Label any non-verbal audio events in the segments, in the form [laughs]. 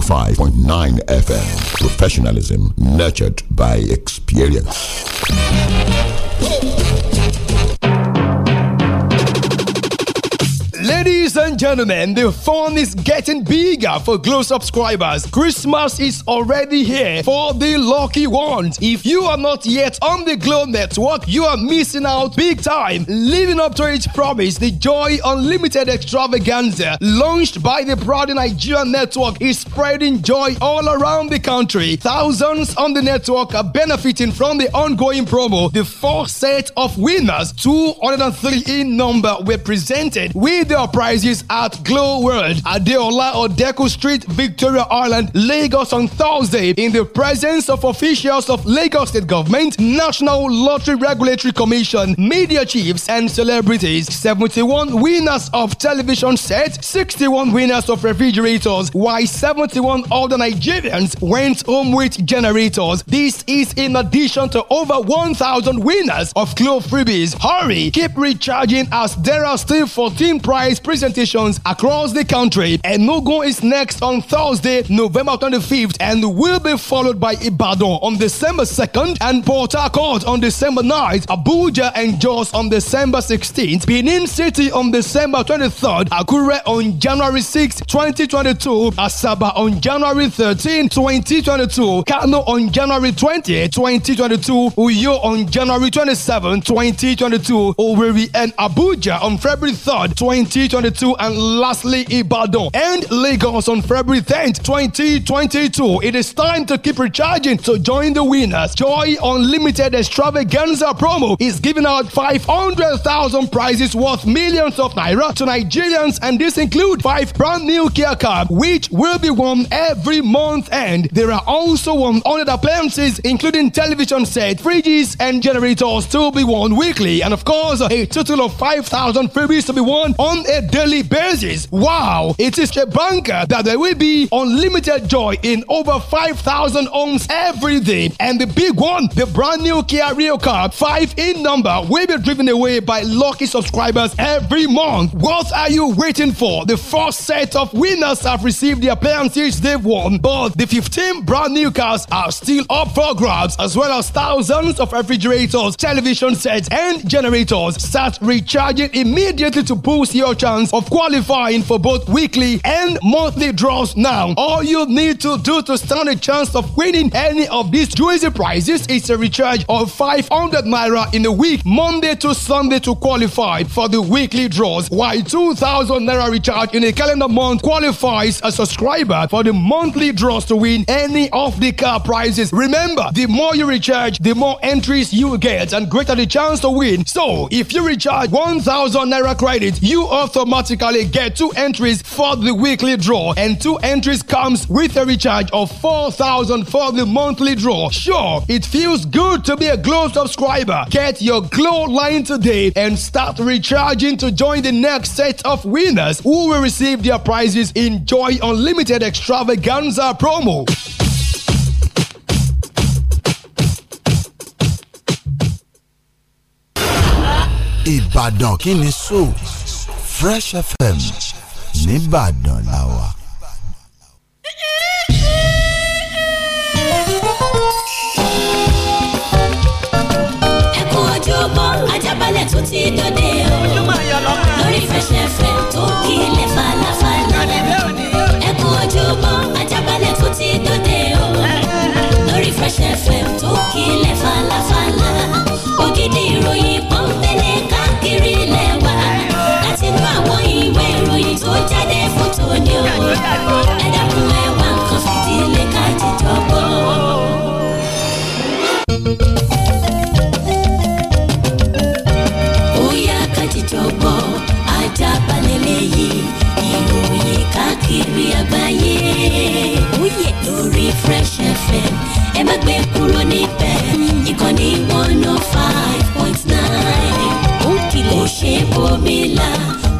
105.9 FM. Professionalism nurtured by experience. Ladies and gentlemen, the fun is getting bigger for Glow subscribers. Christmas is already here for the lucky ones. If you are not yet on the Glow network, you are missing out big time. Living up to its promise, the Joy Unlimited extravaganza launched by the Proud Nigerian network is spreading joy all around the country. Thousands on the network are benefiting from the ongoing promo. The first set of winners, 203 in number, were presented with their prizes at Glow World, Adeola Odeku Street, Victoria Island, Lagos on Thursday in the presence of officials of Lagos State Government, National Lottery Regulatory Commission, media chiefs and celebrities, 71 winners of television sets, 61 winners of refrigerators, while 71 older Nigerians went home with generators. This is in addition to over 1,000 winners of Glow freebies. Hurry, keep recharging as there are still 14 prize presentations stations across the country. And is next on Thursday, November 25th, and will be followed by Ibadan on December 2nd, and Port Harcourt on December 9th, Abuja and Jos on December 16th, Benin City on December 23rd, Akure on January 6th, 2022, Asaba on January 13, 2022, Kano on January 20th, 2022, Uyo on January 27, 2022, Owerri and Abuja on February 3rd, 2022, and and lastly Ibadan and Lagos on February 10th, 2022. It is time to keep recharging, so join the winners. Joy Unlimited Extravaganza promo is giving out 500,000 prizes worth millions of naira to Nigerians and this includes five brand new Kia cars which will be won every month and there are also 100 appliances including television set, fridges and generators to be won weekly and of course a total of 5,000 freebies to be won on a daily basis basis. Wow, it is a banker that there will be unlimited joy in over 5,000 homes every day. And the big one, the brand new Kia Rio car, five in number, will be driven away by lucky subscribers every month. What are you waiting for? The first set of winners have received the appliances they've won, but the 15 brand new cars are still up for grabs, as well as thousands of refrigerators, television sets, and generators. Start recharging immediately to boost your chance of qualifying for both weekly and monthly draws now. All you need to do to stand a chance of winning any of these juicy prizes is a recharge of 500 naira in a week, Monday to Sunday to qualify for the weekly draws, while 2000 naira recharge in a calendar month qualifies a subscriber for the monthly draws to win any of the car prizes. Remember, the more you recharge, the more entries you get and greater the chance to win. So, if you recharge 1000 naira credit, you automatically they get two entries for the weekly draw and two entries comes with a recharge of 4000 for the monthly draw. Sure, it feels good to be a Glow subscriber. Get your Glow line today and start recharging to join the next set of winners who will receive their prizes in Joy Unlimited Extravaganza promo. Ìbàdàn kí ni sóò Fresh FM nìbàdàn la wà. ẹkún ojúbọ ajábalẹ̀ tó ti dòde o lórí Fresh FM tó kílẹ̀ falafala ẹkún ojúbọ ajábalẹ̀ tó ti dòde o lórí Fresh FM tó kílẹ̀ falafala ògidì ìròyìn pọ́n. tó jáde fún tòní o ẹ dákun ẹ wá nǹkan fìdílé ká jíjọ gbọ́. ó ká jíjọ gbọ́ ajá balẹ̀ lẹ́yìn ìròyìn káàkiri àgbáyé lórí Fresh FM ẹ má gbé kúrò níbẹ̀ ìkànnì one oh five point nine ó kìlọ̀ ó ṣe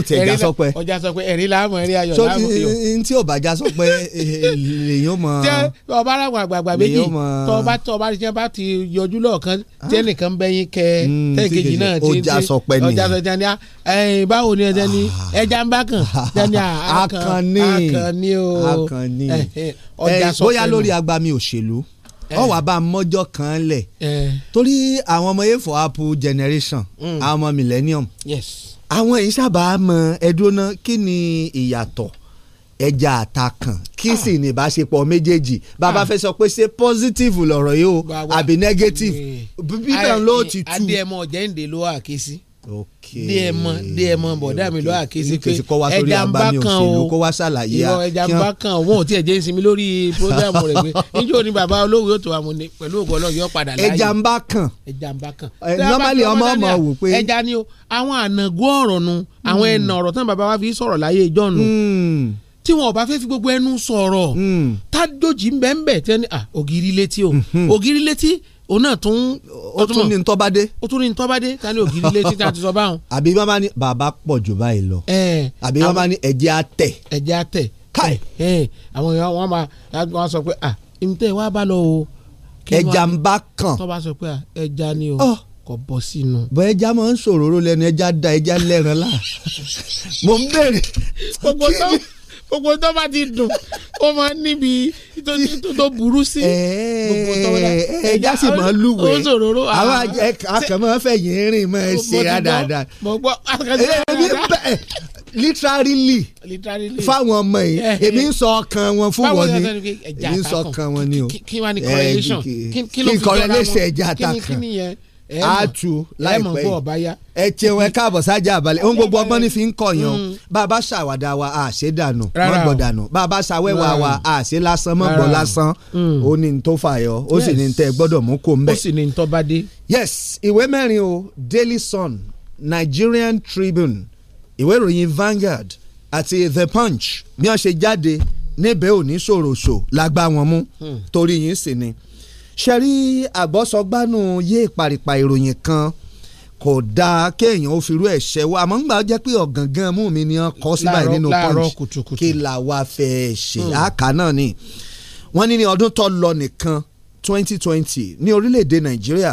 ó tiẹ̀ já sọpẹ́. ọjà sọpẹ́ ẹ̀rí láàmú ẹ̀rí ayọ̀ láàmú fi o. sọ ti o bá já sọpẹ́ eh, eh, lèyìn mọ. tẹ ọba ara àwọn àgbààgbà méjì tọba tọba iṣẹ bá ti yọjú lọọkan ah. tẹnìkan bẹyìn kẹ hmm, tẹnìkejì náà ti ọjà sọpẹ́ ni ọjà sọpẹ́ ni ah, ẹyìn báwo ni ẹjẹ ni ah. ẹja ń bá kàn dání àkànní àkànní o àkànní ọjà eh, sọpẹ́ ni. bóyá lórí agbami òṣèlú ọ wà bá mọ́jọ́ kan lẹ̀ torí àwọn ọmọ efo apple generation hmm. àwọn ọmọ millennium yes àwọn yìí sábà mọ ẹdúná kí ni ìyàtọ̀ ẹja àtakàn kí ah. sì ní ìbáṣepọ̀ méjèèjì bàbá ah. fẹ́ sọ pé ṣé positive lọ̀rọ̀ yìí o àbí negative bíbẹ̀ ló ti tu. adé ẹmọ ọ̀jẹ̀ de ló wà ké sí dé ẹ mọ dé ẹ mọ bọ̀dá mi lọ́wọ́ àkéésí pé ẹja ń bá kan o kó wá ṣàlàyé a ẹja ń bá kan o wọn ò tiẹ̀ jẹ́ ìsinmi lórí programu rẹ̀ pé níjó ni bàbá olówó yóò tó wa mu ni pẹ̀lú ògo Ọlọ́run yóò padà láàyè ẹja ń bá kan ẹja ń bá kan eh, normally ọmọ ọmọ wò pé ẹja ni o àwọn ànàgó ọ̀rọ̀ nu àwọn hmm. ẹnà ọ̀rọ̀ tán bàbá wa fi sọ̀rọ̀ láyé ìjọ nu hmm. tí wọn ò bá fẹ́ fi gbogbo ẹnu sọ̀rọ̀ hmm. tájòjì ń bẹ́ẹ̀ ń bẹ́ẹ̀ tẹ́ ni ògiri létí o ògiri létí òun náà tún. ó tún ní ntọ́badé. ó tún ní ntọ́badé ta ni ògiri lé títí àti sọ báwọn. [laughs] àbí bàbá ní bàbá pọ̀ jù báyìí lọ. àbí bàbá ní ẹ̀jẹ̀ àtẹ̀. ẹ̀jẹ̀ àtẹ̀. káì. àwọn èèyàn wọn máa wọn sọ pé ah ìmùtẹ́ wa bá lọ o. ẹja ń bá kàn. tọ́ba sọ pé ẹja ni o oh. kò bọ́ sínú. bọ́ ẹja máa ń sòróró lẹ́nu ẹja da ẹja lẹ́ran lá [laughs] mo ń bèrè. gbogbo náà gbogbo tó bá ti dùn ó máa níbi tó burú sí gbogbo tó bá ẹja sì máa lúwẹ̀ àwọn akẹ́mọ́ fẹ́ rìn mọ́ ẹ ṣe ra dáadáa literally fáwọn ọmọ yìí eh, eh, èmi eh. ń sọ ọkàn wọn fún wọn ni èmi ń sọ ọkàn wọn ni o kí ni correlation ẹja àtàkàn àtú láìpẹ́ yìí ẹ jẹun ẹ káàbọ̀ sájà àbálẹ̀ ohun gbogbo ọgbọ́n ní fi ń kọ̀yàn mm. bá a wa a ṣe dànù mọ́ gbọ́ dànù bá ṣàwẹ́wà wa a ṣe lásán mọ́ gbọ́ lásán mm. ó ní tó fàyọ ó sì ní tẹ gbọ́dọ̀ mú kó ń ó sì ní tó bá dé. yes ìwé mẹ́rin o Daily Sun Nigerian Tribune ìwé ìròyìn Vanguard àti The Punch bí wọ́n ṣe jáde níbẹ̀ ò ní ṣòroṣò lágbá wọn mú hmm. torí yìí sì ni. Hmm ṣe rí àbọ̀sọgbánú yé ìparìpa ìròyìn kan kò dáa kéèyàn ó firú ẹ̀ ṣẹ́wọ́ àmọ́ ń gbà jẹ́ pé ọ̀gángan mú mi ni wọ́n kọ́ síbàá nínú punch kí làwa fẹ́ ṣe àkà hmm. náà ni wọ́n ní ní ọdún tó lọ nìkan twenty twenty ní orílẹ̀-èdè nàìjíríà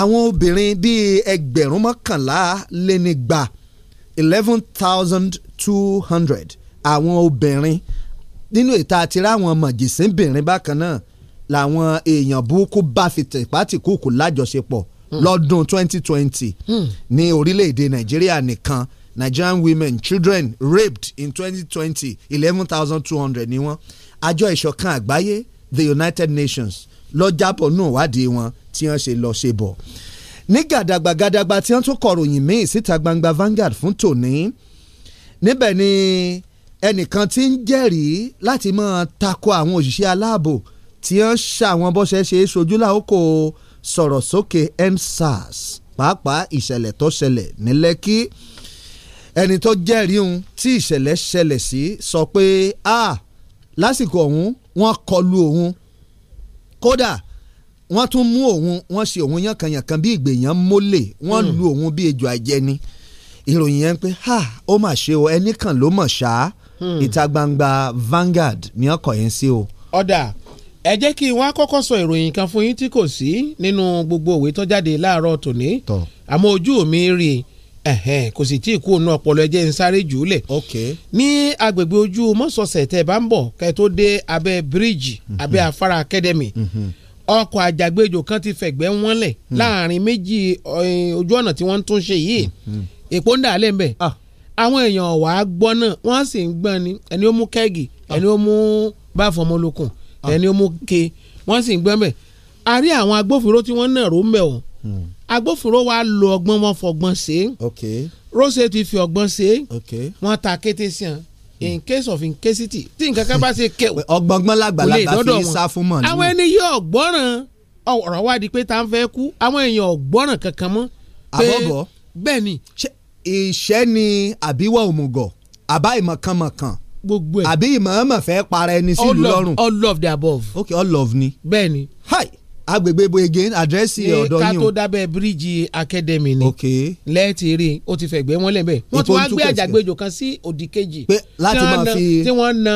àwọn obìnrin bíi ẹgbẹ̀rún mọ́kànlá lé ní gbà eleven thousand two hundred àwọn obìnrin nínú ìta àti ráwọn mọ̀jìsínbìnrin bákan náà làwọn èèyàn burúkú bá fi tìpátìkúùkù lájọṣepọ̀ hmm. lọ́dún 2020 hmm. ní orílẹ̀-èdè nàìjíríà nìkan nigerian women children raped in 2020 11,200. thousand two hundred ni wọ́n àjọ ìṣọ̀kan àgbáyé the united nations lọ jábọ̀ nù wádìí wọn tí wọ́n ṣe lọ ṣe bọ̀ ní gàdàgbà gàdàgbà tí wọ́n tún kọ̀ròyìn míì síta gbangba Vanguard fún tòní níbẹ̀ ni ẹnìkan tí ń jẹ́rìí láti máa tako àwọn òṣìṣẹ́ aláàbò tí ó ṣàwọn bọ́sẹ̀ ṣe é ṣojú láòkó sọ̀rọ̀ sókè EndSARS pàápàá ìṣẹ̀lẹ̀ tó ṣẹlẹ̀ ní Lẹ́kì ẹni tó jẹ́rìí òun tí ìṣẹ̀lẹ̀ ṣẹlẹ̀ sí sọ pé a lásìkò ọ̀hún wọ́n kọlu òun kódà wọ́n tún mú òun wọ́n ṣe òun yànkanyànkan bí ìgbèyàn mólè wọ́n hmm. lu òun bí ejò àjẹni ìròyìn yẹn pé ha ó mà ṣe o ẹnì ló mọ̀ ṣáá hmm. ìta gbangba Vanguard ní ọkọ̀ yẹn sí o. ọ̀dà ẹ jẹ́ kí n wá kọ́kọ́ sọ ìròyìn kan fún yín tí kò sí nínú gbogbo òwe tó jáde láàárọ̀ tòní àmọ́ ojú mi rí kò sì tí ì kú òun ọpọlọ ẹjẹ ń sáré jùúlẹ̀ ní agbègbè ojú mọ́sọ̀ọ̀sẹ̀ tẹ́ bá ń bọ̀ kẹ́ tó dé abẹ́ bíríìjì mhm. abẹ́ afárá academy mhm. ọkọ̀ àjàgbéjò kan ti fẹ̀gbẹ́ wọ́n lẹ̀ mhm. láàrin méjì ojú ọ̀nà tí wọ́n ń tún ṣe yìí èpo ń dà lẹ́ mbẹ́ ah. àwọn èèyàn wàá gbọ́ náà wọ́n sì ń gbọ́n ni ẹni ó mú kẹ́gì ah. ẹni ó mú báfọ̀mọ́lókun Ah. ẹni ó mú ke wọ́n sì ń gbẹ́ mẹ́ a rí àwọn agbófinró tí wọ́n náà ró mẹ́ o hmm. agbófinró wa lo ọgbọ́n wọn fọgbọ́n ṣe rose ti fi ọgbọ́n ṣe wọ́n ta kété sí wọn in hmm. case of incasity tí nǹkan kan bá ṣe kẹwò ọgbọgbọn làgbàlagbà fi sá fún mọ nínú àwọn ẹni yóò gbọ́ràn ọ̀rọ̀ wa di pé tá à ń fẹ́ kú àwọn èèyàn ọ̀gbọ́ràn kankan mọ́. àbọ̀bọ̀ bẹ́ẹ̀ ni. ìṣẹ́ ni àbíwọ̀ òmùgọ̀ àbá ìmọ̀kànmọ̀kàn gbogbo ẹ̀. àbí ìmọ̀ọ́mọ̀ fẹ́ para ẹni sílùú lọ́rùn. all of the above. ok all of ni. bẹ́ẹ̀ni. hi agbègbè ibo again àdírẹ́sì ọ̀dọ́ yìí o. ká tó dábẹ́ bíríìjì academy ni. ok lẹ́ẹ̀tì rí o ti fẹ̀gbẹ́ wọn lẹ́bẹ̀. wọ́n ti wá gbé àjàgbéjò kan sí òdì kejì. pé láti máa fi tí wọ́n na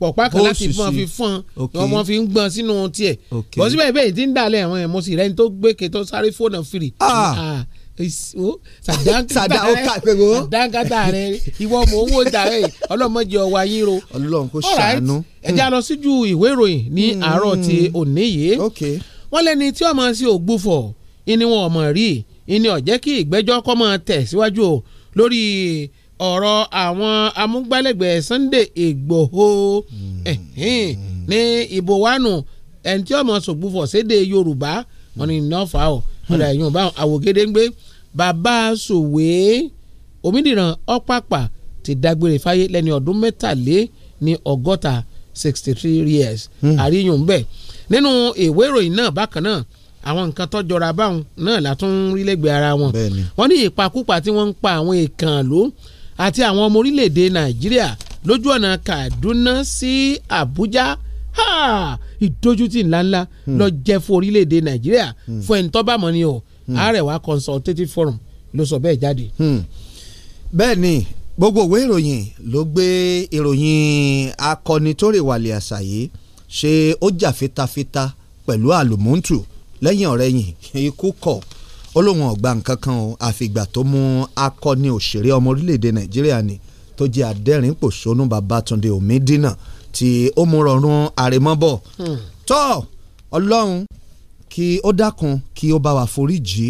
pọ̀pá kan láti fún ọ fi fún ọ ni wọ́n fi ń gbọ́n sínú tiẹ̀. ok bọ́sibẹ̀ bẹ́ẹ̀ ti ń dàlẹ́ àwọn ẹ̀ mo sì rẹ́ni tó gbé ke tó sáré fóònù fìrì. ah, ah sàdánkátà [laughs] rẹ ìwọ mò ń wò dà ọlọmọdé ọwọ ayé ro Ọlọ́run kò ṣàánú. ẹ lọ síjú ìwé ìròyìn ní hmm. àárọ̀ ti òní yìí wọ́n lẹ́ni tí ọmọ sí ògbúfọ̀ ìní wọn ọmọ rí ìní ọ̀jẹ́ kí ìgbẹ́jọ́ kọ́ máa tẹ̀ o lórí ọ̀rọ̀ àwọn amúgbálẹ́gbẹ̀ẹ́ Sunday Ìgbòho hmm. ní ìbò wánu ẹni tí ọmọ sògbúfọ̀ sédè Yorùbá wọn ni iná fa o ọ̀dà ìyún bá àwògede ń gbé bàbá sòwé omídìrán ọ̀pàpà ti dágbére fáyé lẹ́ni ọdún mẹ́tàlé ní ọgọ́ta sixty three years hmm. àríyùn bẹ́ẹ̀ nínú ìwé ìròyìn náà bákan náà àwọn nǹkan tọ́jọra báwọn náà látún rí ara wọn wọ́n ní ìpakúpa tí wọ́n ń pa àwọn ìkànnló àti àwọn ọmọ orílẹ̀-èdè nàìjíríà lójú ọ̀nà kaduna sí si, àbújá ìdójútì ńláńlá lọ hmm. jẹ́ fún orílẹ̀-èdè nàìjíríà hmm. fún ẹni tó bá mọ̀ ni o Arewa hmm. consultative forum ló sọ bẹ́ẹ̀ jáde. bẹ́ẹ̀ ni gbogbo òwe ìròyìn ló gbé ìròyìn akọni tó rè wàlẹ̀ àṣà yìí ṣe ó jà fitafita pẹ̀lú àlùmọ́ǹtù lẹ́yìn ọ̀rẹ́yìn ikú kọ̀ ó lóun ọ̀gbà nǹkan kan o àfìgbà tó mú akọni òṣèré ọmọ orílẹ̀-èdè nàìjíríà ni tó jẹ́ adẹ́rìn-pòṣónú Babátúndé Omídínà tí ó mú rọrùn àrèmọ́ bọ̀ hmm. tọ́ ọlọ́run kí ó dákun kí ó bá wa foríjì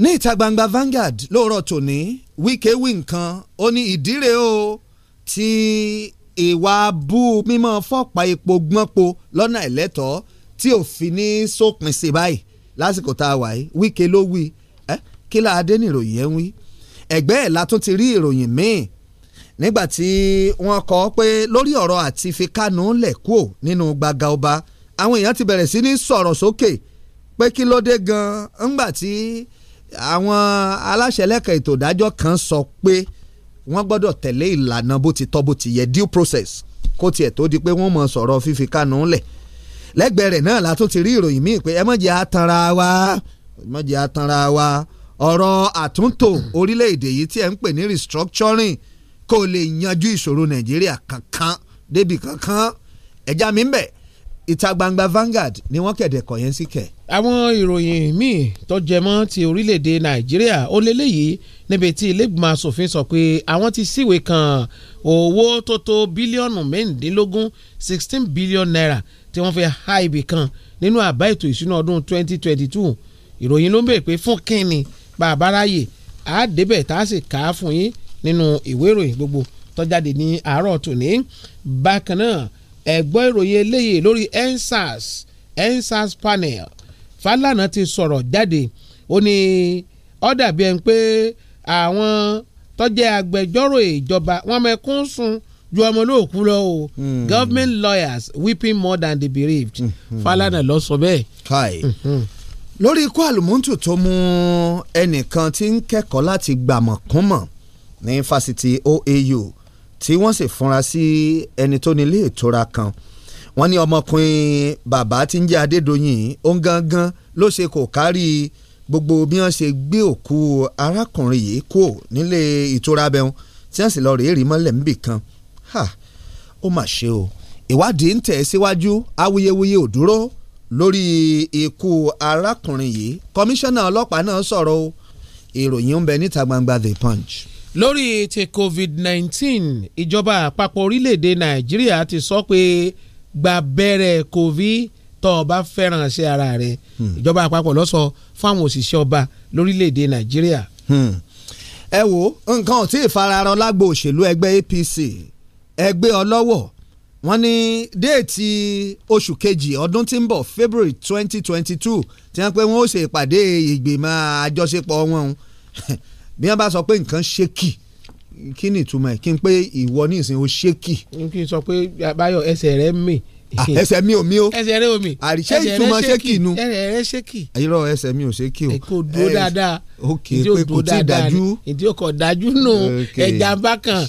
ní ìta gbangba Vanguard lóòrọ̀ tòní Wike wí nǹkan ó ní ìdíre o ti ìwà bú mímọ́ fọ́pa epo gbọ́npo lọ́nà ẹ̀lẹ́tọ̀ọ́ tí òfin ní sópin sí báyìí lásìkò tá a wà yìí Wike ló wí ẹ́ kí láadé nìròyìn ẹ̀ ń wí ẹ̀gbẹ́ ẹ̀ látún ti rí ìròyìn míì nígbà tí wọ́n kọ pé lórí ọ̀rọ̀ àti fi Kánú lẹ̀ kúò nínú gbàgà ọba àwọn èèyàn ti bẹ̀rẹ̀ sí ní sọ̀rọ̀ sókè pé kí ló dé gan-an àwọn aláṣẹ lẹ́ka ètò ìdájọ́ kan sọ pé wọ́n gbọ́dọ̀ tẹ̀lé ìlànà bó ti tọ́ bó ti yẹ due process kó tiẹ̀ tó di pé wọ́n mọ̀ sọ̀rọ̀ fífi Kánú lẹ̀ lẹ́gbẹ̀ẹ́ rẹ̀ náà la tún ti rí ìròyìn míì pé ẹ má atanra wa ẹ atanra wa ọ̀rọ̀ àtúntò orílẹ̀ yìí tí ẹ ń pè ní restructuring kó lè yanjú ìṣòro nàìjíríà kankan débì kankan ẹ̀já mi ń bẹ̀ ìta gbangba Vanguard ni wọ́n kẹ̀dẹ̀ kọ̀ yẹn sí kẹ̀. àwọn ìròyìn míì tó jẹmọ́ ti orílẹ̀-èdè nàìjíríà ó lélẹ́yìí níbi tí ilégbèmọ̀ asòfin sọ pé àwọn ti síwèé kan owó tó tó bílíọ̀nù mẹ́rìndínlógún sixteen billion naira tí wọ́n fi há ibì kan nínú àbá ètò ìsúná ọdún twenty twenty two ìròyìn ló ń bèèrè pé fún kínni bàbá ráyè àádébẹ̀ tá a sì kà á fún yín nínú ìwé ìròyìn gbogbo tó ní àárọ̀ tòní bákan náà ẹ̀gbọ́ ìròyìn eléyìí lórí ensars ensars panel Fálànà ti sọ̀rọ̀ jáde ó ní ó dàbí ẹni pé àwọn tó jẹ́ agbẹjọ́rò ìjọba wọ́n mẹ́kún sun ju ọmọ olóòkú lọ o hmm. government lawyers weeping more than the bereaved hmm. Fálànà lọ sọ bẹ́ẹ̀. káì hmm. lórí ikú àlùmọ́ńtù tó mú ẹnìkan tí ń kẹ́kọ̀ọ́ láti gbàmọ̀kúnmọ̀ ní fásitì OAU tí wọ́n sì fúnra sí ẹni tó nílé ìtura kan wọ́n ní ọmọkùnrin bàbá tí ń jẹ́ Adédoyin òun gangan ló ṣe kò kárí gbogbo bí wọ́n ṣe gbé òkú arákùnrin yìí kú nílé ìtura bẹ́ẹ̀ tí wọ́n sì lọ rèé rí mọ́lẹ̀ níbì kan ó mà ṣe o ìwádìí ń tẹ̀ síwájú awuyewuye ò dúró lórí ikú arákùnrin yìí kọmíṣánná ọlọ́pàá náà sọ̀rọ̀ o ìròyìn ń bẹ níta gbangba The Punch lórí ti covid-19 ìjọba àpapọ̀ orílẹ̀-èdè nàìjíríà ti sọ pé gba bẹ́rẹ̀ covid tó o bá fẹ́ràn sí ara rẹ̀ hmm. ìjọba àpapọ̀ ló sọ fáwọn òṣìṣẹ́ ọba lórílẹ̀-èdè nàìjíríà. Hmm. ẹ wo nǹkan tí ì lágbo òṣèlú ẹgbẹ́ APC ẹgbẹ́ ọlọ́wọ̀ wọ́n ní déètì oṣù kejì ọdún tí ń bọ̀ February twenty twenty two tí wọ́n pé wọ́n ó ṣe ìpàdé ìgbìmọ̀ àjọṣepọ̀ wọn [laughs] bí wọ́n bá sọ pé nǹkan ṣe kì kí ni ìtumọ̀ ẹ̀ kí n pé ìwọ ní ìsìn o ṣe kì. kí n sọ pé Báyọ̀ ẹsẹ̀ rẹ mì. ẹsẹ̀ mi ò mi o ẹsẹ̀ rẹ ò mi àríṣẹ́ ìtumọ̀ ṣe kì nu ẹsẹ̀ rẹ ṣe kì. ayọ̀rọ̀ ẹsẹ̀ mi ò ṣe kì o. ẹ kò dúró dáadáa ok pé kò tí ì dájú. ìdí òkò dájú nù ẹja bákan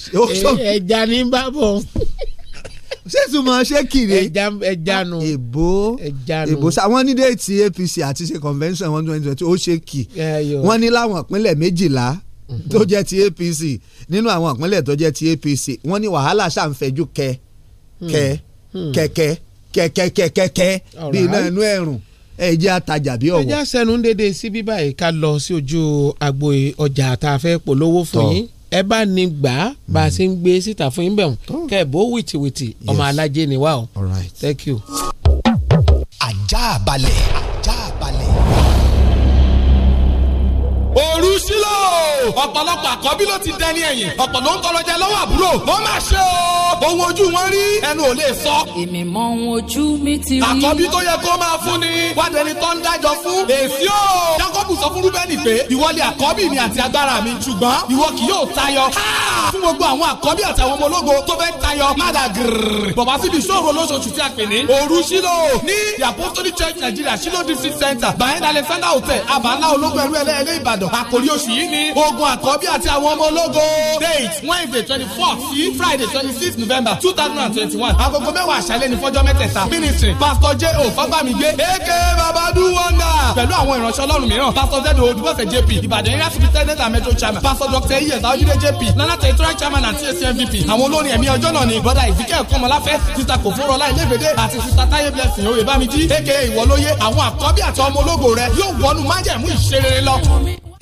ẹja ní bábọ̀ ṣé ìtumọ̀ ṣé kiri ẹ̀jánu ìbò ìbò àwọn ní déètì APC àti ṣe convention one twenty twenty ó ṣe kì wọ́n ní láwọn ìpínlẹ̀ méjìlá tó jẹ́ ti APC nínú àwọn ìpínlẹ̀ tó jẹ́ ti APC wọ́n ní wàhálà ṣàǹfẹ̀jú kẹ hmm. kẹ hmm. kẹkẹ kẹkẹkẹkẹ bí iná inú ẹ̀rùn ẹ jẹ́ bí ọ̀wọ́. ẹ jẹ́ àṣẹnu dédé sí bíbá ká lọ sí ojú agbo ọjà tá a fẹ́ polówó fún yín ẹ bá ní gbà á bá a hmm. ṣe ń gbé síta fún yín bẹ̀rù oh. kẹ́ bó wìtìwìtì ọmọ alájẹ ni wá o. Thank you. ajá balẹ̀ ajá balẹ̀ òru sílò ọ̀pọ̀lọpọ̀ àkọ́bí ló ti dẹni ẹ̀yìn ọ̀pọ̀ ló ń tọrọjẹ lọ́wọ́ àbúrò ó mà ṣe o ohun ojú wọn rí ẹnu ò lè sọ. èmi mọ ohun ojú mi ti rí. àkọ́bí tó yẹ kó máa fún ni wádẹni tó ń dájọ́ fún èsì o. Jákọ́bù sọ fún Rúbẹ́nì pé ìwọ ni àkọ́bí mi àti agbára mi ṣùgbọ́n ìwọ kì yóò tayọ. fún gbogbo àwọn àkọ́bí àti ọmọ ológo church Nigeria Shilo district center behind Alexander hotel abala ológun ẹrú ẹlẹ́ẹ̀lẹ́ ayọ̀ àkórí oṣù yìí ni ogun àkọ́bí àti àwọn ọmọ ológo date wednesday twenty fourth sí friday twenty six november two thousand and twenty one agogo mẹ́wàá àṣálẹ́ ní fọ́jọ́ mẹ́tẹ̀ẹ̀ta ministry pastor j o fagbamigbe aka babadu wonder pẹ̀lú àwọn ìránṣẹ́ ọlọ́run mìíràn pastor zedo odubose jp ìbàdàn area superintendent and metro chairman pastor dr iyes aojude jp nana territorial chairman and tsc mvp àwọn olórin ẹ̀mí ọjọ́ náà ni brother ezekiel kọmọláfẹ́ sista kòfóróla ilébèdè àti sista táyé blessing oyèbámidí aka ìwọlóye àwọn àkọ́bí àti ọmọ ológo rẹ yóò wọnú májẹ̀mú ìṣerere lọ.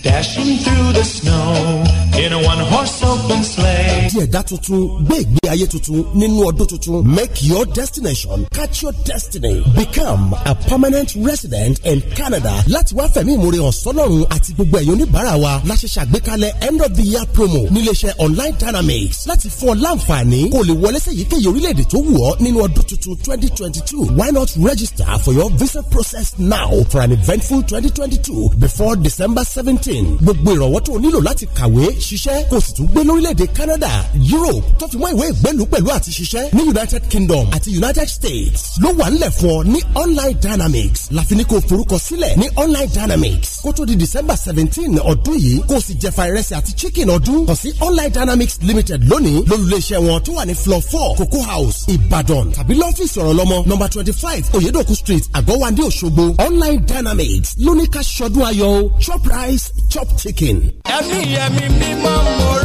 Dashing through the snow in a one horse open sleigh. Di ẹ̀dá tuntun gbé ìgbé ayé tuntun nínú ọdún tuntun. Make your destination catch your destiny. Become a permanent resident in Canada. Láti wá fẹ̀mí ìmoore hàn sọ́lọ́run àti gbogbo ẹ̀yin oníbàárà wa. Láṣẹ ṣàgbékalẹ̀ end of the year promo níléeṣẹ́ online dynamics. Láti fún ọ láǹfààní kó lè wọlé sí èyíkéyìí orílẹ̀-èdè tó wù ọ́ nínú ọdún tuntun twenty Why not register for your visa process now for an eventful 2022 before December 17. Martin gbogbo ìrànwọ́ tó o nílò láti kàwé ṣiṣẹ́ kó o sì tún gbé lórílẹ̀‐èdè Canada Europe tó fi mọ́ ìwé ìgbẹ́lú pẹ̀lú àti ṣiṣẹ́ ní United Kingdom àti United States ló wà nílẹ̀ fún ọ ní Online Dynamics láfi ní kó forúkọ sílẹ̀ ní Online Dynamics kó tó di December seventeen ọdún yìí kó o sì jẹ̀fà ìrẹsì àti chicken ọdún kàn sí Online Dynamics Limited lónìí lólùléeṣẹ́ wọn tó wà ní floor four Cocoa House Ìbàdàn tàbí lọ́fíìsì ọ̀rọ̀ lọ́mọ number twenty five Oyedoku Street Àgọ́wandé Òṣogbo Online Dynamics lóníkà ṣọdún ayọ̀ shop rice chop chicken. ẹ̀mí ẹ̀mí mímọ́ mọ́ra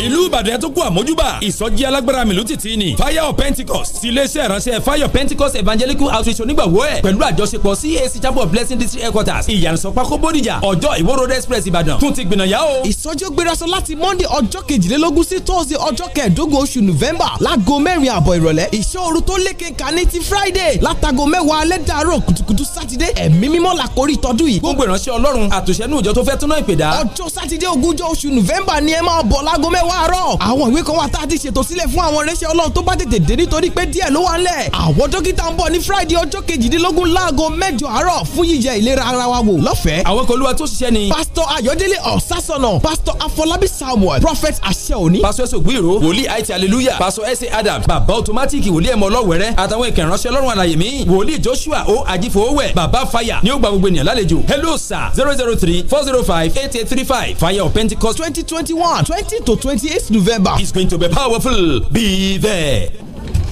ìlú ìbàdàn tó kú àmójúbà ìsọjí alágbára mi ló ti ti ni fire of pentecost ti iléeṣẹ́ ìránṣẹ́ fire of pentecost evangelical outreach onígbàwọ́ ẹ̀ pẹ̀lú àjọṣepọ̀ cac chapel of blessing district headquarters ìyànsọ́pákó bódìjà ọjọ́ ìwórodẹ express ìbàdàn tún ti gbìnàyà o. ìsọjí ó gbéraṣọ láti monday ọjọ́ kejìlélógún sí tuesday ọjọ́ kẹẹ̀dógún oṣù november láago mẹ́rin àbọ̀ ìrọ̀lẹ́ ìṣòro tó lékeka ní ti friday látago mẹ́wàá alẹ́ dàárọ̀ kùtùkùtù sátidé ẹ̀mí mímọ́ làkórí tọdún yìí. gbogbo ìránṣẹ́ ọlọ́run àtòṣẹ́nu ìjọ tó fẹ́ túná ìpèdà. ọjọ́ sátidé ogúnjọ́ november ni ẹ máa lẹ́wọ́ àárọ̀ àwọn ìwé kan wà tá a ti ṣètò sílẹ̀ fún àwọn irinṣẹ́ ọlọ́run tó bá tètè dé nítorí pé díẹ̀ ló wà ńlẹ̀ àwọn dókítà ń bọ̀ ní friday ọjọ́ kejìdínlógún láago mẹ́jọ àárọ̀ fún yíyẹ ìlera ara wa wò lọ́fẹ̀ẹ́ àwọn kan olúwa tó ṣiṣẹ́ ni pásítọ̀ ayọ̀délé ọ̀sásọ̀nà pásítọ̀ afọlábí samuel prophet àṣẹòní pásítọ̀ ẹ̀sọ̀ gbìrò wòlíì àìtí hallelujah pásítọ̀ ẹ̀sẹ̀ adam bàbá automatic wòlíì ẹ̀mọ ọlọ́wẹ̀rẹ́ àtàwọn ìkẹrànṣẹ́ ọlọ́run àlàyé mi wòlíì joshua o àjífowówẹ̀ bàbá fire ní ó gba gbogbo ènìyàn lálejò hello sir zero zero three four zero five eight eight three five fire of pentecost twenty twenty one twenty to twenty 28th November. is going to be powerful. Be there.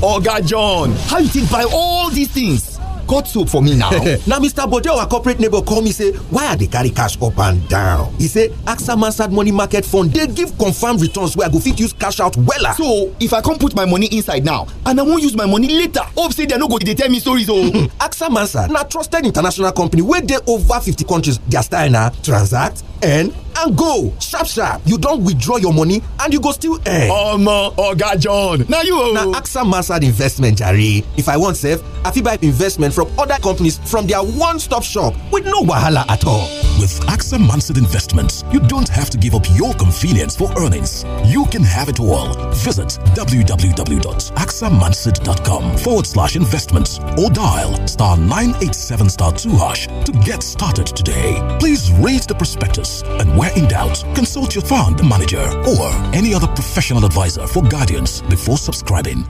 Oga John, how you think buy all these things? cut soap for me now. [laughs] Now, mr bode our corporate neighbor call me say why are they carry cash up and down. He say axa mansard money market fund They give confirmed returns where i go fit use cash out weller. so if i come put my money inside now and i won't use my money later hope say dem no go dey tell me stories o. Oh. [laughs] axa mansard na trusted international company Where they over fifty countries their style na transact earn and go sharp sharp you don withdraw your money and you go still earn. omo oga john na you o. na axa mansard investment jare if i wan save i fit buy investment from other companies from their one-stop shop with no wahala at all. with axa mansard investments you don't have to give up your convenience for earnings you can have it all visit www.axamansard.com forward slash investments or dial star 987 star 2 hash to get started today please read the prospectus and where in doubt, consult your fund manager or any other professional advisor for guidance before subscribing.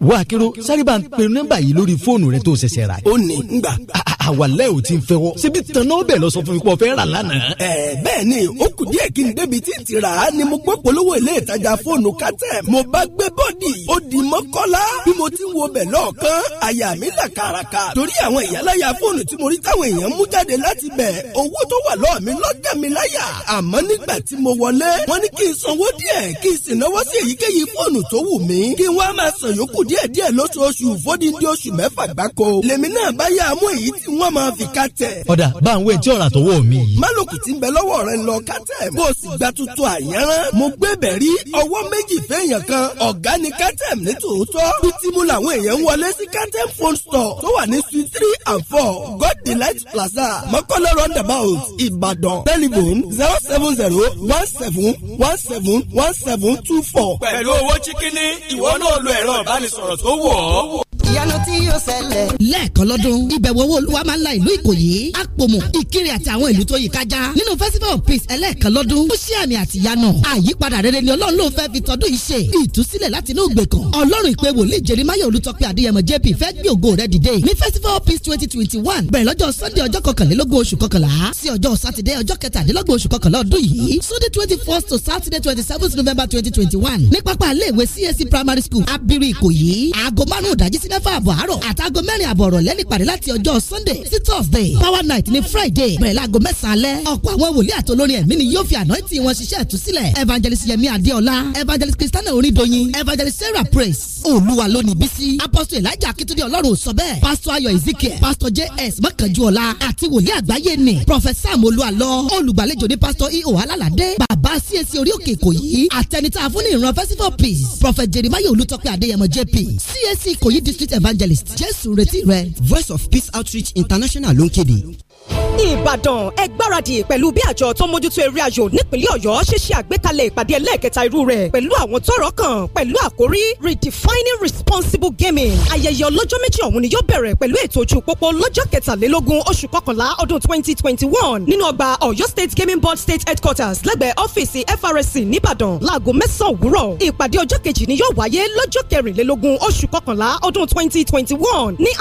wá akérò sáríbà ń pe nọ́mbà yìí lórí fóònù rẹ tó ṣẹ̀ṣẹ̀ rà. ó ní ngbà. àwàlẹ́ ò ti ń fẹ́ wọ́. ṣebí tanná bẹ̀ lọ sọ fún mi pé o fẹ́ rà lánàá. ẹ bẹ́ẹ̀ ni ó kù díẹ̀ kí n débi tí n rà á ni mo gbọ́ polówó ilé ìtajà fóònù kátẹ́ mo bá gbé bọ́ọ̀dì ó di mọ́kọ́lá bí mo ti ń wo bẹ̀ lọ́ọ̀kan àyà mi là kàràkà torí àwọn ìyálàyà fóònù tí mo rí táwọn èèyàn mú jáde láti bẹ̀ owó tó wà lọ́ọ̀ mi lọ́dẹ̀ díẹ̀díẹ̀ lóṣooṣù fódìdí oṣù mẹ́fà gbáko lèmi náà bá yá mú èyí tí wọ́n máa fi ká tẹ̀. ọ̀dà bá àwọn ètí ọ̀rà tó wọ̀ mí. málòkù ti ń bẹ lọ́wọ́ rẹ lọ ká tẹ̀ bó o sì gba tuntun àyànrán. mo gbé bẹ̀rí ọwọ́ méjì fẹ́yàn kan ọ̀gá ni kátẹ́m ní tòótọ́. bítímù làwọn èèyàn ń wọlé sí kátẹ́m phone store tó wà ní suite three and four God Delight Plaza Mọ́kọ́lá roundabout Ìbàdàn telephone zero seven zero one seven one seven one seven two four. pẹ̀lú owó chikini ìwọ náà lo ẹ̀rọ ìbánisọ̀rọ̀ sọ̀rọ̀ tó wọ̀ ọ́ ìyanu tí yóò ṣẹlẹ̀. lẹ́ẹ̀kan lọ́dún ìbẹ̀wò owó olúwa máa ń la ìlú ìkòyí àpòmù ìkirè àti àwọn ìlú tó yí kájá nínú festival of peace ẹlẹ́ẹ̀kan lọ́dún ó ṣí àmì àti ìyanu àyípadà rere ni ọlọ́run ló fẹ́ fi tọdún yìí ṣe ìtúsílẹ̀ láti inú ìgbèkàn ọlọ́run ìpè wòlíì jerimáyà olùtọ́pẹ́ adéyẹmọ jp fẹ́ gbé ògo rẹ̀ dìde ní festival of peace twenty twenty one bẹ̀rẹ̀ lọ́jọ́ sunday ọjọ́ kọkànlélógún oṣù kọkànlá sí ọjọ́ sátidé ọjọ́ kẹtàdínlógún oṣù kọkànlá ọdún yìí sunday twenty first to saturday twenty seventh november twenty twenty one ní pápá csc e primary school abiri ìkòyí aago márùn mẹ́fà àbọ̀ àárọ̀ àtàgọ́ mẹ́rin àbọ̀ ọ̀rọ̀lẹ́ nípàdé láti ọjọ́ sunday sí thursday power night ní friday bẹ̀rẹ̀ láago mẹ́sàn-án alẹ́ ọ̀pọ̀ àwọn wòlíì àtolórin ẹ̀mí ni yóò fi ànáìtì wọn ṣiṣẹ́ ìtúsílẹ̀ evangelist yemi adeola evangelist christiana orindoyin evangelist sarah praise olúwa lónìí bísí apostle elijah akitunde ọlọ́run ò sọ bẹ́ẹ̀ pastor ayọ̀ ezekiel pastor js mọ́kànjúọlá àti wòlíì àgbáyé ni professor amolúalọ olùgbàlejò ní pastor eo alálàdé bàbá csc orí òkè ìkòyí àtẹnitá fún ìran festival peace prophet jeremiah olùtọ́pẹ́ adéyẹmọ jp csc ìkòyí district evangelist jésù retí rẹ voice of peace outreach international ló ń kéde ìbàdàn ẹ gbáradì pẹ̀lú bí àjọ tó mójútó eré ayò nípínlẹ̀ ọ̀yọ́ ṣe ṣe àgbékalẹ̀ ìpàdé ẹlẹ́ẹ̀kẹta irú rẹ̀ pẹ̀lú àwọn tọ́rọ̀ kàn pẹ̀lú àkórí redefining responsible gaming ayẹyẹ ọlọ́jọ́ méjì ọ̀hún ni yóò bẹ̀rẹ̀ pẹ̀lú ètò ojú pópó lọ́jọ́ kẹtàlélógún oṣù kọkànlá ọdún twenty twenty one nínú ọgbà ọ̀yọ́ state gaming board state headquarters lẹ́gbẹ̀ẹ́ ọ́fíìsì FRSC nìbàdàn láago mẹ́sàn-án òwúrọ̀ ìpàdé ọjọ́ kejì ni yóò wáyé lọ́jọ́ kẹrìnlélógún oṣù kọkànlá ọdún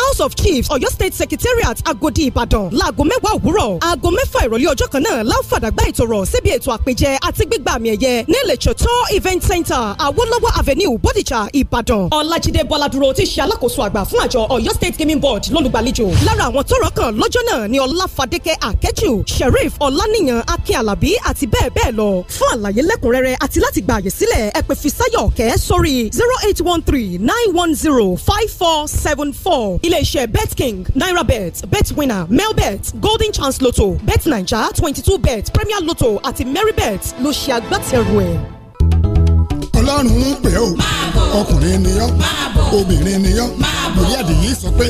house of chiefs ọ̀yọ́ state secretariat agodi ìbàdàn láago m mẹ́wàá òwúrọ̀ aago mẹ́fà ìrọ̀lẹ́ ọjọ́ kan náà láǹfààdàgbà ìtọ̀rọ̀ síbi ètò àpèjẹ àti gbígba àmì ẹ̀yẹ ní lẹ́tọ̀tọ̀ event center awolowo avenue bodijà ìbàdàn. ọlájídé bọ́ládúró ti ṣe alákòóso àgbà fún àjọ ọ̀yọ́ state gaming board lólùgbàlejò. lára àwọn tọ́rọ̀ kan lọ́jọ́ náà ni ọláfadékẹ́ akẹ́jù sheriff ọláníyàn akin alábí àti bẹ́ẹ̀ bẹ́ẹ̀ lọ. fún àlàyé lẹ́kùnrẹ́rẹ́ àti láti gba àyè sílẹ̀ ẹ pè fisáyọ̀ kẹ́ sórí zero eight one three nine one zero five four seven four ilé iṣẹ́ betking nairabet betwinner melbet golden chance lotto bet naija twenty two bet premier lotto àti merry bet ló ṣe agbátẹrù ẹ̀ ọlọ́run ń pè ó ọkùnrin ni ọ́ obìnrin ni ọ́ lórí àdìyí sọ pé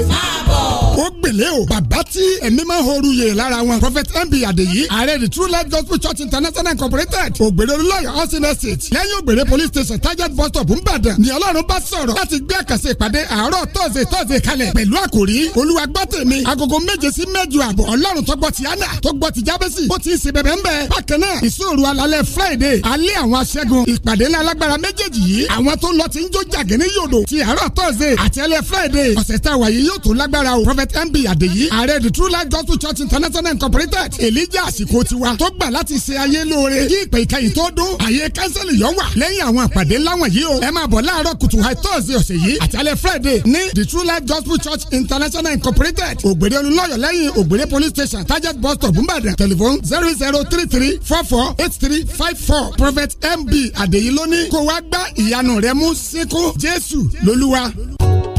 ó gbèlè o bàbá tí ẹ̀mí máa ń horu yè lára wọn prophet mb adeyi ààrẹ the true life gospel church international incorporated ògbèrè olùlọ́yọ̀ housing estate lẹ́yìn ògbèrè police station target bus stop nìbàdàn ni ọlọ́run bá sọ̀rọ̀ láti gbé àkàsẹ̀ ìpàdé àárọ̀ tọ́sẹ̀ tọ́sẹ̀ kalẹ̀ pẹ̀lú àkòrí olúwa gbọ́ tèmi agogo méje sí mẹ́jọ àbọ̀ ọlọ́run tó gbọ́ ti anna tó gbọ́ ti jábẹ́sì bó ti ń ṣe bẹ̀bẹ̀ ń bẹ̀ bákan náà ìṣòro alalẹ́ friday alẹ́ àwọn aṣẹ́gun ìpàdé ńlá alágbára méjèèjì yìí àwọn tó lọ ti ń jó jàgínní yòdò ti àárọ̀ tọ́sẹ̀ àti ẹlẹ́ friday ọ̀sẹ̀ tá a wà yìí yóò tó lágbára o prophet mb adeyi ààrẹ the true life gospel church international incorporated elijah àsìkò tiwa tó gbà láti ṣe ayé lóore kí ìpè ìkẹyìn tó dún àyè kánsẹ́lì yọ wà lẹ́yìn àwọn àpàdé láwọn yìí o ẹ máa bọ̀ láàárọ̀ kùtù high thursday ọ̀sẹ̀ yìí àti alẹ́ friday ní the true life gospel church international incorporated ògbèrè olùlọ́yọ̀ lẹ́yìn ògbèrè police station target bus stop nìbàdàn telephone zero zero three three four four eight three five four prophet mb adeyi lóní kó wá wá gbá ìyanu rẹ mú síkú Jésù lolúwa.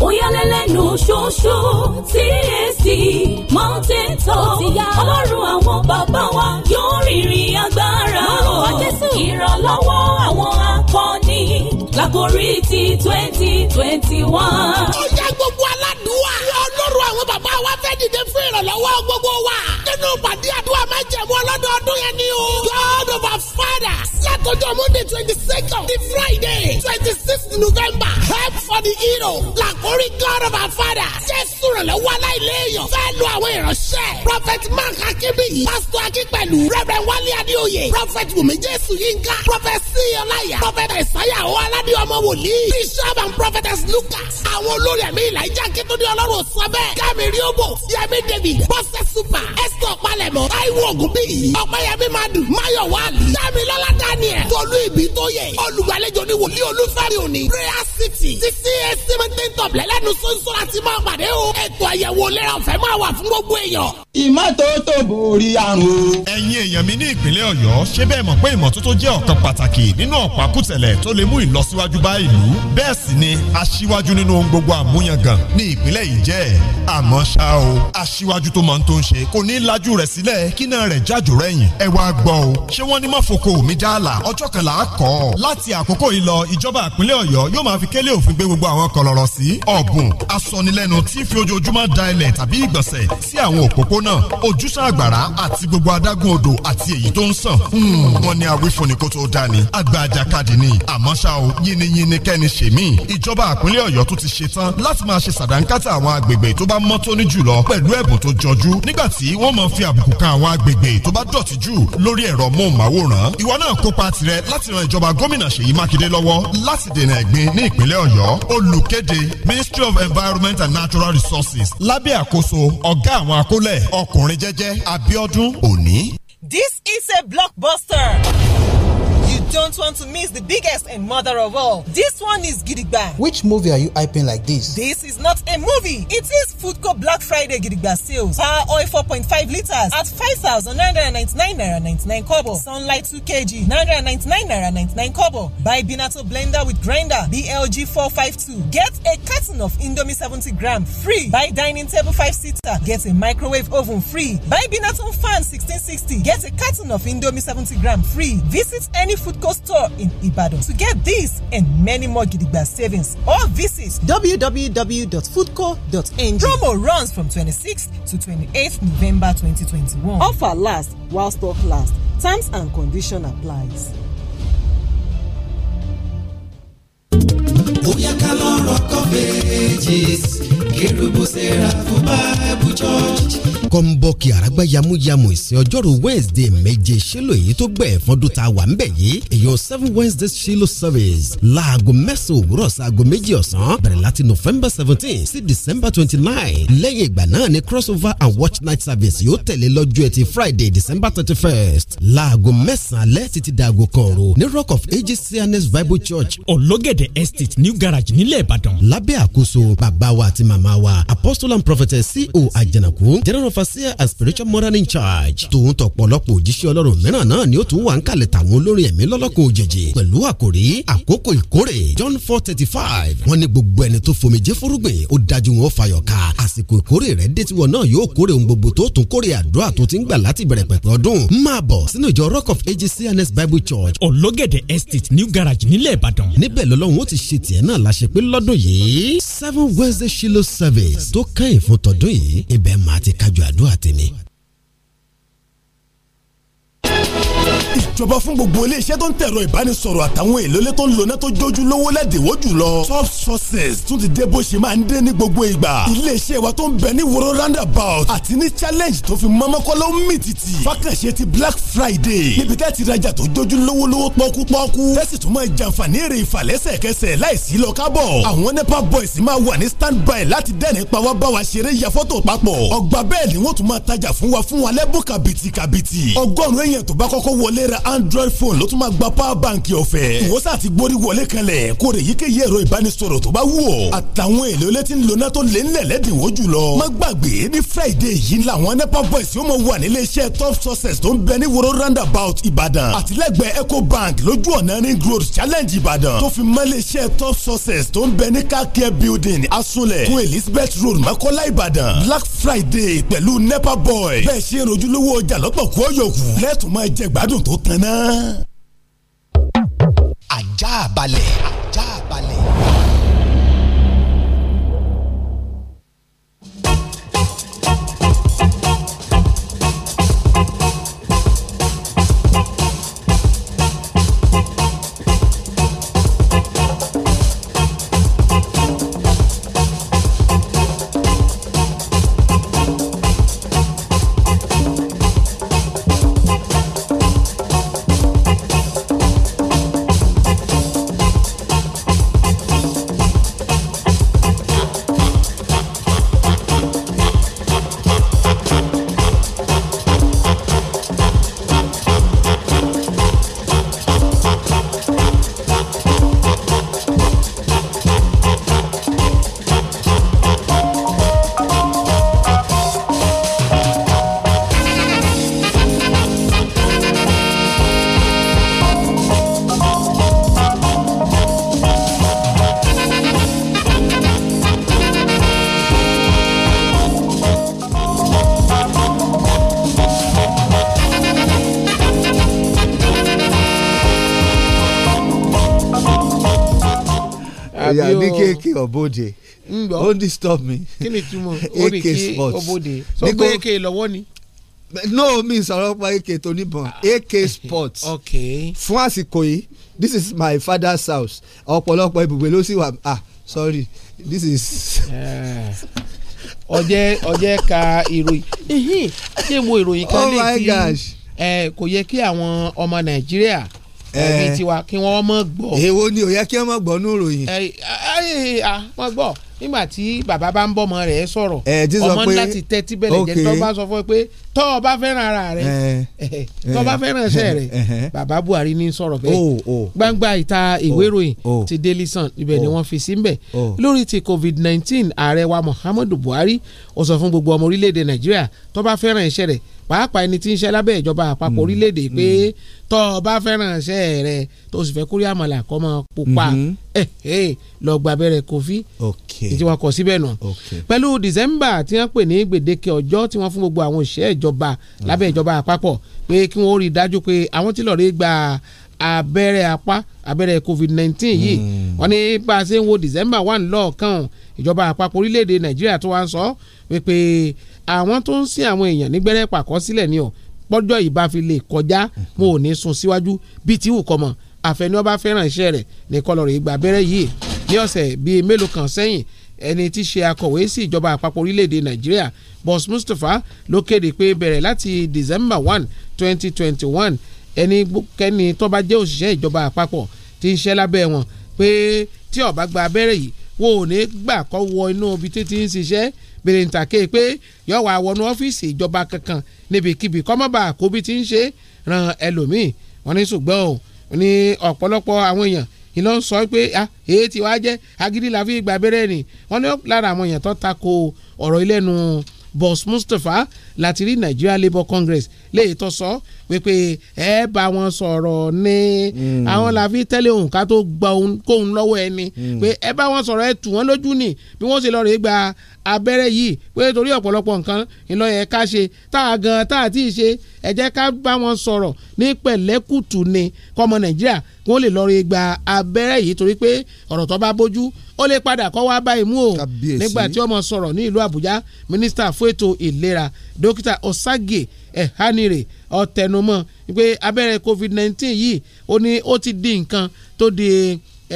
Oyalẹ́lẹ́nu ṣoṣo TSC Mountain Top Ọlọ́run àwọn bàbá wa yóò rìnrìn agbára o. Ìrànlọ́wọ́ àwọn akọni lágorí ti twenty twenty one. Ó jẹ́ gbogbo aládùúwà. Ọlọ́run àwọn bàbá wa fẹ́ dìde fún ìrànlọ́wọ́ gbogbo wa. Nínú pàdé àdúrà májẹ̀mú ọlọ́dọọdún yẹn ni o. God of our fathers látọjọ́ monday twenty second di friday twenty sixth november help for the hero làkórí god of our father jésù rẹ̀lẹ́wọ́ aláìléèyàn fẹ́ lu àwọn ìránṣẹ́ prophet mark akínbíyì pastor akínpẹ̀lú reverend wálé adéoyè prophet wùmí jésù yínká prophet síyọláyà prophet ẹ̀sáyà ọ̀ aládìí ọmọ wòlíì bishop and prophetess lucas àwọn olórí ẹ̀mí ìlàjà kíntúndé ọlọ́run sọ bẹ́ẹ̀ kámi rí yẹmi david bọ́sẹ̀ super esther palẹ̀mọ́ táíwò ògùnbíyì ọ̀pẹ̀yẹmí madu máyọ̀ wálì dámi lọ́lá dáa daniel tọ́lú ìbí tó yẹ olùgbàlejò ní wòlíì olúfẹ́rẹ́ òní prayer city ti csc maintain top lẹ́lẹ́nu sọ́nsọ́ àti máa pàdé o ètò àyẹ̀wò lẹ́ra ọ̀fẹ́ máa wà fún gbogbo èèyàn. ìmọ́tótó borí àrùn. ẹ̀yin èèyàn mi ní ìpínlẹ̀ ọ̀yọ́ ṣé bẹ́ẹ̀ mọ̀ pé ìmọ́tótó jẹ́ ọ̀kan pàtàkì nínú ọ̀pákùtẹ̀lẹ̀ tó lè mú ìlọsíwájú bá ìlú bẹ́ẹ̀ sì ni aṣíwájú nínú gbogbo àmúyangàn ní ìpínlẹ̀ yìí jẹ́ àmọ́ ṣá o aṣíwájú tó máa ń tó ń ṣe kò ní lajú rẹ̀ sílẹ̀ kí náà rẹ̀ jájò rẹ̀yìn ẹ wá gbọ́ o ṣé wọ́n ní mọ́fokò mi dá kọkànlá ọjọ́ kẹlá kọ́. láti àkókò yìí lọ ìjọba ìpínlẹ̀ ọ̀yọ́ yóò máa fi kélé òfin gbé gbogbo àwọn kọlọ̀rọ̀ sí ọ̀bùn asọnilẹ́nu tí fi ojoojúmọ́ da ilẹ̀ tàbí ìgbọ̀nsẹ̀ sí àwọn òpópónà ojúṣàn àgbàrá àti gbogbo adágún odò àti èyí tó ń sàn. Hmm, wọ́n ní awífúnni kó tó dá ni àgbà àjàkadì ni àmọ́ ṣá o yínníyínní kẹ́ni ṣèmí ìjọba ìpínlẹ̀ ọ̀yọ́ tó ti ṣe tán láti máa ṣe sàdánkátà àwọn agbègbè tó bá mọ́ tóní jùlọ pẹ̀lú ẹ̀bùn tó jọjú nígbà tí wọ́n máa kópa tirẹ̀ láti ran ìjọba gómìnà Ṣèyí Mákindé lọ́wọ́ láti dènà ẹ̀gbin ní ìpínlẹ̀ Ọ̀yọ́ olùkéde Ministry of Environment and Natural Resources lábẹ́ àkóso ọ̀gá àwọn akólẹ̀ ọkùnrin jẹ́jẹ́ Abíọ́dún Òní. This is a blockbuster don't want to miss the biggest and mother of all. This one is Gidigba. Which movie are you hyping like this? This is not a movie. It is Foodco Black Friday Gidigba sales. Power oil 4.5 liters at 5,999 naira 99 kobo. Sunlight 2 kg 999 naira 99 kobo. Buy Binato blender with grinder BLG 452. Get a carton of Indomie 70 gram free. Buy dining table 5 seater. Get a microwave oven free. Buy Binato fan 1660. Get a carton of Indomie 70 gram free. Visit any Foodco Eco store in Ibadan. To get this and many more Gidigba savings, or visit www.foodco.ng. Promo runs from 26th to 28th November 2021. Offer lasts while stock lasts. Terms and condition applies. bóyá ká lọ́rọ̀ coverages kérubù sẹ́ráfù báàbù church. kọ́ńbọ́ọ̀kì àràgbá yamuyamu ìsìn ọjọ́rú wednesday méje ṣílò èyí tó gbẹ̀ fọ́dún tá a wà ń bẹ̀ yìí èyàn seven wednesday ṣílò service láago mẹ́sàn-án òwúrọ̀ sáago méjì ọ̀sán bẹ̀rẹ̀ láti november seventeen sí december twenty nine lẹ́yìn ìgbà náà ni crossover and watch night service yóò tẹ̀lé lọ́jọ́ ẹtì friday december thirty first láago mẹ́sàn-án alẹ́ títí dàgò kan ro ní rock of ages cns bible church ọ̀lọ́gẹ̀dẹ̀ the estate new garage nílẹ̀ ìbàdàn. lábẹ́ àkóso bàbá wa àti màmá wa apostle and prophet co àjànàkú general overseer and spiritual moral in charge tòun tọ̀pọ̀lọpọ̀ òjíṣẹ́ ọlọ́run mìíràn náà ni ó tún wà ń kalẹ̀ tàwọn olórin ẹ̀mí lọ́lọ́kùn òjèjì pẹ̀lú àkòrí àkókò ìkórè john four thirty five wọ́n ní gbogbo ẹni tó fomijé fúrúgbìn ó dájú wọn ó fayọ̀ ká àsìkò ìkórè rẹ̀ dé tiwọn náà yóò kórè ohun gbogbo tó tún kórè àdúrà tó ti ń gbà láti bẹ̀rẹ̀ pẹ̀pẹ̀ ọdún máa bọ̀ sínú ìjọ rock of ages cns bible church ológèdè estate new garage nílẹ̀ ìbàdàn níbẹ̀ lọ́lọ́run bóun ó ti ṣe tiẹ̀ náà la ṣe pé lọ́dún yìí seven wednesday shiloh service tó kẹ́yìn fún tọdún yìí ibẹ̀ máa ti kájọ àdúrà tèmi. ìjọba fún gbogbo iléeṣẹ́ tó ń tẹ̀rọ ìbánisọ̀rọ̀ àtàwọn èlòlé tó ń lo iná tó jójú lówó lẹ́dẹ̀wó jùlọ top sources tún ti dé bó ṣe máa ń dé ní gbogbo ìgbà iléeṣẹ́ wa tó ń bẹ ní woro roundabout àti ní challenge tó fi mọ́mọ́kọ́lọ́ mì tìtì fákànṣe ti black friday níbi tẹ́ ti rajà tó jójú lówó lówó pọ́kú pọ́kú tẹ́sí tó máa jàǹfààní èrè ìfàlẹ́sẹ̀kẹsẹ̀ láìsí lọ kábọ̀ àwọn nepa boys máa wà ní standby láti dẹ́ni pa wá bá wa ṣeré ya fọ́tò papọ̀ ọgbà bẹ́ẹ̀ ni wọ́n tún máa tajà fún wa fún wa lẹ́bùn kàbìtì náírà android phone ló tún máa gba power bank ọ̀fẹ́ ìwọ́sà ti gbórí wọlé kanlẹ̀ kó rè yíkéyìí ẹ̀rọ ìbánisọ̀rọ̀ tó bá wù ọ́ àtàwọn èlò ilé tí ń lona tó lé nílẹ̀ lẹ́dínwó jùlọ má gbàgbé ní friday yìí làwọn nepa boys yóò mọ wà nílé iṣẹ́ top success tó ń bẹ ní woro roundabout ìbàdàn àtìlẹ́gbẹ̀ẹ́ eco bank lójú ọ̀nà ring growth challenge ìbàdàn tó fi mọ́ ilé iṣẹ́ top success tó ń bẹ ní kákẹ́ building asunlẹ̀ fún elizabeth road mọ́kọ́lá ìbàdàn black friday pẹ̀lú nepa boy bẹ́ẹ̀ ṣe rojúlówó ọjà lọ́pọ̀ kú ọ̀yọ̀kù lẹ́tùn máa jẹ gbádùn tó tó tanná. ajá balẹ̀ ajá balẹ̀. ọ̀bọ̀dé don't disturb me kí ni túmọ̀ ó so gbé ak lọ́wọ́ ni. no mi sọ̀rọ̀ pa ak tó níbọn ak [laughs] sports fún àsìkò yìí this is my father's house ọ̀pọ̀lọpọ̀ ibùgbé ló sì wà ah sorry this is. Eh, ọjẹ́ ọjẹ́ ka ìròyìn ṣé mo ìròyìn kan oh lè ti eh, kò yẹ kí àwọn ọmọ nàìjíríà Eh. ẹbí tiwa kí wọ́n mọ̀ gbọ́. èwo ni ò yẹ kí wọ́n mọ̀ gbọ́ nù ròyìn. ẹ ẹ ẹ ẹ mọ̀ gbọ́ nígbà tí bàbá bá ń bọ́mọ rẹ̀ sọ̀rọ̀ eh, ọmọ ńlá ti tẹ́tí bẹ́ẹ̀ lẹ́jẹ̀ tó bá sọ fún ẹ pé tọ́ ọ bá fẹ́ràn ara rẹ̀ eh, [laughs] tọ́ ọ bá eh, fẹ́ràn iṣẹ́ rẹ̀ bàbá Buhari ní sọ̀rọ̀ bẹ́ẹ̀ oh, oh. gbangba ìta oh, ìwé ìròyìn ti Daily Sun ibẹ̀ ni wọ́n fi sí mbẹ̀ lórí ti COVID-19 ààrẹ wa Muhammadu Buhari ó sọ fún gbogbo ọmọ orílẹ̀-èdè Nàìjíríà tọ́ bá fẹ́ràn iṣẹ́ rẹ̀ pàápàá ẹni tí ń ṣe lábẹ́ ìjọba àpapọ̀ mm, orílẹ̀-èdè mm. pé tọ́ ọ bá fẹ́ràn iṣẹ́ rẹ tó sì fẹ́ kórí àmàlà kọ́ mọ́ pupa mm-hmm. lọ gba abẹ́rẹ́ kofi tí wọ́n kọ síbẹ̀ nù. pẹ̀lú December tí wọ́n pè ní gbèdéke ọjọ́ tí wọ́n fún gbogbo àwọn òṣìṣẹ́ ìjọba lábẹ́ ìjọba àpapọ̀ pé kí wọ́n rí i dájú pé àwọn tí lọ́ọ́ gba abẹ́rẹ́ apá abẹ́rẹ́ covid nineteen yìí hmm. wọ́n ní bá a ṣe ń wo December one lọ́ọ̀kan ìjọba àpapọ̀ orílẹ̀-èdè Nàìjíríà tó wá ń sọ wípé àwọn tó ń sin àwọn èèyàn nígbẹ́rẹ́ pàkọ́ sílẹ̀ ni ọ̀ pọ́jọ́ yìí bá fi lè kọjá mo ò ní sún síwájú bíi tí wù kọ́ mọ́ àfẹnú ọba fẹ́ràn iṣẹ́ rẹ̀ ní kọlọ̀rọ̀ ìgbà abẹ́rẹ́ yìí ní ọ̀sẹ̀ bíi mélòó kan sẹ́yìn ẹni tí ṣe akọ̀wé sí ìjọba àpapọ̀ orílẹ̀-èdè nàìjíríà boss mustapha ló kéde pé bẹ̀rẹ̀ láti december one twenty twenty one ẹni kẹ́ni tó bá jẹ́ òṣìṣẹ́ ìjọba àpapọ̀ tí ń ṣẹ́ lábẹ́ wọn pé tí ó bá gba abẹ́rẹ́ yìí wo ò ní gbà kó wọ inú ibi tí ti ń ṣiṣẹ́ bèrè ń tàké pé yóò wá wọnú ọ́fíìsì ìjọba kankan níbikíbi kọ́mọ́bà àkóbí ti ń ṣe ran ẹlòmíì wọ́n ní ṣùgbọ́n ò ní ọ̀pọ̀lọpọ̀ àwọn èèyàn ìlọ ń sọ pé èyí ti wá jẹ́ agídí la fi gbà bẹ́rẹ̀ ni wọ́n ní lára àwọn èèyàn tó ta ko ọ̀rọ̀ ilẹ̀nu Boss Mustapha láti rí Nigeria Labour Congress léyìí tó sọ wípé ẹ bá wọn sọ̀rọ̀ ní hmm. àwọn làfi tẹ́lẹ̀ òun ká tó gba kóun lọ́wọ́ ẹni hmm. pé ẹ bá wọn sọ̀rọ̀ ẹ tù wọ́n lójú nì bí wọ́n ṣe lọ rèé gba abẹ́rẹ́ yìí pé torí ọ̀pọ̀lọpọ̀ nǹkan ìlọ ká ṣe tá a gan tá a ti ṣe ẹ jẹ́ ká bá wọn sọ̀rọ̀ ní pẹ̀lẹ́kùtù ni kọ́mọ nàìjíríà kí wọ́n lè lọ rí gba abẹ́rẹ́ yìí torí pé ọ̀rọ̀ tó bá bójú ó lè padà kọ́ wá báyìí mú o nígbà tí ọmọ sọ̀rọ̀ ní ìlú àbújá mínísítà fún ètò ìlera dókítà ọ̀ságe ẹ̀ eh, hánirè ọ̀tẹnumọ́ pé abẹ́rẹ́ covid-19 yìí ó ní ó ti di nǹkan tó di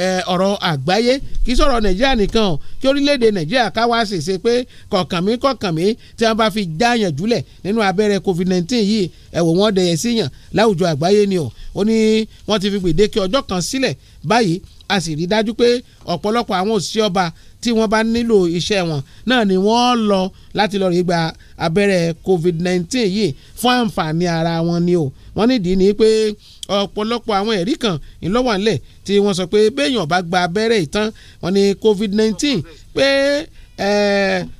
eh, ọ̀rọ̀ àgbáyé kì í sọ̀rọ̀ nàìjíríà nìkan o kí orílẹ̀-èdè nàìjíríà ká wá ṣèṣe pé kọ̀kànmí kọ̀kànmí tí wọ́n bá fi jáàyàn jùlẹ̀ nínú abẹ́rẹ́ covid-19 yìí ẹ̀wọ̀n wọn dẹ̀yẹ síyàn láwùjọ àgbáyé ni o ó ní wọ́n ti fi gbèdéke ọjọ́ kan sílẹ̀ báyìí a sì rí dájú pé ọ̀pọ̀lọpọ̀ àwọn òṣìṣẹ́ ọba tí wọ́n bá nílò iṣẹ́ wọn náà ni wọ́n lọ láti lọ rí gba abẹ́rẹ́ covid nineteen yìí fún àǹfààní ara wọn ni o wọ́n nídìí ni pé ọ̀pọ̀lọpọ̀ àwọn ẹ̀rí kan ńlọ́wọ́ ńlẹ̀ tí wọ́n sọ pé béèyàn bá gba abẹ́rẹ́ ìtàn wọn ni COVID-19 pé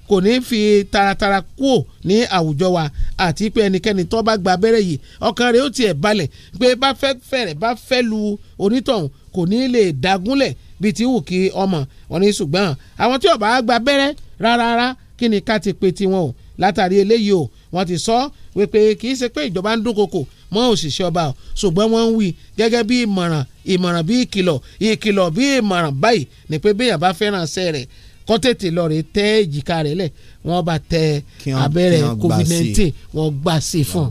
kò ní fi taratara kúò ní àwùjọ wa àti pé ẹnikẹ́ni tó bá gba abẹ́rẹ́ yìí ọkàn rẹ̀ ó tiẹ̀ balẹ̀ pé bá fẹ́ fẹ̀rẹ̀ bá fẹ́ lu onítọ̀hún kò ní lè dagúnlẹ̀ bíi ti wù kí ọmọ wọn ní ṣùgbọ́n àwọn tí ó bá gba abẹ́rẹ́ rárára kí ni ká ti pe tiwọn o látàrí eléyìí o wọ́n ti sọ wípé kì í ṣe pé ìjọba ń dúnkokò mọ́ òṣìṣẹ́ ọba o ṣùgbọ́n wọ́n ń wí gẹ́gẹ́ bí ìmọ̀ràn ìmọ̀ràn bí ìkìlọ̀ ìkìlọ̀ bí ìmọ̀ràn báyìí ni pé béèyàn bá fẹ́ràn ṣẹ́ rẹ̀ kọ́ tètè lọ rè tẹ́ èjìká rẹ̀ lẹ̀ wọ́n bá tẹ abẹ́rẹ́ covid nineteen wọ́n gbà sí fún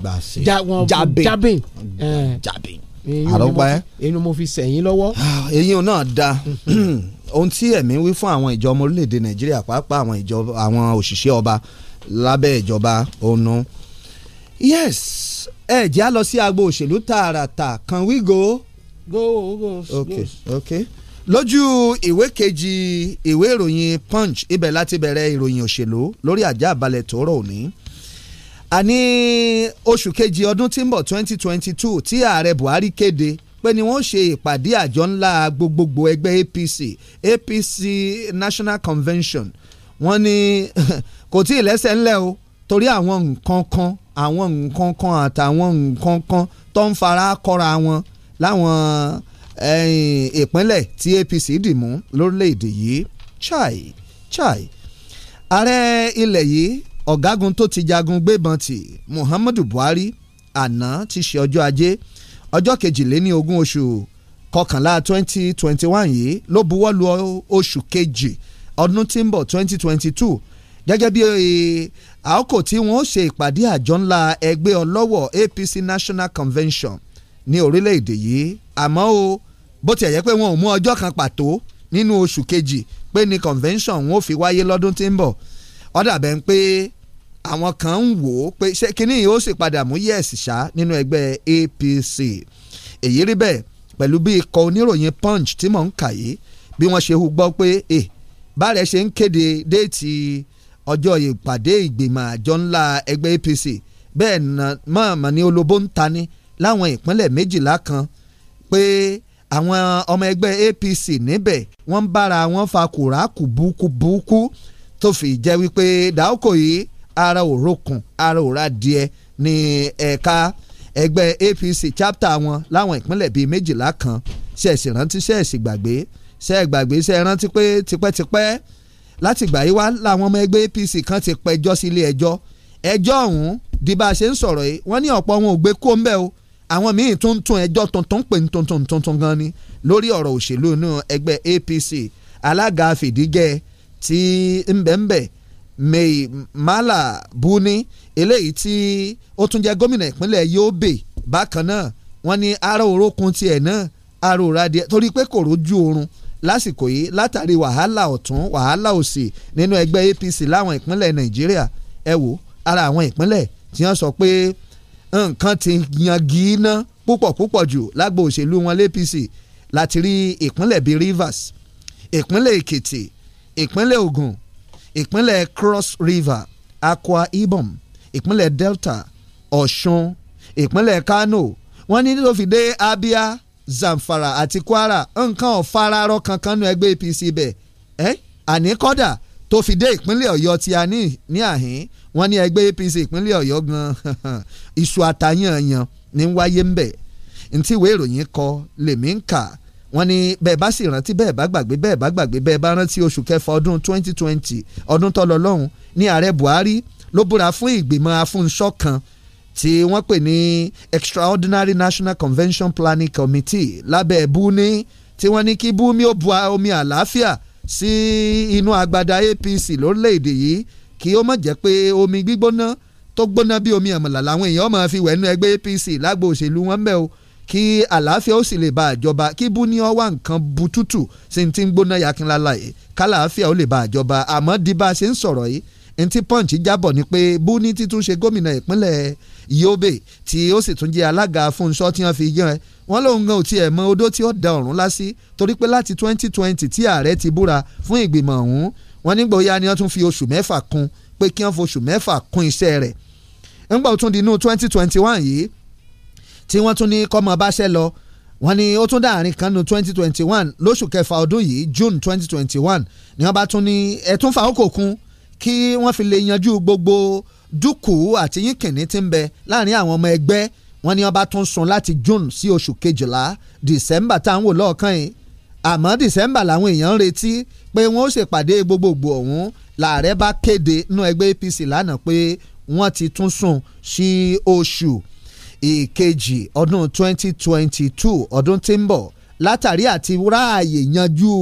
jabin àrògbá ẹ. èyí ni mo fi sẹ̀yìn lọ́wọ́. èyí ah, náà da [clears throat] ohun tí ẹ̀mí wí fún àwọn ìjọ ọmọ orílẹ̀-èdè nàìjíríà pàápàá àwọn ìjọ àwọn òṣìṣẹ́ ọba lábẹ́ ìjọba ọ̀nà. yes ẹ jẹ́ á lọ sí agbo òṣèlú tààràtà kan wí go. go go ok ok lójú ìwé kejì ìwé ìròyìn punch ibẹ̀ láti bẹ̀rẹ̀ ìròyìn òṣèlú lórí àjà àbálẹ̀ tòórọ̀ òní a ní oṣù kejì ọdún tí ń bọ̀ twenty twenty two tí ààrẹ Buhari kéde pé ni wọ́n ṣe ìpàdé àjọ ńlá gbogbogbò ẹgbẹ́ APC APC National Convention wọ́n ní [laughs] kò tí ì lẹ́sẹ̀ ńlẹ̀ o torí àwọn nǹkan kan àwọn nǹkan kan àtàwọn nǹkan kan tó ń fara kọ́ra wọn láwọn ìpínlẹ̀ tí APC dì mú lórílẹ̀‐èdè yìí chai chai ààrẹ ilẹ̀ yìí ọ̀gágun tó ti jagun gbébọn tì Muhammadu Buhari àná ti ṣe ọjọ́ ajé ọjọ́ kejìléní ogún oṣù kọkànlá twenty twenty one yìí ló buwọ́ lu oṣù kejì ọdún tí ń bọ̀ twenty twenty two gẹ́gẹ́ bí e, àókò tí wọ́n ṣe ìpàdé àjọ ńlá ẹgbẹ́ ọlọ́wọ̀ APC National Convention ní orílẹ̀-èdè yìí àmọ́ o bó tiẹ̀ yẹ pé wọn ò mú ọjọ́ kan pàtó nínú oṣù kejì pé ní convention wọn ò fi wáyé lọ́dún tí ń bọ̀ ó bẹ́ẹ̀ ń pé àwọn kan ń wò ó pé ṣé kínní yìí ó sì padà mú yẹ́ẹ̀sì ṣá nínú ẹgbẹ́ APC èyí rí bẹ́ẹ̀ pẹ̀lú bí ikọ̀ oníròyìn punch tí mò ń kà yìí bí wọ́n ṣe hu gbọ́ pé eh báàrẹ̀ ṣe ń kéde déètì ọjọ́ ìpàdé ìgbìmọ̀ àjọ ńlá ẹgbẹ́ APC bẹ́ẹ̀ mọ̀ọ́mọ̀ ni olóbó ń tani láwọn ìpínlẹ̀ méjìlá kan pé àwọn ọmọ ẹgbẹ́ APC níbẹ̀ wọ́n ń bára wọn fa kùrà kùbúkú búkú tó fi jẹ́ wípé dáókò yìí ara òrókùn ara òradìẹ ní ẹ̀ka ẹgbẹ́ APC chapter wọn láwọn ìpínlẹ̀ bíi méjìlá kan ṣẹ̀ṣì rántí ṣẹ̀ṣì gbàgbé ṣẹ̀gbàgbé ṣẹ̀ rántí pé tipẹ́tipẹ́ látìgbà yìí wá làwọn ọmọ ẹgbẹ́ APC kan ti pẹjọ́ sí ilé ẹjọ́ ẹjọ́ ọ̀hún di bá a ṣe ń sọ̀rọ̀ yìí wọ́n ní ọ̀pọ̀ wọn ò gbé kó ń bẹ́ o àwọn míì tún tún ẹjọ́ tuntun pè ní tuntun tuntun gan ni lórí ọ̀rọ̀ òṣèlú inú ẹgbẹ́ APC alága fìdíjẹ ti ńbẹ̀ńbẹ̀ May Mala Buni eléyìí tí ó tún jẹ́ gómìnà ìpínlẹ̀ Yobe bákan náà wọ́n ní ara òrókun tiẹ̀ náà ara òradìẹ torí pé kò rójú oorun lásìkò yìí látàrí wàhálà ọ̀tún wàhálà òsì nínú ẹgbẹ́ APC láwọn ìpínlẹ̀ Nàìjíríà ẹ wò ara àwọn ìpínlẹ̀ tí wọ́n sọ pé nǹkan ti yangi iná púpọ̀ púpọ̀ jù lágbo òṣèlú wọn l'APC láti rí ìpínlẹ̀ bíi Rivers ìpínlẹ̀ Èkìtì ìpínlẹ̀ Ògùn ìpínlẹ̀ Cross River Akwa Ibom ìpínlẹ̀ Delta Ọ̀ṣun ìpínlẹ̀ Kano wọ́n ní tó fi dé Abia Zamfara àti Kwara nǹkan ọ̀fararọ kankan nu ẹgbẹ́ APC bẹ̀ ẹ́ àní kọ́dà tó fi dé ìpínlẹ̀ Ọ̀yọ́ tí a ní ní àhín wọ́n ní ẹgbẹ́ APC ìpínlẹ̀ Ọ̀yọ́ gan [laughs] iṣu àtàyàn ní wáyé ń bẹ̀ ntí ìwé ìròyìn kọ lèmi ń kà wọ́n ní bẹ́ẹ̀ bá sì rántí bẹ́ẹ̀ bá gbàgbé bẹ́ẹ̀ bá gbàgbé bẹ́ẹ̀ bá rántí oṣù kẹfà ọdún 2020 ọdún tó lọ lọ́hùn ní ààrẹ Buhari ló búra fún ìgbìmọ̀ afúnṣọ́ tí wọ́n pè ní Extraordinary National Convention Planning Committee lábẹ́ buni tí wọ́n ní kí bumi ó bu omi àlàáfíà sí inú agbada APC lórílẹ̀‐èdè yìí kí ó má jẹ́ pé omi gbígbóná tó gbóná bí omi àmàlà làwọn èèyàn máa fi wẹ̀nu ẹgbẹ́ APC lágbo òṣèlú wọn bẹ́ẹ̀ o kí àlàáfíà ó sì lè bá àjọba kí bú ní ọwá nǹkan butútù sí ti ń gbóná yakinlala yìí kálàáfíà ó lè bá àjọba àmọ́ di bá a ṣe ń sọ̀rọ̀ yìí ntí punch jábọ̀ ni pé bú títún ṣe gómìnà ìpínlẹ̀ Yobe tí ó sì tún jẹ́ alága Fúnṣọ́ tí wọ́n fi yan ẹ wọ́n lóun gan ò tiẹ̀ mọ odó tí ó da ọ̀run lásì torí pé láti 2020 tí ààrẹ ti búra fún ìgbìmọ̀ ọ̀hún wọ́n nígbà ó yá ni wọ́n tún fi oṣù mẹ́fà kún pé kí wọ́n foṣù mẹ́fà kún iṣẹ́ rẹ̀ ńgbà ó tún di inú 2021 yìí tí wọ́n tún ní kọ́mọ báṣẹ́ lọ wọ́n ní ó tún dáàrin kan twenty twenty one lóṣù kẹfà ọdún yìí june twenty twenty one ni wọ́n bá tún ní ẹ̀tún fàákò kún kí wọ́n fi lè yanjú gbogbo dúkù àti yínkìnní tí ń bẹ láàrin àwọn ọmọ ẹgbẹ́ wọ́n ní wọ́n bá tún sún láti june sí oṣù kejìlá december tá à ń wò lọ́ọ̀kan yìí àmọ́ december làwọn èèyàn ń retí pé wọ́n ó ṣèpàdé gbogbogbò ọ̀hún làárẹ̀ bá kéde nú ẹgbẹ́ apc lánàá pé wọ́n ti tún sún sí oṣù ìkejì ọdún 2022 ọdún tí ń bọ̀ látàrí àti ráàyè yanjú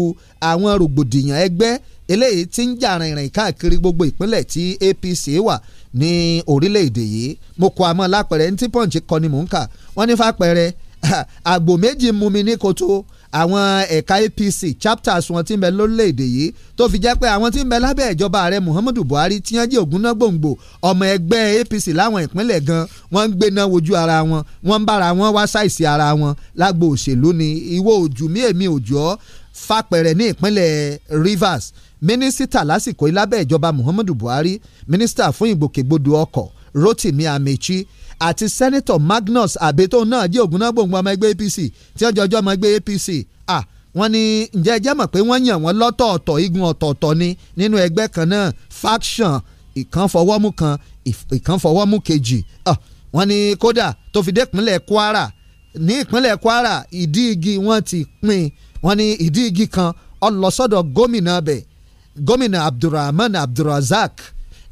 àwọn rògbòdìyàn ẹgbẹ́ eléyìí tí ń jà rìnrìn káàkiri gbogbo ìpínlẹ̀ tí APC wà ní orílẹ̀-èdè yìí mo kọ àmọ́ lápẹ̀rẹ̀ ní tí pọ́ǹchì ni mò ń kà wọ́n ní fàpẹ̀rẹ̀ [laughs] àgbò méjì mú mi ní kòtò àwọn ẹ̀ka APC chapters wọn ti ń bẹ lórílẹ̀‐èdè yìí tó fi jẹ́ pé àwọn ti ń bẹ lábẹ́ ìjọba ààrẹ Muhammadu Buhari tí wọ́n jẹ́ ògúnná gbòǹgbò ọmọ ẹgbẹ́ APC láwọn ìpínlẹ̀ gan wọ́n ń gbéná wojú ara wọn wọ́n ń bára wọn wá ṣàìsí ara wọn lágbo òṣèlú ni ìwọ òjù mí èmi òjò fàpẹ̀rẹ̀ ní ìpínlẹ̀ Rivers mínísítà lásìkò lábẹ́ ìjọba Muhammadu Buhari mínísítà fún ìgbòkègbodò ọkọ̀ Rotimi Amechi àti sẹ́nitọ̀ Magnus àbètò náà jẹ́ ògúnná gbòǹgbò ọmọ ẹgbẹ́ APC tí wọ́n jọjọ́ ọmọ ẹgbẹ́ APC à wọ́n ní ǹjẹ́ ẹ jẹ́ mọ̀ pé wọ́n yàn wọ́n lọ́tọ̀ọ̀tọ̀ igun ọ̀tọ̀ọ̀tọ̀ ni nínú ẹgbẹ́ kan náà faction ìkan fọwọ́mú kan ìkan fọwọ́mú kejì wọ́n ní kódà tó fi dé ìpínlẹ̀ Kwara ní ìpínlẹ̀ Kwara ìdí igi wọ́n ti pín wọ́n ní ìdí igi kan ó lọ sọ́dọ̀ gómìnà bẹ̀ gómìnà Abdulrahman Abdulrazak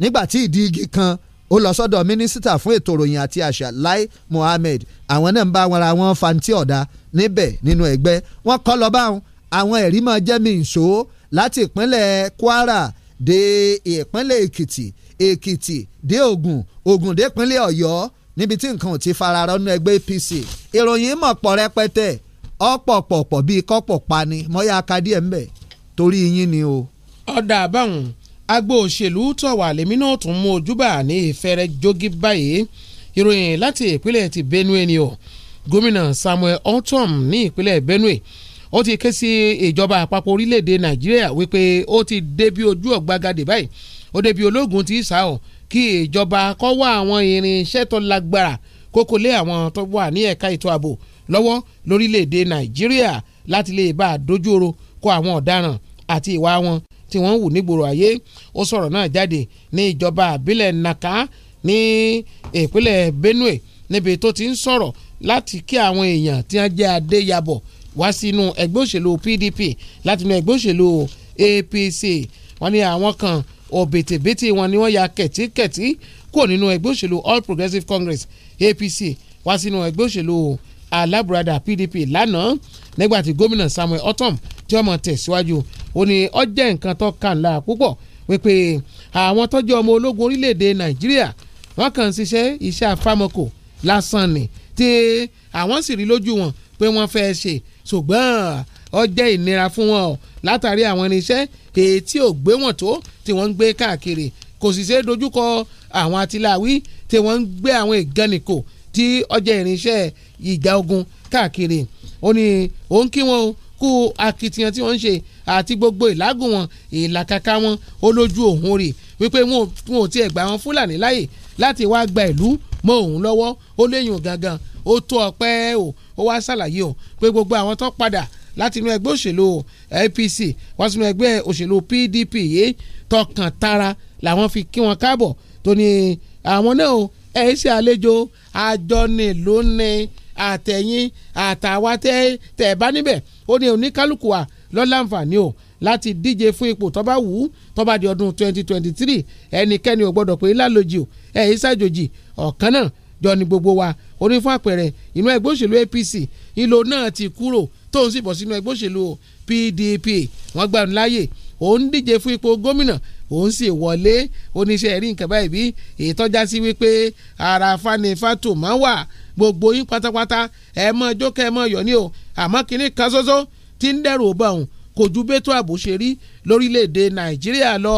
nígbà ìdí igi kan ó lọ sọ́dọ̀ mínísítà fún ètò ìròyìn àti àṣà Lai Mohammed àwọn náà ń bá wọn ra wọn fanti ọ̀dà níbẹ̀ nínú ẹgbẹ́ wọn kọ́ lọ báwọn àwọn ẹ̀rí máa jẹ́ mi ìṣó láti ìpínlẹ̀ Kwara dé ìpínlẹ̀ Èkìtì Èkìtì dé Ògùn Ògùn dé ìpínlẹ̀ Ọ̀yọ́ níbi tí nǹkan ò ti fararọ́ nínú ẹgbẹ́ APC ìròyìn mọ̀ pọ̀ rẹpẹtẹ ọ̀pọ̀pọ̀pọ̀ bíi kọ́pọ̀ pani mọ́yá akadé ẹ̀ ń bẹ̀ torí yín ni o. ọ̀dà àbáwọn agbo òṣèlú tó wà lèmi náà tún mú ojúbà ní ìfẹ́rẹ́ jogi báyìí ìròyìn láti ìpínlẹ̀ ti Benue ni o gómìnà Samuel otom ní ìpínlẹ̀ Benue ó ti ké sí ìjọba àpapọ̀ orílẹ̀-èdè Nàìjíríà wípé ó ti débi ojú ọ̀gbagadè báyìí ó débi ológun ti sá ọ̀ kí ìjọba kó wá àwọn irinṣẹ́ tó lágbára kókó lé àwọn tó wà ní ẹ̀ka ètò ààbò lọ́wọ́ lórílẹ̀‐èdè nàìjíríà láti lè bá a dojúoro kó àwọn ọ̀daràn àti ìwà wọn tí wọ́n ń wù nígboro ayé ó sọ̀rọ̀ náà jáde ní ìjọba àbílẹ̀ naka ní ìpínlẹ̀ benue níbi tó ti ń sọ̀rọ̀ láti kí àwọn èèyàn tí wọ́n jẹ́ adéyàbọ̀ wá sínú ẹgbẹ́ òṣèlú pdp láti inú ẹgbẹ́ òṣèlú apc wọ́n ní àwọn kan òbètèbètè wọn ni wọ́n ya kẹ̀tíkẹ̀tí kúrò nínú ẹgbẹ́ òṣèlú all progressives congress apc wá sínú ẹgbẹ́ òṣèlú alábùradà pdp lánàá nígbàtí gómìnà samuel otom tí ọmọ tẹ̀síwájú ó ní ó jẹ́ nǹkan tó kàn láà púpọ̀ wípé àwọn tó jẹ́ ọmọ ológun orílẹ̀-èdè nàìjíríà wọ́n kàn ń ṣiṣẹ́ iṣẹ́ àfàmọ́kò lásán ni tí àwọn sì rí lójú wọn pé wọ́n fẹ́ ṣe ṣùgbọ́n ó ìnira fún wọn o látàrí àwọn irinṣẹ́ èyí tí ò gbé wọn tó tí wọ́n ń gbé káàkiri kò sì ṣe é dojúkọ àwọn atiláwí tí wọ́n ń gbé àwọn ìgànnìkò tí ó jẹ́ irinṣẹ́ ogun káàkiri ó ní òun kí wọn o kú akitiyan tí wọ́n ń ṣe àti gbogbo ìlágùn wọn ìlàkàkà wọn olójú òun rè wípé wọn ò tiẹ̀ gbà wọn fúlàní láyè láti wá gba ìlú mọ́ òun lọ́wọ́ ó léyìn gangan ó tó ọpẹ́ o ó wá ṣàlàyé o pé gbogbo àwọn tó padà láti inú ẹgbẹ́ òṣèlú APC wá sínú ẹgbẹ́ òṣèlú PDP yìí tọkàn tara làwọn fi kí wọn káàbọ̀ tó ní àwọn náà ẹ̀ ṣe àlejò àjọ nílùú ní àtẹ̀yìn àtàwa tẹ́ tẹ̀ bá níbẹ̀ ó ní oníkálukú wa lọ́láǹfààní o láti díje fún ipò tó bá wù ú tó di ọdún 2023 ẹnikẹ́ni ò gbọ́dọ̀ pé lálòjì o ẹ̀yìn ṣàjòjì ọ̀kan náà jọ ni gbogbo wa ó ní fún àpẹẹrẹ inú ẹgbẹ́ òṣèlú APC ìlò náà ti kúrò tóun sì bọ̀ sínú ẹgbẹ́ òṣèlú PDP wọ́n gbà ń láàyè òun díje fún ipò gómìnà òun sì wọlé oníṣẹ́ rí nǹkan báyìí bí ìtọ́já sí wípé ara fanifátò máa wà gbogbo yín pátápátá ẹ mọ jókè mọ yọ ni o àmọ́ kínní kan ṣoṣo tí ń dẹrù bá òun kò ju bẹ́tò ààbò ṣe rí lórílẹ̀‐èdè nàìjíríà lọ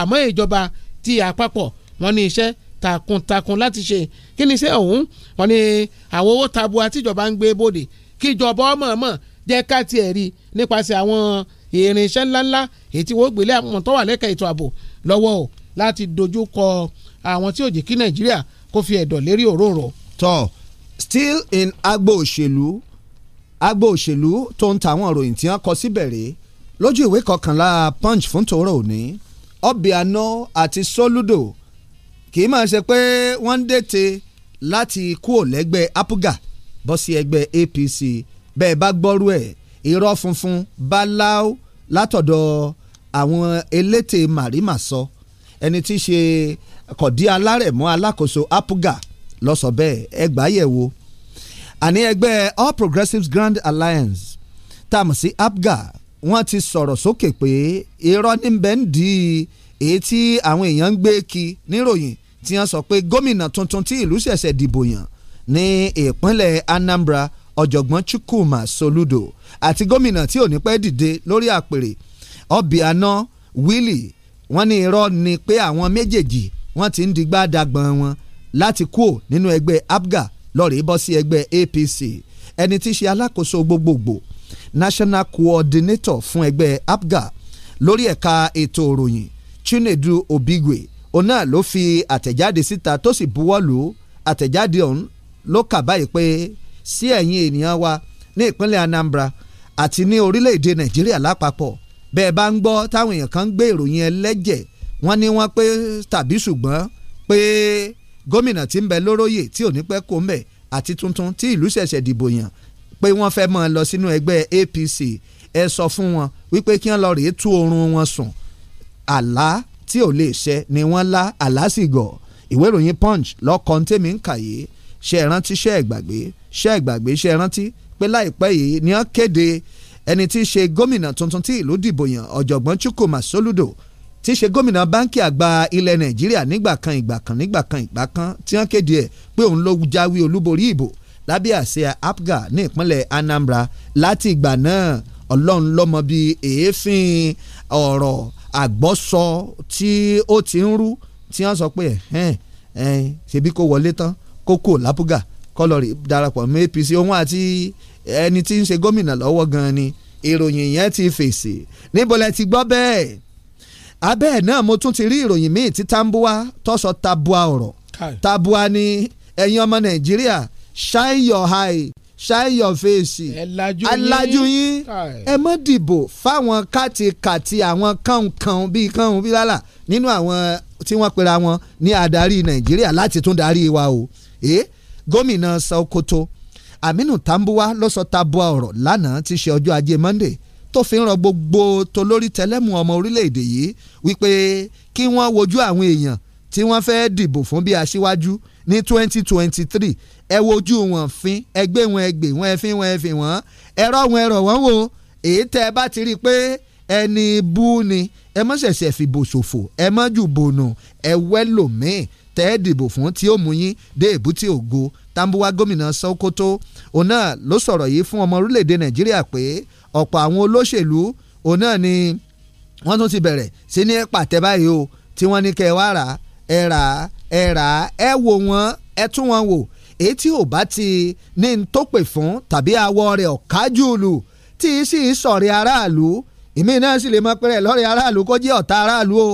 àmọ́ ìjọba ti àpapọ̀ wọn ní iṣẹ́ takuntakun láti ṣe kí iṣẹ́ ọ̀hún wọn ní àwọn owó tabua tíjọba ń gbé bòde kíjọba ọmọọmọ jẹ́ ká tiẹ̀ rí nípasẹ̀ àwọn irinṣẹ́ ńláńlá èyí tí wọ́n gbélé àwọn tó wà lẹ́ka ètò ààbò lọ́wọ́ o láti dojú kọ àwọn tí ò kí nàìjíríà kó fi ẹ̀dọ̀ lérí òróró. tọ́ọ̀ still in agbo òṣèlú agbo òṣèlú tó ń ta àwọn ìròyìn tí wọ́n kọ síbẹ̀ rèé lójú ìwé kọkànlá punch fún tòórọ́ òní Obiano àti Soludo kì í máa ṣe pé wọ́n ń dètè láti kú òlẹ́gbẹ́ apuga bọ́ sí ẹgbẹ́ APC bẹ́ẹ̀ bá gbọ́rú ẹ̀ irọ́ funfun báláú látọ̀dọ̀ àwọn elétè màrímà sọ ẹni tí í ṣe kọ̀dí alárẹ̀mọ́ alákòóso apuga lọ́sọ bẹ́ẹ̀ ẹgbàá yẹ̀ wo àní ẹgbẹ́ All Progressives Grand Alliance tá a mọ̀ sí APGA wọ́n ti sọ̀rọ̀ sókè pé irọ́ ní bẹ́ẹ̀ ń di èyí tí àwọn èèyàn ń gbé kí níròyìn tí wọ́n sọ pé gómìnà tuntun tí ìlú ṣẹ̀ṣẹ̀ dìbò yàn ní ìpínlẹ̀ Anambra ọ̀jọ̀gbọ́n Chukwuma Soludo àti gómìnà tí ò ní pẹ́ dìde lórí àpèrè Obiano Willie wọ́n ní irọ́ ni pé àwọn méjèèjì wọ́n ti ń digbá dagbọ̀n wọn láti kúò nínú ẹgbẹ́ APGA lọ́ọ̀rì bọ́ sí ẹgbẹ́ APC ẹni tí í ṣe alákòóso gbogbogbò national coordinator fún ẹgbẹ́ APGA lórí ẹ̀ka ètò òròyìn Chinedu Obigwe òun náà ló fi àtẹ̀jáde síta tó sì buwọ́ lù ú àtẹ̀jáde ọ̀hún ló kà báyìí pé sí ẹ̀yin ènìyàn wa ní ìpínlẹ̀ Anambra àti ní orílẹ̀-èdè Nàìjíríà lápapọ̀ bẹ́ẹ̀ bá ń gbọ́ táwọn èèyàn kan ń gbé ìròyìn ẹlẹ́jẹ̀ wọ́n ní wọ́n pé tàbí ṣùgbọ́n pé gómìnà tí ń bẹ lóróyè tí ò ní pẹ́ kó ń bẹ̀ àti tuntun tí ìlú ṣẹ̀ṣẹ̀ dìbò yàn pé wọ́n fẹ́ mọ́ ọ lọ sínú ẹgbẹ́ APC ẹ sọ fún wọn wípé kí wọ́n lọ rèé tú oorun wọn sùn àlá tí ò lè ṣẹ ni wọ́n lá àlá sì gọ̀ ìwé ìròyìn punch lọ́kàn tèmi ń kà yìí ṣe ìrántí ṣe ìgbàgbé ṣe ìgbàgbé ṣe ìrántí pé láìpẹ́ yìí ni wọ́n kéde ẹni tí í ṣe gómìnà tuntun tí ìlú dìbò yàn ọ̀jọ̀gbọ́n Chukwuma Soludo tí í ṣe gómìnà báńkì àgbà ilẹ̀ nàìjíríà nígbà kan ìgbà kan nígbà kan ìgbà kan tí wọ́n kéde ẹ̀ pé òun ló jáwé olúborí ìbò lábẹ́ àṣẹ apga ní ìpínlẹ̀ anambra láti ìgbà náà ọlọ́run lọ́mọ bíi èéfín ọ̀rọ̀ àgbọ́sọ tí ó ti ń rú tí wọ́n sọ pé ẹ̀hẹ́n ẹ̀hìn ṣebí kó wọlé tán kó kò lápúgà kọlọ̀rì darapọ̀ mọ́ apc òun àti ẹni tí ń ṣe gómìnà lọ́wọ́ gan-an ni ìròyìn yẹn ti fèsì níbo lẹ ti gbọ́ bẹ́ẹ̀ abẹ́ ẹ̀ náà mo tún ti rí ìròyìn míì tí tambuwa tọ́sọ tabua ọ̀rọ̀ tabua ni ẹ̀yin ọmọ nàìjíríà shine your eye shine your face alájú yín ẹ mọ́ dìbò fáwọn kàtìkàtì àwọn kànkan bíi kànkan bíi lálà nínú àwọn tí wọ́n pera wọn ní adarí nàìjíríà láti tún darí wa o eh? gómìnà Sokoto Aminu Tambuwa ló sọ tabua ọ̀rọ̀ lánàá ti ṣe ọjọ́ ajé Monday tó fi ń rọ gbogbo tó lórí tẹlẹ́mù ọmọ orílẹ̀-èdè yìí wípé kí wọ́n wojú àwọn èèyàn tí wọ́n fẹ́ dìbò fún bí aṣíwájú ní 2023 ẹ wojú wọn fín ẹgbẹ́ wọn ẹgbẹ́ wọn ẹfín wọn ẹfín wọn ẹ̀rọ wọn ẹ̀rọ wọn wò èyí tẹ́ ẹ bá ti rí i pé ẹni bú ni ẹ mọ́ ṣẹ̀ṣẹ̀ fìbò ṣòfò ẹ mọ́ jù bònú ẹ wẹ́lòmíì tẹ́ ẹ dìbò fún tí ó mú yín dé èbúté ògo tambuwa gómìnà Sókótó òun náà ló sọ̀rọ̀ yìí fún ọmọ orílẹ̀-èdè Nàìjíríà pé ọ̀pọ̀ àwọn olóṣèlú òun náà ni wọ́n tún ti bẹ̀rẹ̀ sí ní pàtẹ báyìí o tí wọ́n ní kẹ́ ẹ wá rà ẹ rà ẹ rà ẹ wò wọ́n ẹ tún wọn wò èyí tí ò bá ti ní n tó pè fún tàbí awọ rẹ̀ ọ̀kájúlù tí í sì sọ̀rí aráàlú ìmí náà sì lè mọ pé rẹ̀ aráàlú kó jẹ́ ọ̀tá aráàlú o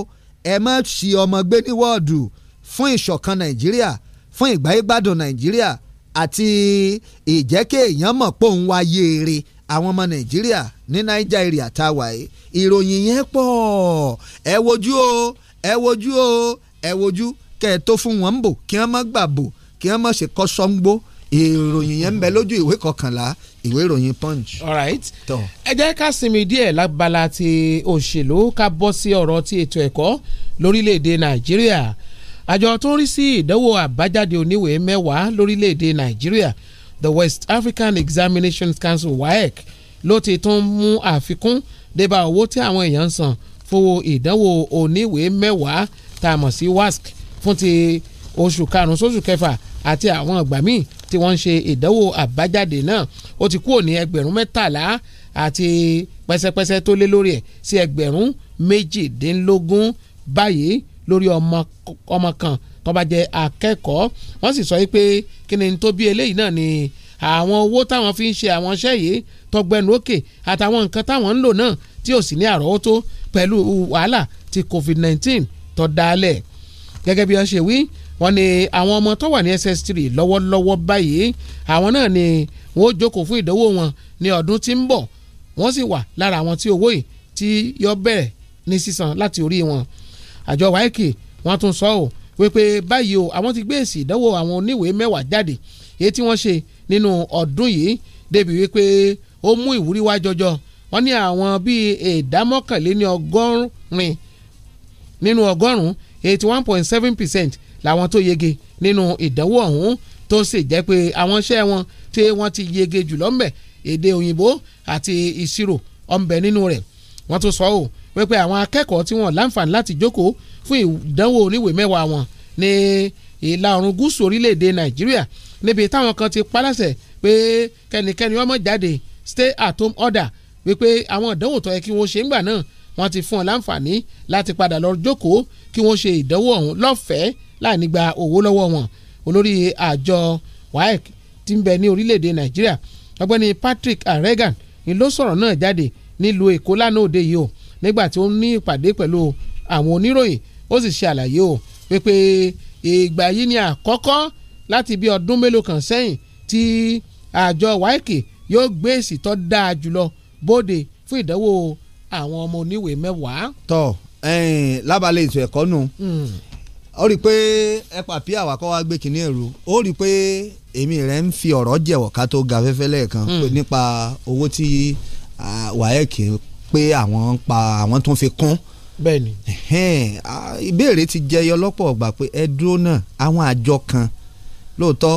ẹ má ṣì ọmọ gbé ní wọ́ọ̀dù fún ìṣọ̀kan nàìjíríà fún ìgbáyégbádùn nàìjíríà àti ìjẹ́kẹ́ èèyàn mọ̀ pé òun wá àwọn ọmọ nàìjíríà ní nàìjíríà tá a wà yìí ìròyìn yẹn pọ̀ ẹ wojú o ẹ wojú o ẹ wojú kẹ́ ẹ tó fún wọn bò kí wọ́n má gbà bò kí wọ́n má ṣe kọ́ sọ́ngbó ìròyìn yẹn ń bẹ lójú ìwé kọkànlá ìwé ìròyìn punch. alright ẹ jẹ́ ká sinmi díẹ̀ lábala ti òṣèlú ká bọ́ sí ọ̀rọ̀ ti ètò ẹ̀kọ́ lórílẹ̀‐èdè nàìjíríà àjọ tó ń rí sí ìdánwò àbájáde oníwèé mẹ́wàá lórílẹ̀‐èdè nàìjíríà the West African Examinations Council WAEC ló ti tún mú àfikún débà owó tí àwọn èèyàn ń san fowó ìdánwò oníwèé mẹ́wàá tá a mọ̀ sí WASC fún ti oṣù karùn-ún sóṣù kẹfà àti àwọn ìgbà míì tí wọ́n ń ṣe ìdánwò àbájáde náà ó ti kúrò ní ẹgbẹ̀rún mẹ́tàlá àti pẹ́sẹ́pẹ́sẹ́ tó lé lórí ẹ̀ sí ẹgbẹ̀rún méjìdínlógún báyìí lórí ọmọ kan tó bá jẹ́ akẹ́kọ̀ọ́ wọ́n sì sọ pé kí ni tó bí eléyìí náà ni àwọn owó táwọn fi ń ṣe àwọn iṣẹ́ yìí tọgbẹ́nu òkè àtàwọn nǹkan táwọn ń lò náà tí ò sì ní àrọ́wọ́tó pẹ̀lú wàhálà ti COVID-19 tó dálẹ̀ gẹ́gẹ́ bí wọ́n ṣe wí wọ́n ní àwọn ọmọ tó wà ní SS3 lọ́wọ́lọ́wọ́ báyìí àwọn náà ni wọ́n ó jókòó fún ìdánwò wọn ní ọdún tí ń bọ̀ wọ́n sì wà lára àwọn tí owó yìí tí yọ bẹ̀rẹ̀ ní sísan láti orí wọn àjọ wáìkì wọ́n tún sọ ọ́ wípé báyìí o àwọn ti gbé èsì ìdánwò àwọn oníwèé mẹ́wàá jáde èyí tí wọ́n ṣe nínú ọdún yìí débi wípé ó mú ìwúrí wá jọjọ wọ́n ní àwọn bíi ìdámọ́kànléní ọgọ́rin nínú ọgọ́rùn-ún eighty one point seven percent làwọn tó yege nínú ìdánwò ọ̀hún tó sì jẹ́ pé àwọn iṣẹ́ wọn tí wọ́n ti yege jùlọ ńbẹ̀ èdè òyìnbó àti ìṣirò ọ̀nbẹ nínú rẹ̀ wọ́n tún sọ ọ́ wípé àwọn akẹ́kọ̀ọ́ tí wọ́n láǹfààní láti jókòó fún ìdánwò oníwèé mẹ́wàá wọn ní ìlà oòrùn gúúsù orílẹ̀-èdè nàìjíríà níbi táwọn kan ti paláṣẹ pé kẹ́nikẹ́ni ọmọ jáde stay at home order wípé àwọn ìdánwò tó yẹ kí wọ́n ṣe ńgbà náà wọ́n ti fún ọ láǹfààní láti padà lọ jókòó kí wọ́n ṣe ìdánwò ọ̀hún lọ́fẹ̀ẹ́ láì ní gba owó lọ́wọ́ wọn olórí àjọ waec tí ń bẹ ní orílẹ̀-èdè nàìjíríà ọgbẹ́ni Patrick Aregan ni ló sọ̀rọ̀ náà jáde nílùú èkó lánàá òde yìí o nígbà tí ó ń ní ìpàdé pẹ̀lú àwọn oníròyìn ó sì ṣe àlàyé o pé ìgbà yìí ni àkọ́kọ́ láti bí ọdún mélòó kan sẹ́yìn tí àjọ wáìkì yóò gbé èsì tó dáa jùlọ bóde fún ìdánwò àwọn ọmọ oníwèé mẹ́wàá. tọ lábàlẹ̀ ètò ẹ̀kọ́ nù hmm. ó rí i pé ẹ pàpí àwàkọ́ wa gbé kínní ẹ̀rú ó rí i pé èmi rẹ̀ ń fi ọ̀rọ̀ jẹ̀wọ̀ ká tó ga fẹ́fẹ́ lẹ́ẹ̀kan hmm. nípa owó tí wáìkì pé àwọn ń pa àwọn tó ń fi kún. bẹ́ẹ̀ni. ìbéèrè ti jẹyọ lọ́pọ̀ ọgbà pé ẹ dúró náà àwọn àjọ kan lóòótọ́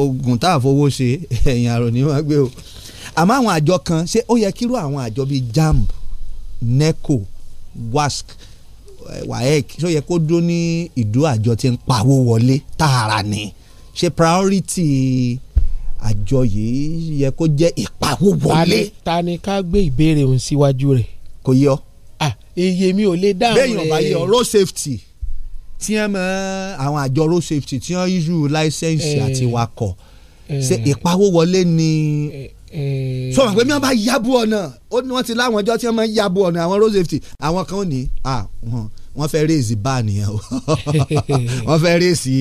oògùn tá a fowó ṣe ẹ̀yìn àrùn ní máa gbé o àmọ́ àwọn àjọ kan ṣé ó yẹ kírú àwọn àjọ bíi jamb neco wask eh, waec ṣó yẹ kó dúró ní ìdó àjọ tí ń pawó wọlé tààrà ni ṣe priority àjọ yìí yẹ kó jẹ́ ìpawówọlé. ta ni ká gbé ìbéèrè òun síwájú rẹ̀. kò yọ. ah èyí mi ò lè dáhùn rẹ̀. bẹ́ẹ̀ yọ̀ọ̀bá yọ road safety tí wọ́n mọ àwọn àjọ road safety tí wọ́n issue láísẹ̀nsì eh, àti wakọ̀ eh. ṣe ìpawówọlé ni eh, sọ wọn pé mi wọn bá yabu ọ̀nà ó ní wọ́n ti láwọn ọjọ́ tí wọ́n máa yabu ọ̀nà àwọn road safety àwọn kan ò ní ah wọn. Hmm wọ́n fẹ́ rèézi báàní yẹn o [laughs] wọ́n rèézi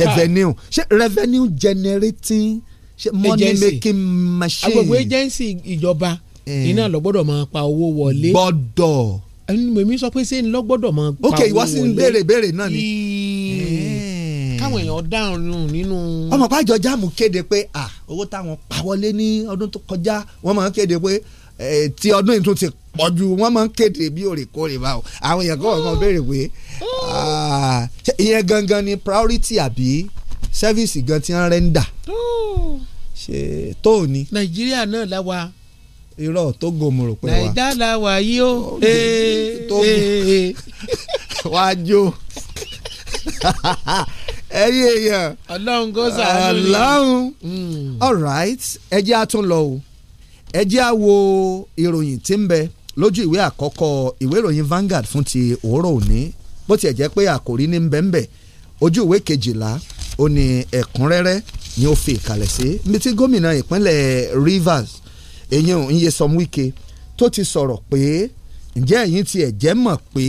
revenue ṣé revenue generating money making machine. agbègbè agency ìjọba eh. iná lọ gbọ́dọ̀ máa pa owó wọlé. gbọ́dọ̀. èmi sọ pé sẹ́yìn lọ gbọ́dọ̀ máa pa owó wọlé. ok ìwọ sí ń béèrè béèrè náà ni. káwọn eh. èèyàn dáhùn nínú. ọmọ pàjọ jáàmù kéde pé ah owó táwọn pa wọlé ní ọdún tó kọjá wọ́n máa ń kéde pé eh, ti ọdún yìí tún ti pọ̀ ju wọ́n máa ń kéde bí òrèkóòrè bá o àwọn èèyàn kọ́ ọ̀kan béèrè pé ah, ìyẹn gangan ni priority àbí sẹ́fíìsì gan ti ń rẹ́ńdà ṣe tó ni. nàìjíríà náà la wà. irọ́ tó gòmù rò pé wa. nàìjíríà la wà yìí o. tó gòmù eh, eh, eh. [laughs] wá jó [laughs] ẹyí èèyàn ọlọ́run kó sàánú rí ọlọ́run hmm. all right ẹ jẹ́ á tún lọ o ẹ jẹ́ á wo ìròyìn tí ń bẹ lójú ìwé àkọ́kọ́ ìwé ìròyìn Vanguard fún ti òórọ̀ òní bó tiẹ̀ jẹ́ pé àkòrí ní bẹ́ńbẹ́ ojú ìwé kejìlá ó ní ẹ̀kúnrẹ́rẹ́ ni ó fi ìkàlẹ̀ sí ibi tí gómìnà ìpínlẹ̀ Rivers eyín Nyesom Wike tó ti sọ̀rọ̀ pé ǹjẹ́ ẹ̀yin tiẹ̀ jẹ́ mọ̀ pé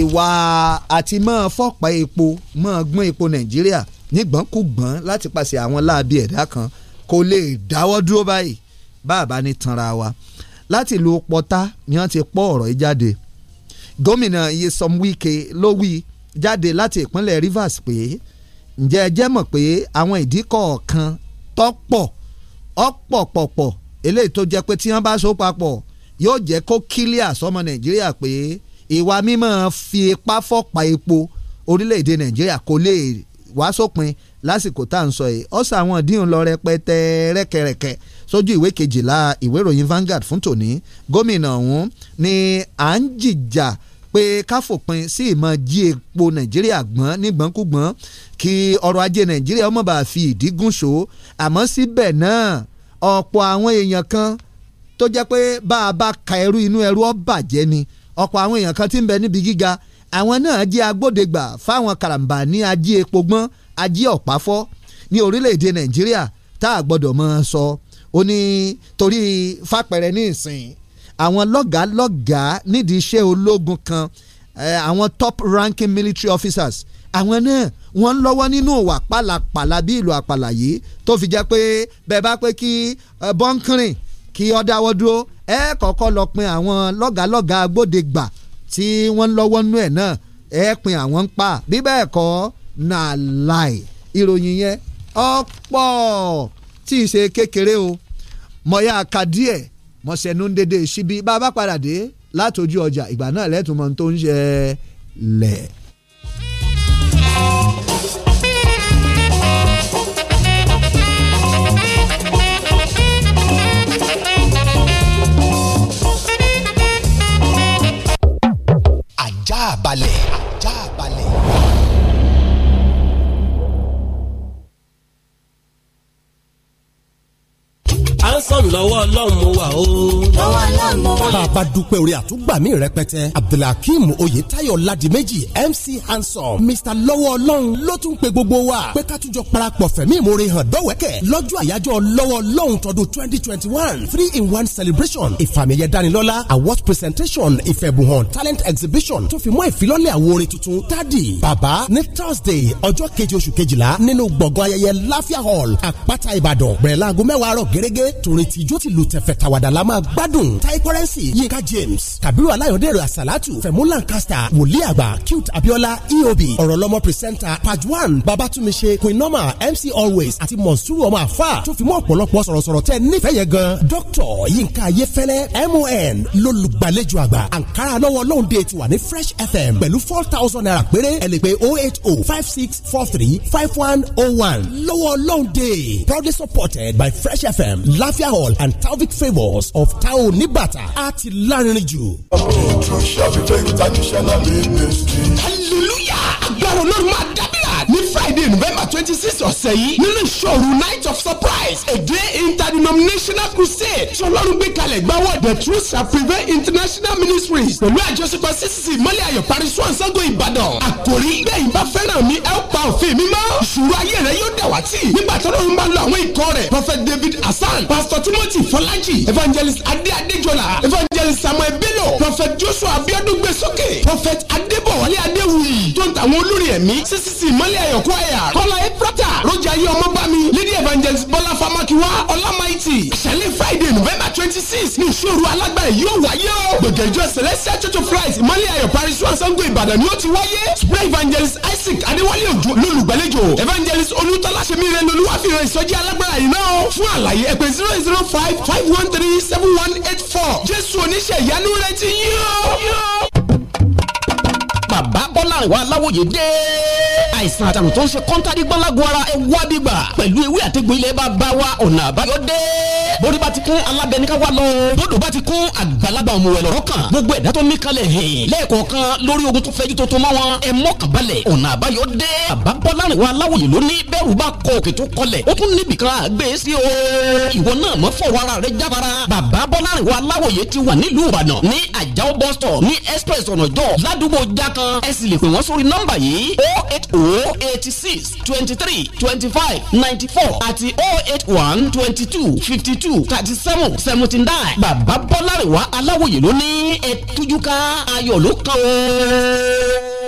ìwà àti máa fọ́pa epo máa gbọ́n epo Nàìjíríà nígbọ́nkúgbọ́n láti pàṣẹ àwọn láabi ẹ̀dá kan kò lè dáwọ́ dúró báyìí báàbá ní tanra wa láti ìlú pọ́tá ni wọ́n ti pọ́ ọ̀rọ̀ yìí jáde gómìnà Nyesom Wike ló wí jáde láti ìpínlẹ̀ Rivers pé ǹjẹ́ ẹ jẹ́ mọ̀ pé àwọn ìdí kọ̀ọ̀kan tọ́pọ̀ ọ̀pọ̀pọ̀pọ̀ eléyìí tó jẹ́ pé tí wọ́n bá so papọ̀ yóò jẹ́ kó kílíà sọmọ nàìjíríà pé ìwà mímọ́ fi ipá fọ́pa epo orílẹ̀-èdè nàìjíríà kò lè wá sópin lásìkò tá à ń sọ yìí ọ̀sà àwọn ìdíhùn lọ rẹpẹtẹ rẹ́kẹrẹ́kẹ́ sójú ìwé kejìlá ìwé ìròyìn Vanguard fún tòní gómìnà ọ̀hún ni à ń jìjà pé ká fòpin sí ìmọ̀ jí epo nàìjíríà gbọ́n nígbọ́nkúgbọ́n kí ọrọ̀ ajé nàìjíríà ọmọ bá fi ìdí gùn so àmọ́ síbẹ̀ náà ọ̀pọ̀ àwọn èèyàn kan tó jẹ́ pé bá a bá ka ẹrú inú ẹrú ó ni ọ̀pọ̀ àwọn èèyàn kan tí ń bẹ níbi gíga àwọn náà jẹ́ agbódegbà fáwọn karambà ní ajé epo gbọ́n ajé ọ̀páfọ́ ní orílẹ̀-èdè nàìjíríà tá a gbọ́dọ̀ mọ́ sọ ó torí fàpẹ̀rẹ̀ ní ìsìn àwọn lọ́gàálọ́gàá nídìí iṣẹ́ ológun kan àwọn top ranking military officers àwọn náà wọ́n lọ́wọ́ nínú ìwà pàlàpàlà bí ìlú àpàlà yìí tó fi jẹ́ pé bẹ́ẹ̀ bá pé kí bọ́ńkìrìn kí ọ dáwọ́ dúró ẹ kọ́kọ́ lọ pin àwọn lọ́gàálọ́gàá agbódegbà tí wọ́n lọ́wọ́ nú ẹ̀ náà ẹ pin àwọn ń pa bí bẹ́ẹ̀ kọ́ náà láì ìròyìn yẹn ọ̀pọ̀ tí ì ṣe kékeré o mọ̀yá àkàdíẹ̀ mọ̀sẹ̀nu ń dédé síbi bá a bá padà dé látòjú ọjà ìgbà náà lẹ́tùmọ̀ tó ń ṣẹlẹ̀. bá dúpẹ́ orí àtúgbàmí rẹpẹtẹ abdulhakeem oyetayo ladimeji mc Hanson, mr lọ́wọ́ ọlọ́run ló tún pe gbogbo wa pé ká tún jọ parapọ̀ fẹ̀mí ìmoore hàn dọ́wẹ́kẹ̀ lọ́jọ́ àyájọ́ lọ́wọ́ ọlọ́run tọdún twenty twenty one three in one celebration ìfàmìyẹ dánilọ́lá award presentation ìfẹ̀bùhàn talent exhibition tó fi mọ́ ìfilọ́lẹ̀ àwo orin tuntun tádì bàbá ní thursday ọjọ́ keje oṣù kejìlá nínú gbọ̀ngàn ayẹyẹ láfíà hall àpáta ìbàdàn bẹ̀rẹ̀ láago mẹ́wàá àárọ̀ gẹ́gẹ́ torin tìjó tìlù tẹ̀fẹ̀ tàwàdà la máa gbádùn yinka james kabiru alayọ̀dẹ̀rẹ̀ asalatu fẹ̀mú lancaster wòlíì àgbà cute abiola eob ọ̀rọ̀lọ́mọ pírísẹ́ńtà pajwan babatunmise queen norma mc always àti monsuru ọmọ àfà tó fi mọ́ ọ̀pọ̀lọpọ̀ sọ̀rọ̀sọ̀rọ̀ tẹ́ nífẹ̀ẹ́ yẹn gan dr yinka ayefẹ́lẹ́ mon lólùgbàlejò àgbà ankara lọ́wọ́ lóhùndé ti wà ní fresh fm pẹ̀lú four thousand naira péré ẹ lè pè oh eight oh five six four three five one oh one lọ́wọ́ lóhùndé proudly supported by fresh fm lafia hall and talvik favours of tao nibata àti lárinrin jù. àmì ìtúnṣe àfihàn international ministry. hallelujah agbára olórí máa november twenty six ọ̀sẹ̀ yìí nínú ìṣòro night of surprise a day interdenominational crusade tí ọlọ́run gbé kalẹ̀ gbáwọ́ the truth shall prevail international ministries pẹ̀lú àjọṣepọ̀ ccc mọ́lẹ̀ ayọ̀ paris one sango ìbàdàn àkòrí bẹ́ẹ̀ bá fẹ́ràn mi ẹ pa òfin mi mọ́ ìṣòro ayé rẹ yóò dàwátì nígbà tọ́lọ́run bá lo àwọn ikọ̀ rẹ̀ prophet david hasan pastor timothy fọlájì evangelist Ade Adejola. evangelist samuel bello prophet joshua abiodun gbèsókè prophet adébọ̀wálé adéwuyì tó ń tàwọn olórí ẹ̀mí ccc mọ́lẹ̀ ayọ̀ kọ́ ẹ̀yà Roger Tọ́lá Efrata Roger yìí ọmọ bá mi Lady Evangelist Bọ́lá Famakiwa Ọlámáìtì. Àṣẹlẹ̀ Friday November twenty six ní ìṣòro alágbára yóò wáyé o. Gbẹ̀gẹ̀ ìjọ Celestial Church of Christ Ìmọ̀lẹ̀ Ayọ̀ Paris one Sango Ìbàdàn ni ó ti wáyé. Spray Evangelist Isaac Adéwálé Òjò lólùgbàlejò. Evangelist Olútọ́lá Ṣemire lolúwàfíìrán ìsọjí alágbára yìí náà. Fún àlàyé ẹ pè zero zero five five one three seven one eight four. Jésù oníṣẹ́ ìyanu rẹ̀ ti yí bàbá bọ́lá ìwà aláwòye dé àìsàn àtàrùn tó ń ṣe kọ́ńtàdì gbọ́lágun ara ẹ wá bíbà pẹ̀lú ewé àtẹ̀gbọ́ ilẹ̀ bá bá wa ọ̀nà àbáyọ dé bórí bá ti kún alábẹ́ni ká wá lọ bódò bá ti kún àgbàlagbà ọmọ ẹ̀ lọ́rọ́ kan gbogbo ẹ̀dá tó ní kalẹ̀ hìn lẹ́ẹ̀kọ̀ọ̀kan lórí ogun tó fẹ́jú tó tó mọ́ wọn ẹ mọ́kàn balẹ̀ ọ̀nà àbáyọ dé bàbá bọ́lá ìwà aláwòye ló ní bẹ́rù bá kọ ní àjàó bọ́sítọ̀ ní express ọ̀nà jọ ládùúgbò jákà kan ẹ sì lè pè wọ́n sórí nọ́mbà yìí o oh eight o oh eighty six twenty three twenty five ninety four àti o oh eight one twenty two fifty two thirty seven seventy nine bàbá bọ́lárẹ̀wá aláwòye ló ní ẹ̀ tújúká ayọ̀ ló kàn ó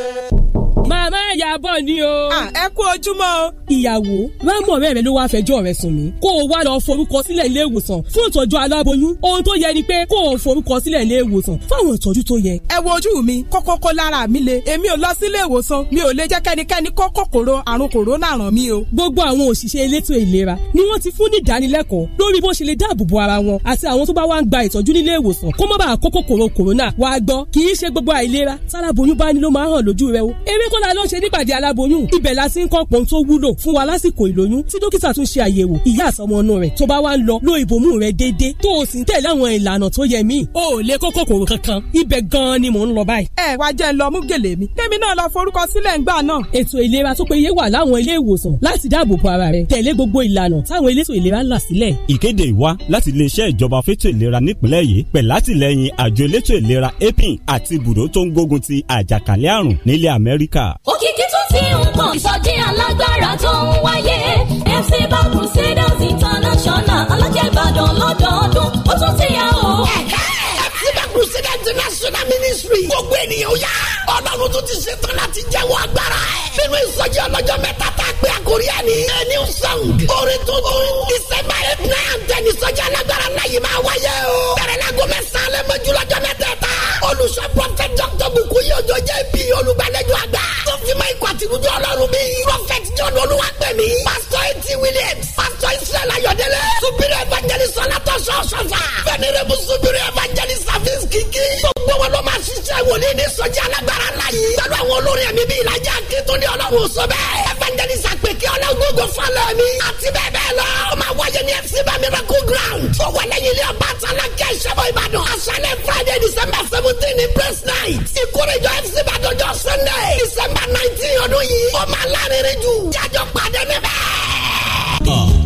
a máa yà bọ̀ ni o. ẹ kú ojúmọ́ o. ìyàwó rámọ̀ rẹ̀ ló wá fẹjọ́ rẹ̀ sùn mí kó o wá lọ forúkọ sílẹ̀ ilé ìwòsàn fún ìtọ́jú aláboyún ohun tó yẹ ni pé kó o forúkọ sílẹ̀ ilé ìwòsàn fún àwọn ìtọ́jú tó yẹ. ẹ wo ojú mi kókó kó lára mi le èmi ò lọ sí ilé ìwòsàn mi ò lè jẹ́ kẹ́nikẹ́ni kó kòkòrò àrùn kòrónà ràn mí o. gbogbo àwọn òṣìṣẹ́ elétò ìlera ni wọ́n ti fún ní ìdánilẹ́kọ̀ọ́ lórí bó ṣe lè dáàbòbo ara wọn àti àwọn tó bá wá ń gba ìtọ́jú nílé ìwòsàn kó má bàa kó kòkòrò kòrónà wàá gbọ́ kì í ṣe gbogbo àìlera táláboyún bá ní ló máa hàn lójú rẹ o eré kọ́lá tá ló ń ṣe nípàdé aláboyún ibẹ̀ la ti ń kọ́ pọ́n tó wúlò fún wa lásìkò ìlóyún tí dókítà tún ṣe àyẹ̀wò ìyá àsọmọnú rẹ̀ tó bá wá lọ lo ìbomú rẹ̀ déédéé tó o sì ń tẹ̀lé àwọn ìlànà tó yẹ mí. o ò lè kó kòkòrò kankan ibẹ̀ gan-an ni mò ń lọ báyìí. ẹ wá jẹ́ ń lọ mú gèlè mi kémi náà lọ forúkọ sílẹ̀ ńgbà náà. ètò ìlera tó péye wà láwọn ilé ìwòsàn láti dáàbò bo ara rẹ tẹ̀lé gbogbo ìlànà táwọn elétò ìlera ń là sílẹ̀. ìkéde ìwá láti iléeṣẹ́ ìjọba fétò ìlera nípìnlẹ̀ yìí pẹ̀látìlẹ́yìn àjọ elétò ìlera apin àti ibùdó tó ń gbógun ti àjàkálẹ̀ àrùn nílẹ̀ Amẹ́ríkà òkìkí tún ti ń pọ̀ ìsọjí alágbára tó ń wáyé FC Bank Crusaders International alájẹ́bàdàn lọ́dọọdún ó tún ti yà ó prayer ministry. gbogbo ènìyàn ó yá. ọlọ́run tún ti ṣe tán láti jẹ́wọ́ agbára ẹ̀. nínú ìsọjí ọlọ́jọ́ mẹ́ta tá a pè àkórí ẹ̀ ní. a new song. orin tuntun. december eight nine and ten ìsọjí alágbára náà yìí máa wáyé o. bẹ̀rẹ̀ la gomẹ san lẹ́ mọ́jú lọ́jọ́ mẹ́tẹ̀ẹ̀ta. olùṣọ́ prophet dr buku yóò jọ jẹ́ bí olùgbàlejò àgbà. tó fi máa ikọ̀ àtìrújọ ọlọ́run bí. prophet john olúwapẹ̀mí. pastor eti williams. pastor israel ayọ̀dẹ́lẹ̀. superior evangelist ọlátọ́sọ̀ ọ̀ṣọ́fà. venerable superior evangelist service kìkì. gbogbo wọn ló máa ṣiṣẹ́ wòlíì ní sọ́jí alágbára ńlá yìí. pẹ̀lú àwọn olórin ẹ̀mí bíi ìlàjà kìtún ní ọlọ́run sọ bẹ́ẹ̀. evangelist àpèké ọlọ́gbọ̀gbọ̀ falẹ̀ mi. àti bẹ́ẹ̀ bẹ́ẹ̀ lọ. ó máa wáyé ní fc bami record ground. tó wà lẹ́yìn ilé ọba àtàlà kẹ́ ìṣẹ́bọ̀ ìbàdàn. aṣálẹ̀ friday december seventeen ní press night. ìkórèjọ fc bàdànjọ sunday december nineteen ọdún yìí. ó máa lárinrin jù. jájọ pàdé níbẹ̀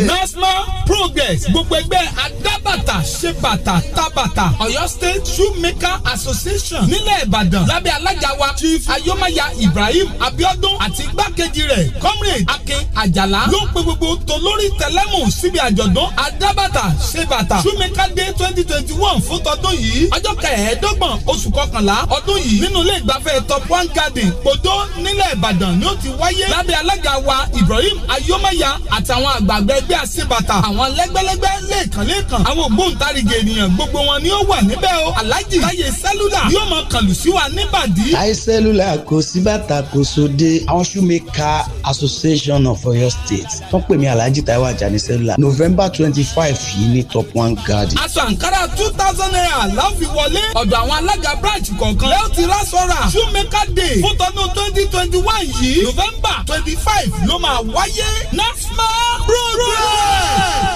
national progress gbogbo ẹgbẹ́ adábàtà ṣe bàtà tábàtà Ọ̀yọ́ state shoemaker association nílẹ̀ Ìbàdàn lábẹ́ alága wa chief ayomaya ibrahim abiodun àti igbákejì rẹ̀ comrade akin ajala ló ń pe gbogbo tolórí tẹlẹ́mù síbi àjọ̀dún adábàtà ṣe bàtà shoemaker day twenty twenty one fún tọdún yìí ọjọ́ kẹẹ̀ẹ́dọ́gbọ̀n oṣù kọkànlá ọdún yìí nínú ilé ìgbafẹ́ top one garden kòtó nílẹ̀ Ìbàdàn ni ó ti wáyé lábẹ́ alága wa ibrahim ayomaya àtàwọn àgbààgbà ẹgbẹ́ àṣebàtà àwọn lẹ́gbẹ́lẹ́gbẹ́ lẹ́ẹ̀kan lẹ́ẹ̀kan àwọn ògbóǹtarìgì ènìyàn gbogbo wọn ni ó wà níbẹ̀ o alájì láyé sẹ́lúlà yóò máa kàlù sí wa níbàdí. láyé sẹ́lúlà kò sí bàtà kò sóde àwọn shoemaker association of Oyo State wọ́n pè mí alájì Táíwò Àjàní sẹ́lúlà November twenty five yìí ní top one garden. aṣọ àǹkárá two thousand naira la fi wọlé ọ̀dọ̀ àwọn alága branch kọ̀ọ̀kan lẹ́yìn tí lásọ̀rà shoemaker day fún tọdún twenty twenty one yìí November twenty five ló máa wáyé month. program!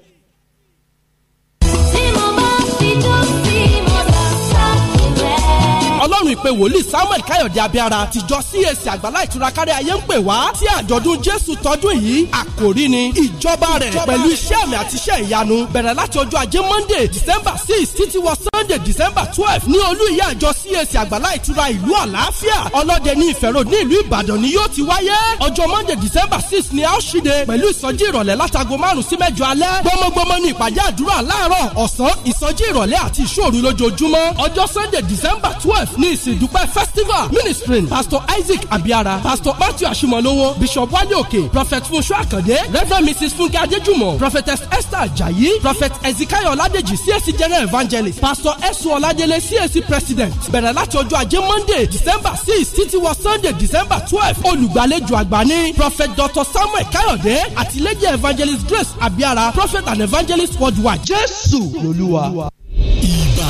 ọlọ́run ìpè wòlíì samuel káyọ̀dé abíára tìjọ cac àgbàlá ìtura kárí ayé ń pè wá tí àjọ̀dún jésù tọdún yìí àkòrí ni ìjọba rẹ̀ pẹ̀lú iṣẹ́ àmì àti iṣẹ́ ìyanu bẹ̀rẹ̀ láti ọjọ́ ajé monday december six títí wọ Sunday December twelve ní olú ìyá àjọ CAC àgbàlá ìtura ìlú àlàáfíà ọlọ́dẹ ní ìfẹ̀rọ̀ ní ìlú Ìbàdàn ni yóò ti wáyé ọjọ́ Monday December six ni a ó ṣíde pẹ̀lú ìsọjí ìrọ̀lẹ́ látago márùn sí mẹ́jọ alẹ́ gbọmọgbọmọ ní ìpàdé àdúrà láàárọ̀ ọ̀sán ìsọjí ìrọ̀lẹ́ àti ìṣòru lójoojúmọ́ ọjọ́ Sunday December twelve ní ìsìndúpẹ́ festival ministering Pastor Isaac Abiara Pastor Matthew Ashimolowo Bishop Wale Oke Prophet Funṣu Akande Reverend Mrs Funke Adejumo Prophetess Esther Ajayi Prophet Ezekiel Oladeji CAC General Evangelist Pastor dr ẹ̀sùn ọ̀làjẹlẹ cac president bẹ̀rẹ̀ láti ọjọ́ ajé monday december six títí wọ sunday december twelve olùgbàlejò àgbà ní prophet dr samuel káyọ̀dé àtìlẹ́jẹ̀ evangelist grace abiara prophet and evangelist worldwide jésù lolúwa.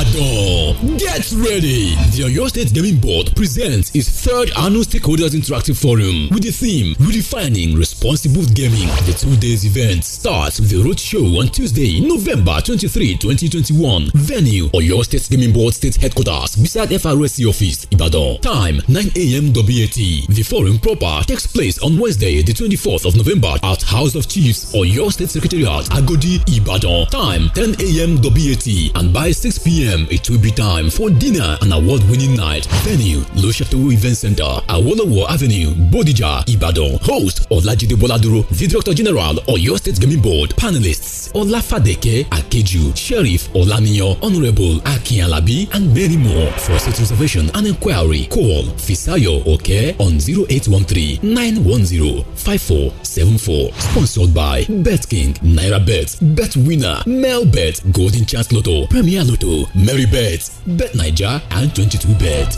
Ibadan. Get ready! The Oyo State Gaming Board presents its third annual Stakeholders Interactive Forum with the theme Redefining Responsible Gaming. The two days event starts with the roadshow on Tuesday, November 23, 2021. Venue Oyo State Gaming Board State Headquarters beside FRSC Office, Ibadan. Time 9 a.m. WAT. The forum proper takes place on Wednesday, the 24th of November at House of Chiefs, Oyo State Secretariat, Agodi, Ibadan. Time 10 a.m. WAT and by 6 p.m p.m. it will be time for dinner and award-winning night. Venue, Loshato Event Center, Awolowo Avenue, Bodija, Ibadan. Host, Olajide Boladuro, the Director General, of Your State Gaming Board. Panelists, Olafadeke Akeju, Sheriff Olaniyo, Honorable Akin Alabi, and many more. For seat reservation and inquiry, call Fisayo Oke on 0813-910-5474. Sponsored by BetKing, Naira NairaBet, BetWinner, MailBet, Golden Chance Lotto, Premier Lotto, Merrybet, Bet Naija and 22Bet.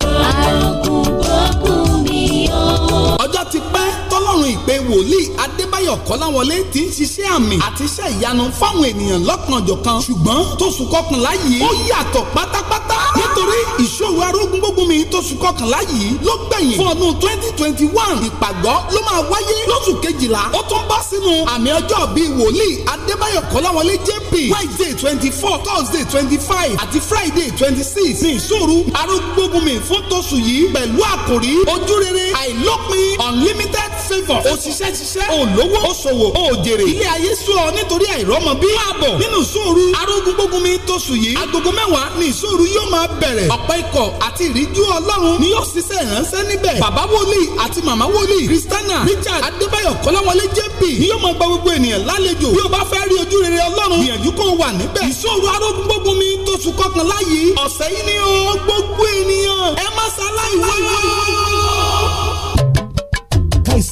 àròkùn kókùn mi ó. ọjọ́ ti pẹ́ tọ́lọ́run ìpè wòlíì adébáyọ̀ kọ́láwọlé ti ń ṣiṣẹ́ àmì àti iṣẹ́ ìyanu fáwọn ènìyàn lọ́kan-ò-jọ̀kan ṣùgbọ́n tóṣù kọkànlá yìí ó yàtọ̀ pátápátá ìṣòro arógun gbógun mi tóṣù kọkànlá yìí ló gbẹ̀yìn fún ọdún twenty twenty one ìpàgọ́ ló máa wáyé lóṣù kejìlá ó tún bọ́ sínú àmì ọjọ́ bíi wòlíì adébáyọ̀ kọ́láwọlé jp wednesday twenty four thursday twenty five àti friday twenty six ní ìṣòro arógun gbógun mi fún tóṣù yìí pẹ̀lú àkòrí ojúrere àìlópin unlimited favour òṣìṣẹ́ ṣiṣẹ́ olówó oṣòwò òjèrè ilé ayé sú ọ nítorí àìrọ́mọ bí máa bọ̀ nínú ìṣòro arógun gbógun mi tóṣù yìí agogo mẹ́wàá ní ìṣòro yóò máa bẹ̀rẹ̀ ọ̀p ọ̀pọ̀ ikọ̀ àti ìríjú ọlọ́run ni yóò ṣiṣẹ́ ìránṣẹ́ níbẹ̀. bàbá wòlíì àti màmá wòlíì kristiana richard adébáyọ̀ kọ́láwọlé jp ni yóò máa gba gbogbo ènìyàn lálejò bí o bá fẹ́ rí ojú rere ọlọ́run gbìyànjú kó wà níbẹ̀. ìṣòro arógbógun mi tóṣù kọkànlá yìí ọ̀sẹ̀ yìí ni ó gbogbo ènìyàn ẹ má ṣaláìwọ́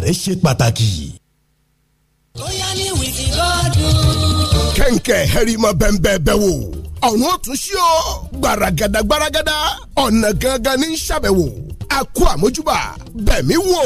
rẹ ṣe pàtàkì. ó yá ní wìkì gọ́dún. kẹ̀ǹkẹ̀ hẹ́rì mọ bẹ́ẹ̀ bẹ́ẹ̀ bẹ́ẹ̀ wò ọ̀run ó tún ṣí o gbaragada ọ̀nà gangan ní sàbẹ̀wò a kú àmójúbà bẹ̀mí wò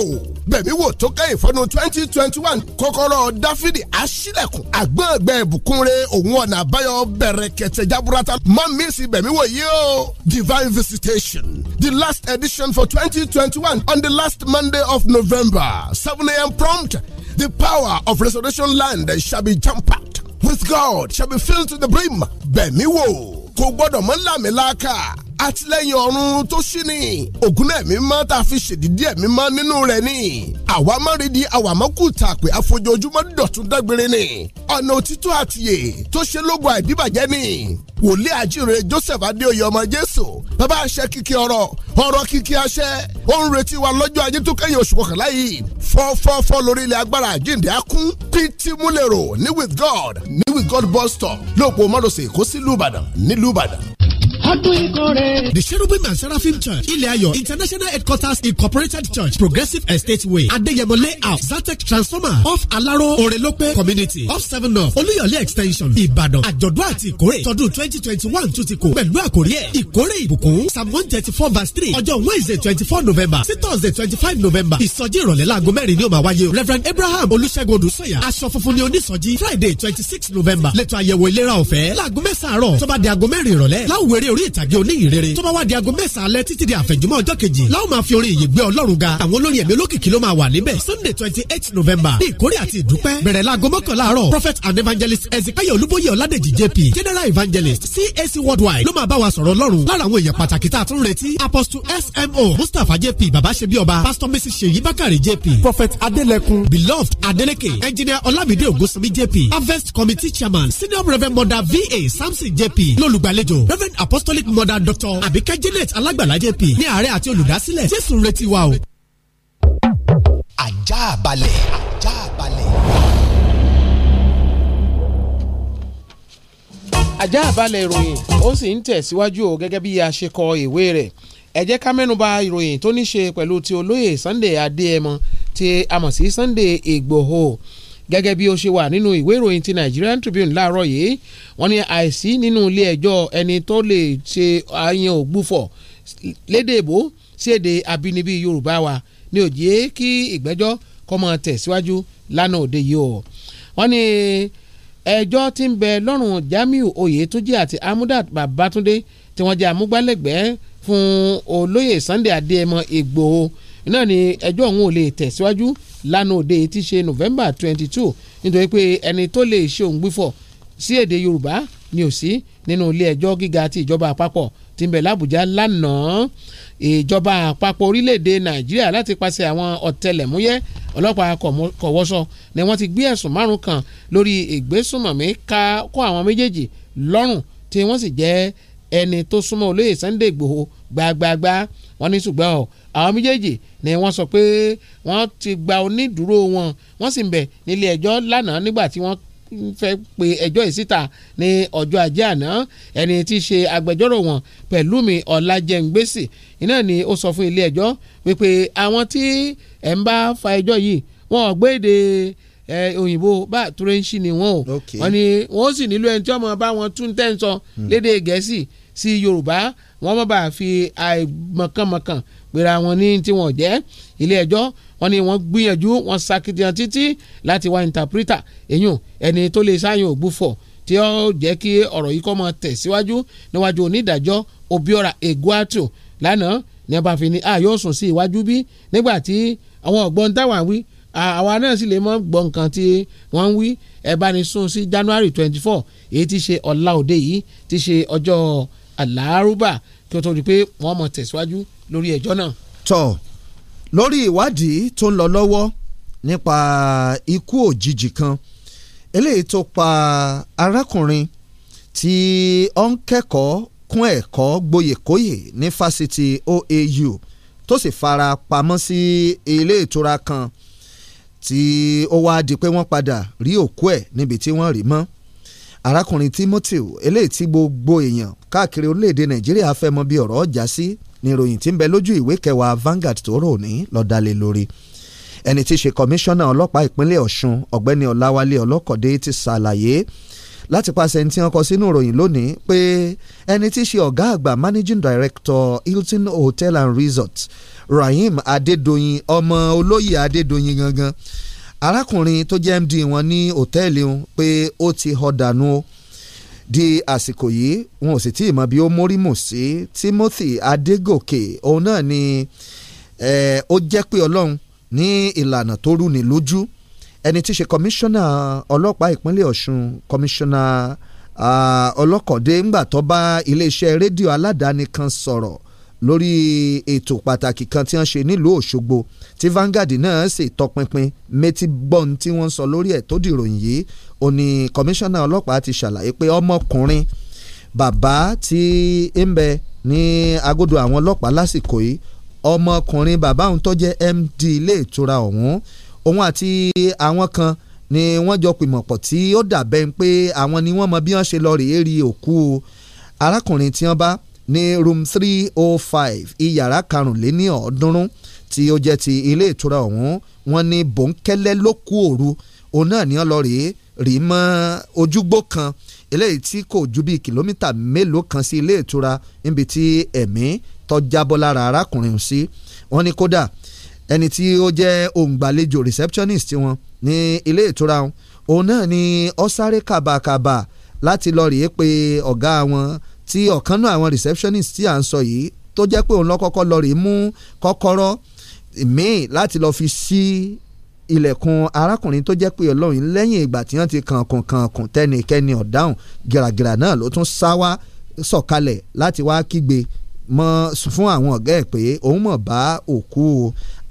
bẹ̀mí wò tó kẹ́yìn fọ́dún twenty twenty one kọ́kọ́rọ́ dáfídì àṣìlẹ̀kùn àgbọ̀ngbẹ̀ ìbùkúnre òun ọ̀nà àbáyọ bẹ̀rẹ̀ kẹ̀tẹ̀ jaburata má mi bẹ̀mí wò yìí o divine visitation the last edition for twenty twenty one on the last monday of november seven a.m. prompt the power of restoration land shall be jam-packed with god shall be filled to the brim bẹ̀mí wò kò gbọ́dọ̀ mọ́ làmìlàkà àtìlẹ́yìn ọ̀run tó ṣí ni ògùn mi máa ta fi ṣèdídí ẹ̀mí máa nínú rẹ̀ ni àwa máa rí di àwa máa kú tàpé àfojoojúmọ́ dọ̀tún dágbére ni ọ̀nà òtítọ́ àtìyè tó ṣe lógo àìbíbàjẹ́ ni wòlíì àjíire Joseph Adéoyè ọmọ Jésù bàbá àṣẹ kìkì ọ̀rọ̀ ọ̀rọ̀ kìkì àṣẹ ó ń retí wa lọ́jọ́ ajé tó kẹ́yìn oṣù kọkànlá yìí fọ́fọ́fọ́ lórí ilẹ̀ agbára àjíǹde akún pt múlẹ̀rò ní with God ní with God bus stop lóòpọ̀ mọ́dọ̀sẹ̀ kó sí lùbàdàn ní lùbàdàn ọdún ìkórè. the cherubim and seraphim church ilé ayọ̀ international headquarters incorporated church progressive estate way adéyẹmọ layout zatec transformer off alaro orelope community off seven north olúyọ̀lé extension ìbàdàn àjọ̀dún àti ìkórè tọdún twenty twenty one tún ti kò pẹ̀lú àkórí ẹ̀ ìkórè ìbùkún psalm one thirty four verse three ọjọ́ wednesday twenty four november sí thursday twenty five november ìsọjí ìrọ̀lẹ́ láago mẹ́rin ni ó máa wáyé o reverend abraham olùṣègùn odùsọ̀yà aṣọ funfun ni onísọjí friday twenty six november lẹ́tọ̀ àyẹ̀wò ìlera ọ̀fẹ́ láago mẹ́sàn-án àárọ̀ tó bá di aago mẹ́rin ìrọ̀lẹ́ láwùwẹ̀rẹ̀ orí ìtàgé oníyìnrere tó bá wá di aago mẹ́sàn-án alẹ́ títí di àfẹ̀jùmọ́ ọjọ́ kejì láwọn máa fi orin ìyè gbé ọlọ́run ga àwọn olórin ẹ̀mí olókìkí ló máa wà níbẹ̀ sunday twenty eight november ní ìkórè àti ìdúpẹ́ bẹ̀rẹ̀ láago mọ́kànlá àárọ̀ prophet and evangelist ezekiel olúbóyè ọ̀ládèjì jp general evangelist cac worldwide ló máa bá wa sọ̀rọ̀ ọlọ́run lára àwọn èèyàn pàtàkì tá a tún retí apostle smo mustapha jp baba ṣebi ọba pastor mrs seyi Bakari jp prophet adelekun beloved adeleke engineer olamide ogunsanmi jp harvest committee chairman senior reverend mother va samson jp lólùgbàlejò reverend apostle apostolic mother doctor àbíkẹ́ janet alágbàlá jp ní ààrẹ àti olùdásílẹ̀ jésù ń retí wa o. ajá balẹ̀ ajá balẹ̀. ìròyìn ó sì ń tẹ̀síwájú o gẹ́gẹ́ bí a ṣe kọ ìwé rẹ̀ ẹ jẹ́ ká mẹ́nuba ìròyìn tó ní ṣe pẹ̀lú ti olóyè Sunday Adéẹmọ tí a Sunday Ìgbòho. E gẹ́gẹ́ bí ó ṣe wà nínú ìwé ìròyìn ti Nigerian Tribune láàárọ̀ yìí wọ́n ní àìsí nínú ilé ẹjọ́ ẹni tó lè ṣe àyàn ògbúfọ̀ lédè èbó sí èdè abínibí Yorùbá wa ní òjì kí ìgbẹ́jọ́ kó máa tẹ̀síwájú lánàá òde yìí o wọ́n ní ẹjọ́ tí ń bẹ lọ́rùn Jamiu Oyetunji àti Amudat Babatunde tí wọ́n jẹ́ amúgbálẹ́gbẹ̀ẹ́ fún olóyè Sunday Adéẹmọ Ìgbòho náà ni ẹjọ́ òun ò lè tẹ̀síwájú lánàá òde tí ṣe november twenty two nítorí pé ẹni tó lè ṣe òun gbífọ̀ sí èdè yorùbá ni ò sí nínú ilé ẹjọ́ gíga ti ìjọba àpapọ̀ tí ń bẹ lábújá lánàá ìjọba àpapọ̀ orílẹ̀-èdè nàìjíríà láti pàṣẹ àwọn ọ̀tẹlẹ̀múyẹ́ ọlọ́pàá kọ̀wọ́sọ ni wọ́n ti gbé ẹ̀sùn márùn kan lórí ìgbésùnmọ̀mí ká kó àwọn méjèèjì lọ́rùn tí wọ́n sì jẹ́ ẹni tó súnmọ́ olóyè Sunday Ìgbòho gbàgbàgbà wọ́n ní ṣùgbọ́n o àwọn méjèèjì ni wọ́n sọ pé wọ́n ti gba onídùúró wọn wọ́n sì ń bẹ̀ nílé ẹjọ́ lánàá nígbà tí wọ́n fẹ́ pe ẹjọ́ yìí síta ní ọjọ́ ajé àná ẹni tí í ṣe agbẹjọ́rò wọn Pẹ̀lúmi Ọlájẹ́ngbèsì iná ni ó sọ fún ilé ẹjọ́ wípé àwọn tí ẹ̀ ń bá fa ẹjọ́ yìí wọn ò gbé èdè òyìnbó bá turenṣi ni wọn o wọn ni wọn sì nílò ẹni tí ọmọ bá wọn tún tẹ̀ ń sọ hmm. lédè gẹ̀ẹ́sì sí Yorùbá wọ́n má bàa fi àìmọ̀kànmọ̀kàn pera wọn ní tí wọ́n jẹ́ ilé ẹjọ́ wọ́n ní wọ́n gbìyànjú wọ́n sakitiyan títí láti wá interpreter èyàn ẹni tó lè sáyàn ògbúfọ̀ tí ó jẹ́ kí ọ̀rọ̀ yìí kọ́ mọ tẹ̀síwájú níwájú onídàájọ́ Obiora Egwuatu lánàá ní ọba fi ni a yóò sùn sí iwájú bí nígbà tí àwọn ọ̀gbọ́n táwọn wí àwa náà sì lè mọ gbọ́ nǹkan tí wọ́n ń wí ẹ̀ bá ní sùn sí January twenty four èyí ti ṣe ọ̀la òde yìí ti ṣe ọjọ́ alárúbà kí ó tó di pé wọ́n mọ̀ tẹ̀síwájú lórí ẹjọ́ náà. tọ lórí ìwádìí tó ń lọ lọ́wọ́ nípa ikú òjijì kan eléyìí tó pa arákùnrin tí ó ń kẹ́kọ̀ọ́ kún ẹ̀kọ́ gboyèkóyè ní fásitì OAU tó sì fara pamọ́ sí ilé ìtura kan tí ó wáá di pé wọ́n padà rí òkú ẹ̀ níbi tí wọ́n rí mọ́ arákùnrin Timothy eléyìí tí gbogbo èèyàn káàkiri orílẹ̀-èdè Nàìjíríà fẹ́ mọ bí ọ̀rọ̀ ọjà sí ni ìròyìn tí ń bẹ lójú ìwé kẹwàá Vanguard tó rò ní lọ́dàlẹ̀ lórí ẹni tí í ṣe kọmíṣánná ọlọ́pàá ìpínlẹ̀ Ọ̀ṣun ọ̀gbẹ́ni Ọláwálé Ọlọ́kọ̀dé ti ṣàlàyé láti paṣẹ ní tí wọ́n kọ sínú ìròyìn lónìí pé ẹni tí í ṣe ọ̀gá àgbà managing director Hilton Hotel and Resort Rahim Adédoyin ọmọ olóyè Adédoyin gangan arákùnrin tó jẹ́ MD wọn ní òtẹ́ẹ̀lì wọn pé ó ti ọ̀dànù di àsìkò yìí wọn ò sì tí ì mọ bí ó mórí mù sí Timothy Adégòkè òun náà ni ó jẹ́ pé Ọlọ́run ní ìlànà tó rú ni lójú ẹni tí í ṣe kọmíṣánná ọlọ́pàá ìpínlẹ̀ Ọ̀ṣun kọmíṣánná ọlọ́kọ̀dé ńgbà tó bá iléeṣẹ́ rédíò aládàáni kan sọ̀rọ̀ lórí ètò pàtàkì kan tí wọ́n ṣe nílùú Òṣogbo tí Vanguard náà sì tọpinpin méjì gbọ́n tí wọ́n sọ lórí ẹ̀ tó dìròyìn yìí ó ní kọmíṣánná ọlọ́pàá ti ṣàlàyé pé ọmọkùnrin bàbá tí ń bẹ ní agodo àwọn ọlọ́pàá lásìkò yìí ọmọkùnrin bàbá òun tó jẹ́ MD ilé ìtura ọ̀hún òun àti àwọn kan ni wọ́n jọ pìmọ̀pọ̀ tí ó dàbẹ́ pé àwọn ni wọ́n mọ bí wọ́n ṣe lọ rèé rí òkú arákùnrin tí wọ́n bá ní room three oh five iyàrá karùnléní ọ̀ọ́dúnrún tí ó jẹ́ ti ilé ìtura ọ̀hún wọ́n ní bòńkẹ́lẹ́ ló kú òru òun náà ni wọ́n lọ rèé rí mọ́ ojúgbó kan eléyìí tí kò ju bíi kìlómítà mélòó kan sí ilé ìtura níbi tí ẹ̀mí tọ́jábọ́ lára arákùnrin sí wọ́n ní kódà ẹni tí ó jẹ́ òǹgbàlejò receptionist wọn ní ilé ìtura wọn òun náà ni ó sáré kàbàkàbà láti lọ rèé pé ọ̀gá wọn tí ọ̀kan náà àwọn receptionist tí à ń sọ yìí tó jẹ́ pé òun lọ kọ́kọ́ lọ rè mú kọ́kọ́rọ́ míì láti lọ fi sí ilẹ̀kùn arákùnrin tó jẹ́ pé ọlọ́run lẹ́yìn ìgbà tí wọ́n ti kànkùn kànkùn tẹ́nikẹ́ni ọ̀dáhùn gìràgìrà náà ló tún sá wá sọ̀kalẹ̀ láti wá kígbe mọ fún àwọn ọ̀gá ẹ̀ pé òun mọ̀ bá òkú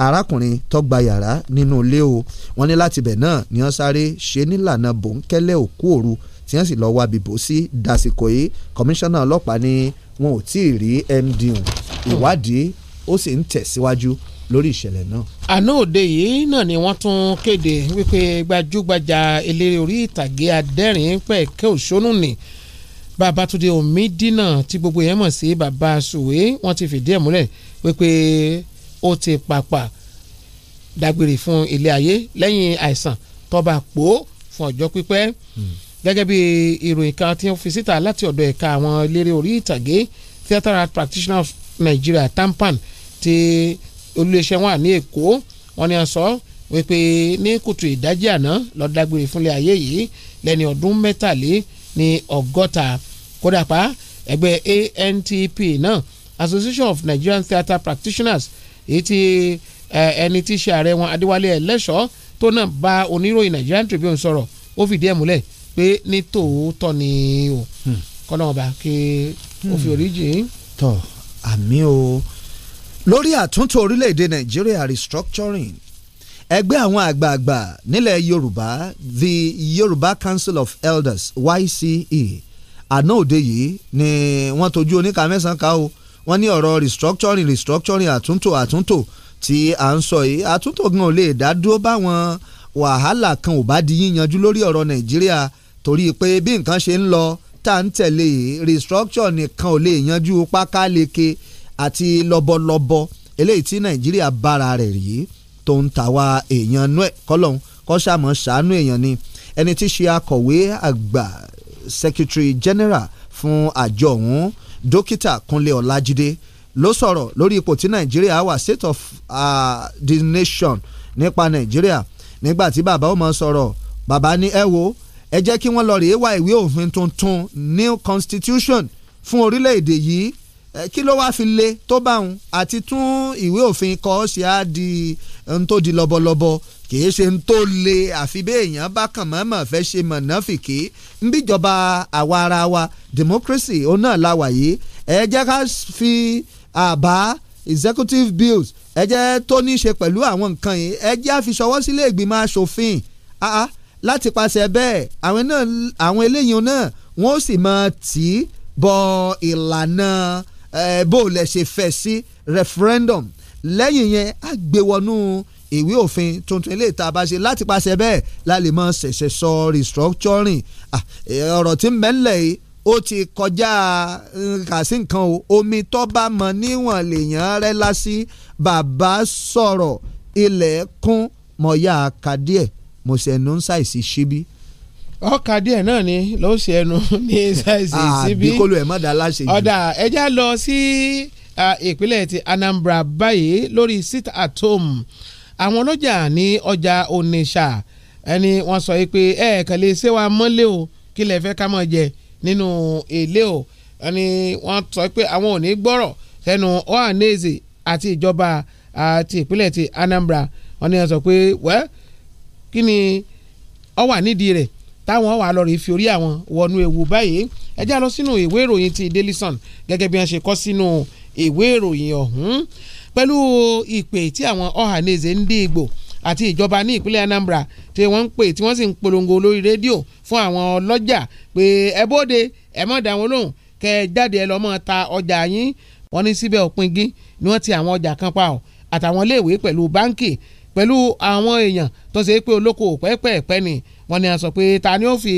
arákùnrin tó yàrá nínú ilé o wọ́n ní láti bẹ̀ náà ni wọ́n sáré ṣe nílànà bòńkẹ́lẹ́ òkú òru tí wọ́n sì lọ́ọ́ wá bìbò sí dasìkò yìí kọmíṣánná ọlọ́pàá ní wọn ò tí ì rí md hùn ìwádìí ó sì ń tẹ̀síwájú lórí ìṣẹ̀lẹ̀ náà. àná òde yìí náà ni wọ́n tún kéde wípé gbajúgbajà eléré orí ìtàgé adẹ́rìn pẹ̀kẹ́ òṣónú ni Babátúndé Omídínà tí gbogbo yẹn mọ̀ sí bàbá sùwé wọ́n ti fìdí ẹ̀ múlẹ̀ wípé ó ti pàpà dágbére fún ilé ayé lẹ́yìn àìsàn tó bá fún ọjọ́ pípẹ́. Hmm gẹ́gẹ́ bí ìròyìn kan tí ó fi síta láti ọ̀dọ̀ ẹ̀ka àwọn eléré orí ìtàgé theatre art practitioner of Nigeria TAMPAN ti olùléṣẹ́ wọn ní Èkó wọn ni a sọ wípé ní kùtù ìdájí àná ló dágbére fúnlẹ̀ ayé yìí lẹ́ni ọdún mẹ́tàlé ní ọgọ́ta kódà pa ẹgbẹ́ ANTP náà Association of Nigerian Theatre Practitioners èyí tí ẹni tí í ṣe ààrẹ wọn Adéwálé Ẹlẹ́ṣọ́ tó náà bá oníròyìn Nigerian Tribune sọ̀rọ̀ ó fìdí ẹ̀ múlẹ̀ pé ní tòótọ́ ni o hmm. kọ́nà ọba kí o fi hmm. oríjì. tọ àmì o lórí àtúntò orílẹ̀-èdè nàìjíríà restructuring ẹgbẹ́ àwọn àgbààgbà nílẹ̀ yorùbá the yorùbá council of elders yce àná òde yìí ni wọ́n tójú oníkà mẹ́sàn-án ká o wọ́n ní ọ̀rọ̀ restructuring restructuring àtúntò àtúntò tí à ń sọ yìí àtúntò gan ò lè dá dúró báwọn wàhálà kan ò bá di yíyanjú lórí ọ̀rọ̀ nàìjíríà torí pé bí nǹkan ṣe ń lọ tá à ń tẹ̀lé restructure nìkan ò lè yanjú pákáleke àti lọ́bọ̀lọ́bọ̀ eléyìí tí nàìjíríà bára rẹ̀ rí tó ń tàwa èèyàn nú ẹ̀ kọ́lọ́hún kọ́sàmọ́ ṣàánú èèyàn ni ẹni tí ṣe akọ̀wé àgbà secretary general fún àjọ ọ̀hún dókítà kúnlé ọlájídé ló sọ̀rọ̀ lórí ipò tí nàìjíríà wà state of uh, the nation nípa nàìjíríà nígbà tí bàbá ó mọ sọ̀rọ̀ bàbá ní ẹ wo ẹ jẹ́ kí wọ́n lọ rèé wá ìwé òfin tuntun new constitution fún orílẹ̀-èdè yìí kí ló wáá fi le tó bá wọn àti tún ìwé òfin kọ́ ṣe á di ohun tó di lọ́bọ̀lọ́bọ̀ kìí ṣe ń tó le àfi béèyàn bá kàn mọ́mọ́ fẹ́ ṣe mọ̀nàfìkì ń àwa ara wa democracy òun náà la wà yìí ẹ jẹ́ ká fi àbá executive bills ẹ jẹ́ tó ní í ṣe pẹ̀lú àwọn nǹkan yìí ẹ jẹ́ àfi ṣọwọ́ sílé ìgbìmọ̀ asòfin ah ah láti paṣẹ bẹ́ẹ̀ àwọn náà àwọn eléyìí náà wọ́n ó sì máa tì í bọ ìlànà bó o lẹ̀ ṣe fẹ́ sí referendum lẹ́yìn yẹn á gbé wọnú ìwé òfin tuntun ilé ìta bá ṣe láti paṣẹ bẹ́ẹ̀ la lè mọ ṣẹ̀ṣẹ̀ sọ restructuring ọ̀rọ̀ tí ń bẹ́ńlẹ̀ yìí ó ti kọjá kàsí nǹkan o omi tó bá mọ níwọ̀n lèèyàn rẹ́ lásì bàbá sọ̀rọ̀ ilẹ̀ kún mọ̀ọ́yà kàdíẹ̀ mo ṣe ẹnu ń ṣàìsí síbí. ọkà díẹ̀ náà ni ló ṣe ẹnu [laughs] ní ṣàìsí síbí ah, àbíkólú ẹ̀ mọ̀dà aláṣẹ jù. ọ̀dà ẹja lọ sí ìpínlẹ̀ ti Anambra báyìí lórí sit at home àwọn ọlọ́jà ní ọjà Onitsha ẹni wọ́n sọ pé ẹ̀ẹ̀kan lè ṣe wa mọ́lẹ̀ o kí lè fẹ́ ká mọ̀ jẹ nínú èlé o ẹni wọ́n sọ pé àwọn ò ní gbọ́rọ̀ sẹ́nu Ohanaeze àti ìjọba àti ìpínlẹ̀ ti Anambra wọ́n ní wọ́n sọ pé wẹ́ẹ́ kí ni ọ wà nídìí rẹ̀ táwọn wà lọ́ọ́ rí fi orí àwọn wọnú ewu báyìí ẹ já lọ sínú ìwé ìròyìn ti Daily Sun gẹ́gẹ́ bí wọ́n ṣe kọ́ sínú ìwé ìròyìn ọ̀hún pẹ̀lú ìpè tí àwọn Ohanaeze Ndigbo àti ìjọba ní ìpínlẹ̀ Anambra tí wọ́n ń pè tí wọ́n sì ń polongo lórí rédíò fún àwọn ọlọ́jà pé ẹ bóde ẹ má dá wọn kẹ jáde ẹ lọ ta ọjà yín wọ́n ní síbẹ̀ òpin gín ni wọ́n ti àwọn ọjà kan pa ọ́ àtàwọn iléèwé pẹ̀lú báńkì pẹ̀lú àwọn èèyàn tó ṣe pé olóko pẹ́pẹ́pẹ́ ni wọ́n ní a sọ pé ta ni ó fi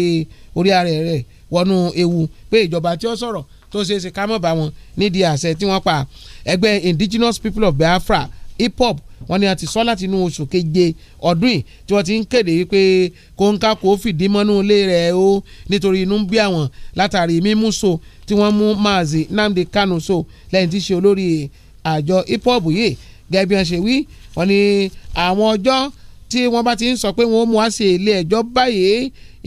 orí ara rẹ̀ wọnú ewu pé ìjọba tí ó sọ̀rọ̀ tó ṣe é ṣe ká mọ̀ bá wọn nídìí àṣẹ tí wọ́n pa ẹgbẹ́ indigenous people of Biafra IPOB wọ́n ní a ti sọ láti inú oṣù keje ọdún yìí tí wọ́n ti ń kéde wípé kóńká kò fìdí mọ́nú ilé rẹ̀ o nítorí inú ń bí àwọn látàrí mímú so tí wọ́n mú Maazi Nnamdi Kanu so lẹ́yìn tí ṣe olórí àjọ IPOB yìí gẹ́gẹ́ bí wọ́n ṣe wí wọ́n ní àwọn ọjọ́ tí wọ́n bá ti ń sọ pé wọ́n mú wá sí ilé ẹjọ́ báyìí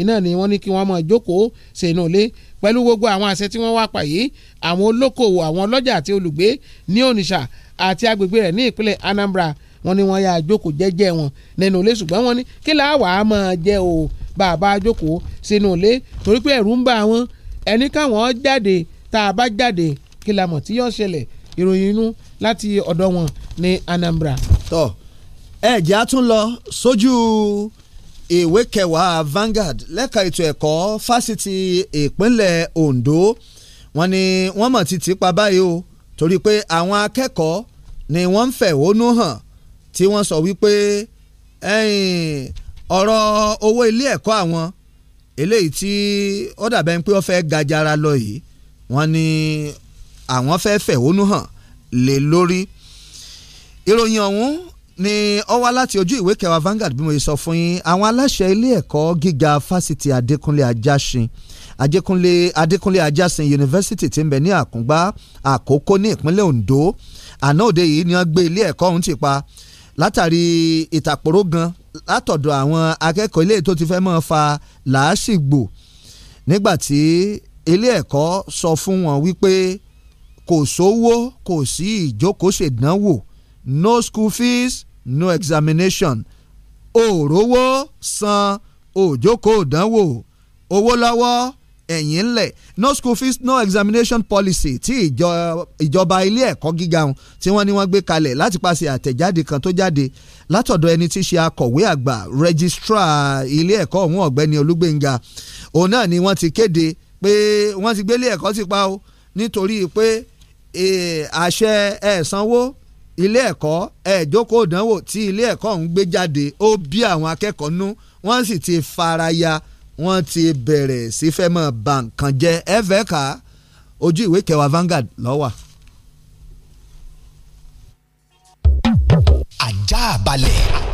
iná ni wọ́n ní kí wọ́n máa jókòó sínú ilé pẹ̀lú gbogbo àwọn àṣẹ tí wọ́n wá pa yìí àwọn olókoòwò àwọn ọlọ́jà àti olùgbé ní Onitsha àti agbègbè rẹ̀ ní ìpínlẹ̀ Anambra wọ́n ní wọ́n yà jókòó jẹ́jẹ́ wọn nínú ilé ṣùgbọ́n wọ́n ní kí láà wàá máa jẹ o bàbá jókòó sínú ilé torí pé ẹ̀rù ń bà wọ́n ẹni káwọn jáde tá a bá jáde kí la mọ̀ tí yóò ṣẹlẹ̀ ìròyìn inú láti ọ̀dọ̀ wọn ní Anambra tọ́ ẹ̀jẹ̀ á tún lọ sójú ìwé kẹwàá Vanguard lẹ́ka ètò ẹ̀kọ́ fásitì ìpínlẹ̀ Ondo wọ́n ní wọ́n mọ̀ títí pa báyìí o torí pé àwọn akẹ́kọ̀ọ́ ni wọ́n ń fẹ̀hónú hàn tí wọ́n sọ wípé ọ̀rọ̀ owó ilé ẹ̀kọ́ àwọn eléyìí tí ó dàbẹ̀ pé ó fẹ́ gajara lọ yìí wọ́n ní àwọn fẹ́ fẹ̀hónú hàn lé lórí ìròyìn ọ̀hún ni ó wá láti ojú ìwé kẹwàá Vanguard bí mo ṣe sọ fún yín àwọn aláṣẹ ilé ẹ̀kọ́ gíga fásitì Adékúnlé Ajásin Adékúnlé Adékúnlé Ajásin yunifásitì tí ń bẹ ní Àkúngbá Àkókó ní ìpínlẹ̀ Ondo àná òde yìí ni wọ́n gbé ilé ẹ̀kọ́ ọ̀hún ti pa látàrí ìtàpóró gan látọ̀dọ̀ àwọn akẹ́kọ̀ọ́ ilé tó ti fẹ́ máa fa làásìgbò nígbà tí ilé ẹ̀kọ́ sọ fún wọn wípé kò sówó kò sí ìjókòó no school fees no examination òrówó san òjókòó ìdánwò owó lọ́wọ́ ẹ̀yìn ńlẹ̀ no school fees no examination policy tí ìjọba ilé ẹ̀kọ́ gíga wọn tí wọ́n ní wọ́n gbé kalẹ̀ láti paṣẹ àtẹ̀jáde kan tó jáde látọ̀dọ̀ ẹni tí í ṣe akọ̀wé àgbà registrar ilé ẹ̀kọ́ ọ̀hún ọ̀gbẹ́ni olúgbénga òun náà ni wọ́n ti kéde pé wọ́n ti gbélé ẹ̀kọ́ ti pa o nítorí pé eh, àṣẹ ẹ̀sánwó ilé ẹ̀kọ́ ẹ̀ẹ́dókòó ìdánwò tí ilé ẹ̀kọ́ ọ̀hún gbé jáde ó bí àwọn akẹ́kọ̀ọ́ nú wọ́n sì ti faraya wọ́n ti bẹ̀rẹ̀ sí fẹ́ mọ́ ba nǹkan jẹ́ ẹ̀fẹ́ ká ojú ìwé kẹwàá Vanguard lọ́wà. ajá balẹ̀.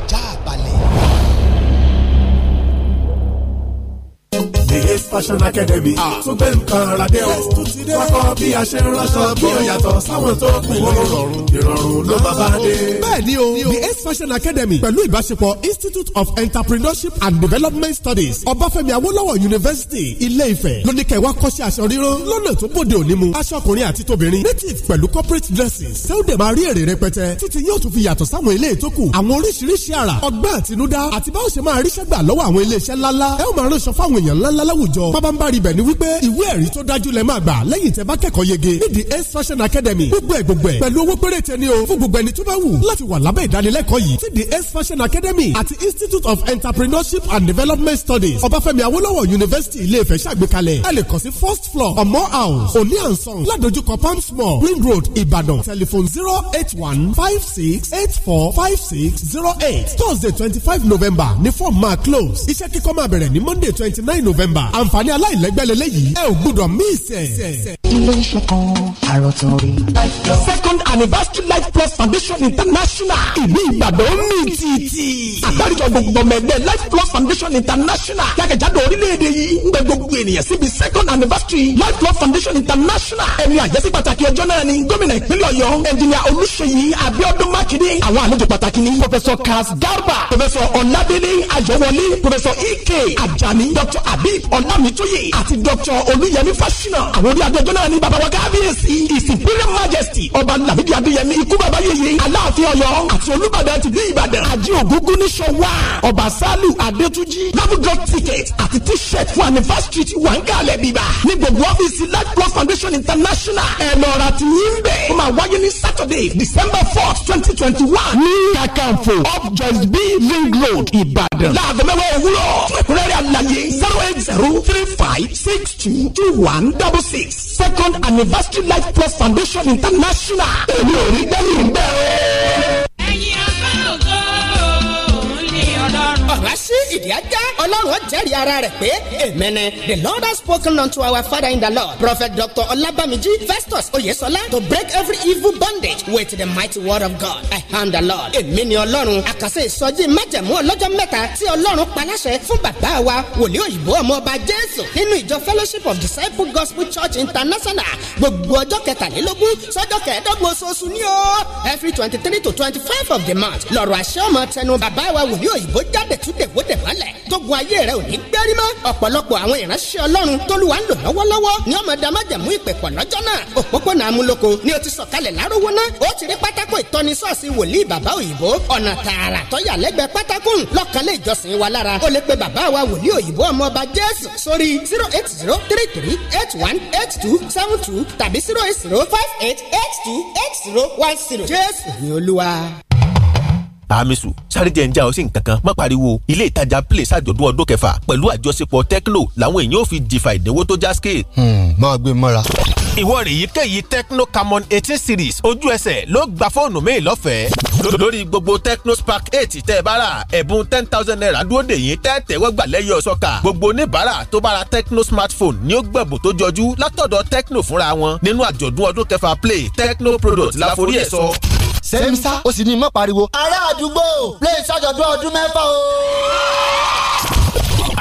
the fashion academy ah. tún gbé nǹkan aládé o wọ́n kọ́ bí a ṣe ń ránṣọ bí ó yàtọ̀ sáwọn tó pè ní ìrọ̀rùn ìrọ̀rùn ló máa bá dé. bẹ́ẹ̀ni o the ace fashion academy pẹ̀lú ìbáṣepọ̀ institute of entrepreneurship and development studies ọbáfẹ́mi Awolowo university ilé-ifẹ̀ lóníkẹ́ wa kọ́ṣẹ́ aṣọ ríro lọ́nà tó bòde òní mu aṣọ ọkùnrin àti tóbìnrin native pẹ̀lú corporate dresses sẹ́wọ́dẹ̀ máa rí èrè rẹpẹtẹ títí yóò tún fi yàtọ̀ sáwọn ilé ìtókù àwọn oríṣiríṣi àrà ọgbẹ́ àtinúdá àti báwo ṣe máa ríṣẹ́ gbà lọ́wọ́ àwọn ilé iṣẹ́ ńláńlá ẹ ó máa ránṣọ ńláńlá láwùjọ pábánbárì bẹ̀ ni wípé ìwé ẹ̀rí tó dájú lẹ máa gbà lẹ́yìn tẹ́ bá kẹ́kọ̀ọ́ yege ní the ace fashion academy gbogbo ẹ̀ gbogbo ẹ̀ pẹ̀lú owó péréte ni o fún gbogbo ẹni tó bá wù láti wà lábẹ́ ìdánilẹ́kọ̀ọ́ yìí ti the ace fashion academy àti institute of entrepreneurship and development studies ọbáfẹ́mi Awolowo university ilé-ifẹ̀ ṣàgbékalẹ̀ ẹ lè kàn sí first floor ọmọ house òní and sons ládojúkọ palms Small. green road ìbàdàn telephone zero eight one five six eight four five six zero eight thursday twenty five november ní form máa close iṣẹ́ kíkọ́ máa bẹ̀rẹ̀ ní monday twenty nine november december àǹfààní aláìlẹ́gbẹ́lẹ́ lẹ́yìn ẹ ò gbúdọ̀ miss ẹ̀. ilé iṣẹ́ kan àròtún rí. second anniversary life plus foundation international ìlú ìbàdàn mi tìtì. àgbáríjọ gbogbo mẹ́gbẹ́ life plus foundation international jákèjádò orílẹ̀-èdè yìí ń bẹ gbogbo ènìyàn síbi second anniversary life plus foundation international ẹni àjẹsí pàtàkì ọjọ́ náà ni gómìnà ìpínlẹ̀ ọ̀yọ́ ẹnjìnìà olùṣeyí abiodun makinde àwọn àlejò pàtàkì ni professor kaz garba professor ọ̀nàdélé ayọ̀wọlé professor ike ajani dr abib ọ̀làmìtúyè àti dr olúyẹmí fásinà àwọn orí adájọ́ náà ní baba wa kábíyèsí his imperial majesty ọba nàbídì adéyẹmí ikú baba yèyé aláàfin ọ̀yọ́ àti olúbàdàn ti bí ìbàdàn àjí ògúngún ní sọwá ọba sálù adétúnjì labudọ ticket àti t-shirt fún anniversary ti wà ń kalẹ̀ bíbá ní gbogbo ọ́fíìsì life plus foundation international ẹ̀ lọ́ra ti yín bẹ́ẹ̀ ó máa wáyé ní saturday december 4th, 2021. one ní kakanfo up just be ring road ìbàdàn. Ìbàdàn. Láago mẹ́wàá òwúrọ̀ fún ẹ̀kúnrẹ́rẹ́ àlàyé zero eight zero three five six two two one double six second anniversary life plus foundation international. Èmi ò rí dẹ́rù ń bẹ̀rẹ̀. tí ìdí ajá ọlọ́run ó jẹ́rìí ara rẹ̀ pé èmẹ́nẹ́ the lord has spoken unto our father in the lord prophet Doctor olabamiji festus oyesola to break every evil bondage with the mighty word of god i am the lord èmi ni ọlọ́run àkàsẹ́ ìsọjí májẹ̀mú ọlọ́jọ́ mẹ́ta tí ọlọ́run paláṣẹ fún bàbá wa wòlíì òyìnbó ọmọ ọba jésù nínú ìjọ fellowship of disciple gospel church international gbogbo ọjọ́ kẹtàlélógún sọ́jọ́ kẹẹ̀ẹ́dọ́gbọ̀n oṣooṣù ní o every twenty three to twenty five of the month lọ́rọ̀ àṣẹ ọmọ tẹnu bàbá wa wòlíì òyìnbó jáde túnde wó dẹ̀ mọ́lẹ̀ tógun ayé rẹ ò ní gbẹ́rí mọ́ ọ̀pọ̀lọpọ̀ àwọn ìránṣẹ́ ọlọ́run tólúwa ń lò lọ́wọ́lọ́wọ́ ni ọmọ dá májẹ̀mú ìpẹ̀kọ̀ lọ́jọ́ náà òpópónà amúlòkọ ni o ti sọ̀kalẹ̀ lárówó náà ó ti rí pátákó ìtọ́ni ṣọ́ọ̀ṣì wòlíì bàbá òyìnbó ọ̀nà tààrà tọ́yà lẹ́gbẹ̀ẹ́ pátákó lọ́kàn lé ìjọsìn wa lára ó lè pe bàbá wa wòlíì òyìnbó ọmọ ọba jésù sórí zero eight zero three three eight one eight two seven two tàbí zero eight zero five eight eight two eight zero one zero jésù ni olúwa hamisu sáréjẹ ń ọ sí nǹkan má pariwo ilé ìtajà place àjọ̀dún ọdún kẹfà pẹ̀lú àjọṣepọ̀ tecno làwọn èèyàn ò fi jìfà ìdínwó tó já scale. Hmm, máa gbé e mọ́ra. ìwọ rèé kẹ́yìí tecno camon eighteen series ojú ẹsẹ̀ ló gba fóònù míì lọ́fẹ̀ẹ́ lórí gbogbo tecno spark eight tẹ́ ẹ bá rà ẹ̀bùn ten thousand naira dúró dè yín tẹ́tẹ́ wọ́gbà lẹ́yìn ọ̀ṣọ́ka gbogbo oníbàárà tó bá tecno smartphone ni ó gbẹ̀bùn tó jọjú látọ̀dọ̀ tecno fúnra wọn nínú àjọ̀dún ọdún kẹfà play tecno product láforí ẹ̀ sọ sẹ́mísà ó sì ní mọ́ pariwo. ará àdúgbò lè ṣàjọ̀dún ọdún mẹ́fà o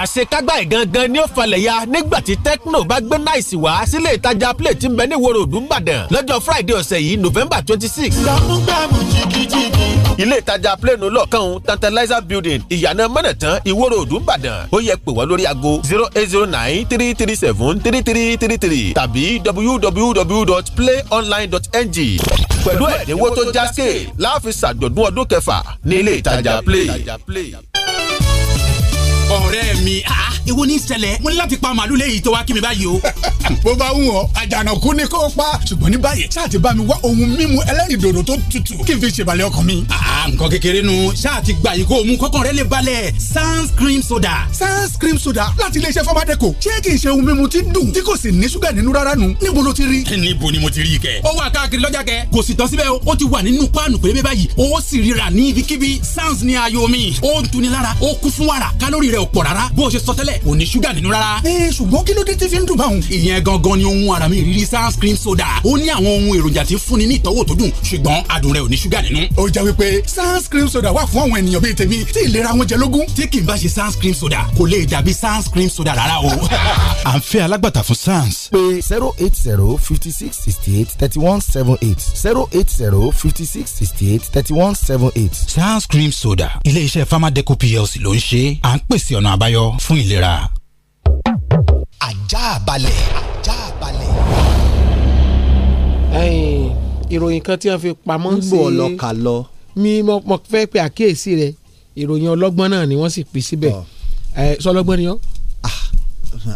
àṣekágbá ẹ̀ gangan ni ó falẹ̀ ya nígbà tí Tecno bá gbé náìsì wá sílé ìtajà play tí ń bẹ ní ìwòrò òdùnbàdàn lọ́jọ́ Friday ọ̀sẹ̀ yìí November twenty six. gbàmúgbàmù jìgìjìgì. ilé ìtajà play nù lọ́ọ̀kan tantalizer building ìyànà mọ̀nàtàn ìwòrò òdùnbàdàn ó yẹ pè wá lórí aago zero eight zero nine three three seven three three three three tàbí www.playonline.ng pẹ̀lú ẹ̀dínwó tó já scale láàfin ṣàjọ̀dún ọdún kẹfà ní ilé ìtajà play ọ̀rẹ́ mi èwo ah, ah, ní ṣẹlẹ̀ mo ní láti pa màálù lẹ́yìn tó wá kí mi báyìí o. bó bá wù ọ́ àjànàkú ni kò pa ṣùgbọ́n ní báyìí ṣáà ti bá mi wá ohun mímu ẹlẹ́rìndòdò tó tutù kí n fi ṣèbalẹ̀ ọkàn mi. Ah, nǹkan kékeré nu ṣáà ti gbà yìí kó o mú kọ́kàn rẹ lè balẹ̀ sans cream soda. sans cream soda láti iléeṣẹ́ fọmádẹ́kọ̀ ṣé kì í ṣe ohun mímu tí dùn tí kò sì ní ṣúgà nínú rárá nu níbo ló ti rí. níbo ni mo ti rí kẹ. ó wà káàkiri lọ́jà kẹ kò sì tán síbẹ̀ o ó ti wà nínú páànù pé báyìí ó sì ríra ní ibikíbi sans ní ayọ̀ mi ó ń tuni lára ó kún fún wàrà kálórì rẹ ò pọ̀ rárá bó o ṣe sọ tẹ́lẹ̀ kò ní ṣúgà nínú rárá. ẹ ṣùgbọ́n kí ló dé tí fi ń dùn báwọn. ìyẹn gangan ni ohun ara mi ìrírí sans cream soda ó ní àwọn ohun èròjà tí fúnni ní ìtọ́wò tó dùn ṣùgbọ́n adùn rẹ̀ ò ní ṣúgà nínú. ó jẹ́ wípé sans cream soda wà fún àwọn ènìyàn bíi tèmi tí ìlera wọn jẹ lógún. tí kì í bá ṣe sans cream soda kò lè dàbí sans cream soda rárá o. [laughs] à ń fẹ́ alágbàtà fún sans. pé zero eight zero fifty six sixty eight thirty one seven eight zero eight zero fifty six sixty eight thirty one seven eight. sans cream soda ilé iṣẹ́ pharmadeco plc ló ń ṣe à ń pèsè àti ọ̀nà àbáyọ fún ìlera. ajá balẹ̀ ajá balẹ̀. ìròyìn kan tí wọ́n fi pamọ́ sí gbọ́ ọlọ́kà lọ. mi mo fẹ́ pe àkíyèsí rẹ ìròyìn ọlọ́gbọ́n náà ni wọ́n sì pín síbẹ̀ sọlọ́gbọ́n ni ọ́ ah,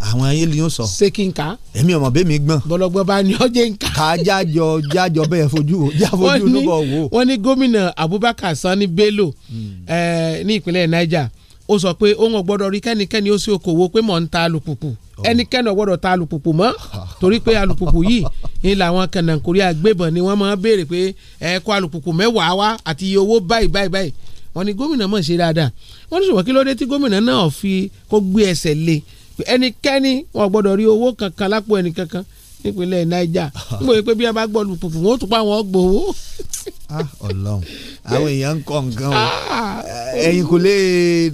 àwọn ayé ni yóò sọ. ṣé kí n kà. èmi ọmọ bẹ́ẹ̀ mi gbọ́n. bọ́lọ́gbọ́n bá ní ọjẹ́ ń kà. ká jájọ jájọ bẹ́ẹ̀ fojú jáfojú ló bọ̀ wò. wọ́n ní gómìnà Abubakar Sani Bello hmm. ní ìpínlẹ̀ Niger ó sọ pé òun ò gbọ́dọ̀ rí kẹ́nikẹ́ni ó sì okòwò pé mò ń ta alùpùpù oh. ẹnikẹ́ni ò gbọ́dọ̀ ta alùpùpù mọ́ [laughs] torí pé alùpùpù yìí ni làwọn kànáńkórí agbébọn ni wọ́n máa béèrè pé ẹ kó alùpùpù mẹ́wàá wá àti iye owó báyìí báyìí báyìí wọ́n ní gómìnà mọ̀ ṣe dáadáa wọ́n ní ṣùgbọ́n kí ló dé tí gómìnà náà fi kó gbé ẹsẹ̀ lé ẹnikẹ́ni wọn gbọ́dọ̀ rí owó kankan lápò ẹnikankan nípínlẹ̀ Niger n kò yẹ pé bí wọ́n bá gbọ́dọ̀ pùpù wọ́n tún pa àwọn gbòòwò. Ah, Ọlọ́run àwọn èèyàn ń kọ nǹkan o ah. ẹ̀yin kò lè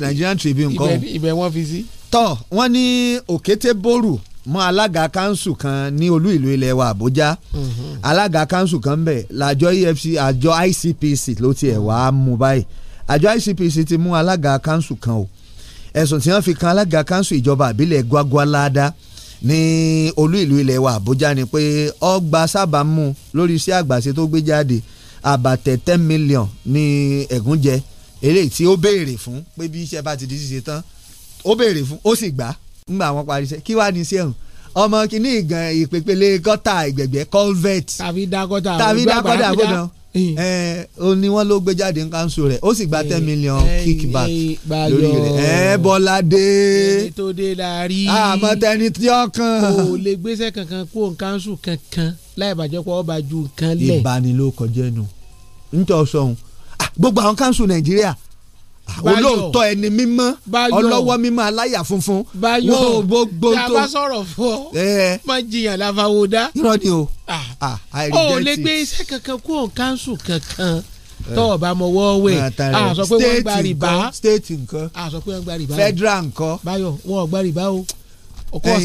Nigerian Tribune nǹkan o. ibẹ̀ wọ́n fi sí. tọ́ wọ́n ní òkété bórù mọ alága kanṣu kan ní olú ìlú ilẹ̀ wa Àbújá mhm. alága kanṣu kan bẹ̀ làjọ EFC àjọ ICPC ló tiẹ̀ wá mú báyìí àjọ ICPC ti mú alága kanṣu kan o ẹ̀sùn tí wọ́n fi kan alága kanṣu ìjọba àbílẹ̀ Gwagwalada ní olú ìlú ilẹ̀ wa Àbújá ni pé ọgbà sábàámu lórí iṣẹ́ àgbàṣe tó gbé jáde àbàtẹ̀ ten million ní ẹ̀gúnjẹ eléyìí tí ó béèrè fún pé bí iṣẹ́ bá ti di ṣíṣe tán ó béèrè fún ó sì gbà nígbà wọn parí iṣẹ́ kí wàá ní iṣẹ́ ọ̀hún ọmọ kìíní ìgàn ìpèpele gọ́tà ìgbẹ̀gbẹ́ culvert tàbí dákọ́tà tàbí dákọ́tà àbúdá hmm. ó ní wọ́n ló gbé jáde ní kanṣu rẹ̀ ó sì gba ten million kickback lórí rẹ̀ ẹ Bọ́ládé ẹni tó dé la rí àmọ́ tẹni tí ọkàn. kò lè gbéṣẹ́ kankan kó kanṣu kankan láì bàjẹ́ pọ̀ ọba ju nǹkan lẹ̀. ìbanilókọjẹ́nu ń tọ́ sọ̀hún ah, gbogbo àwọn kanṣu Nàìjíríà olóòótọ́ ẹni mímọ́ ọlọ́wọ́ mímọ́ aláyà funfun wọ́n ò gbogbo tó. yàrá sọ̀rọ̀ fún ọ máa jiyàn láfàwọ́ dá. irọ́ ni o àìrí jẹ́ ti. o lè gbé iṣẹ́ kankan kó o kánṣu kankan tọ́wọ̀ bá mọ wọ́ọ̀wé a sọ pé wọ́n gba rìbá state nǹkan a sọ pé wọ́n gba rìbá federal nǹkan báyọ̀ wọ́n gba rìbá o.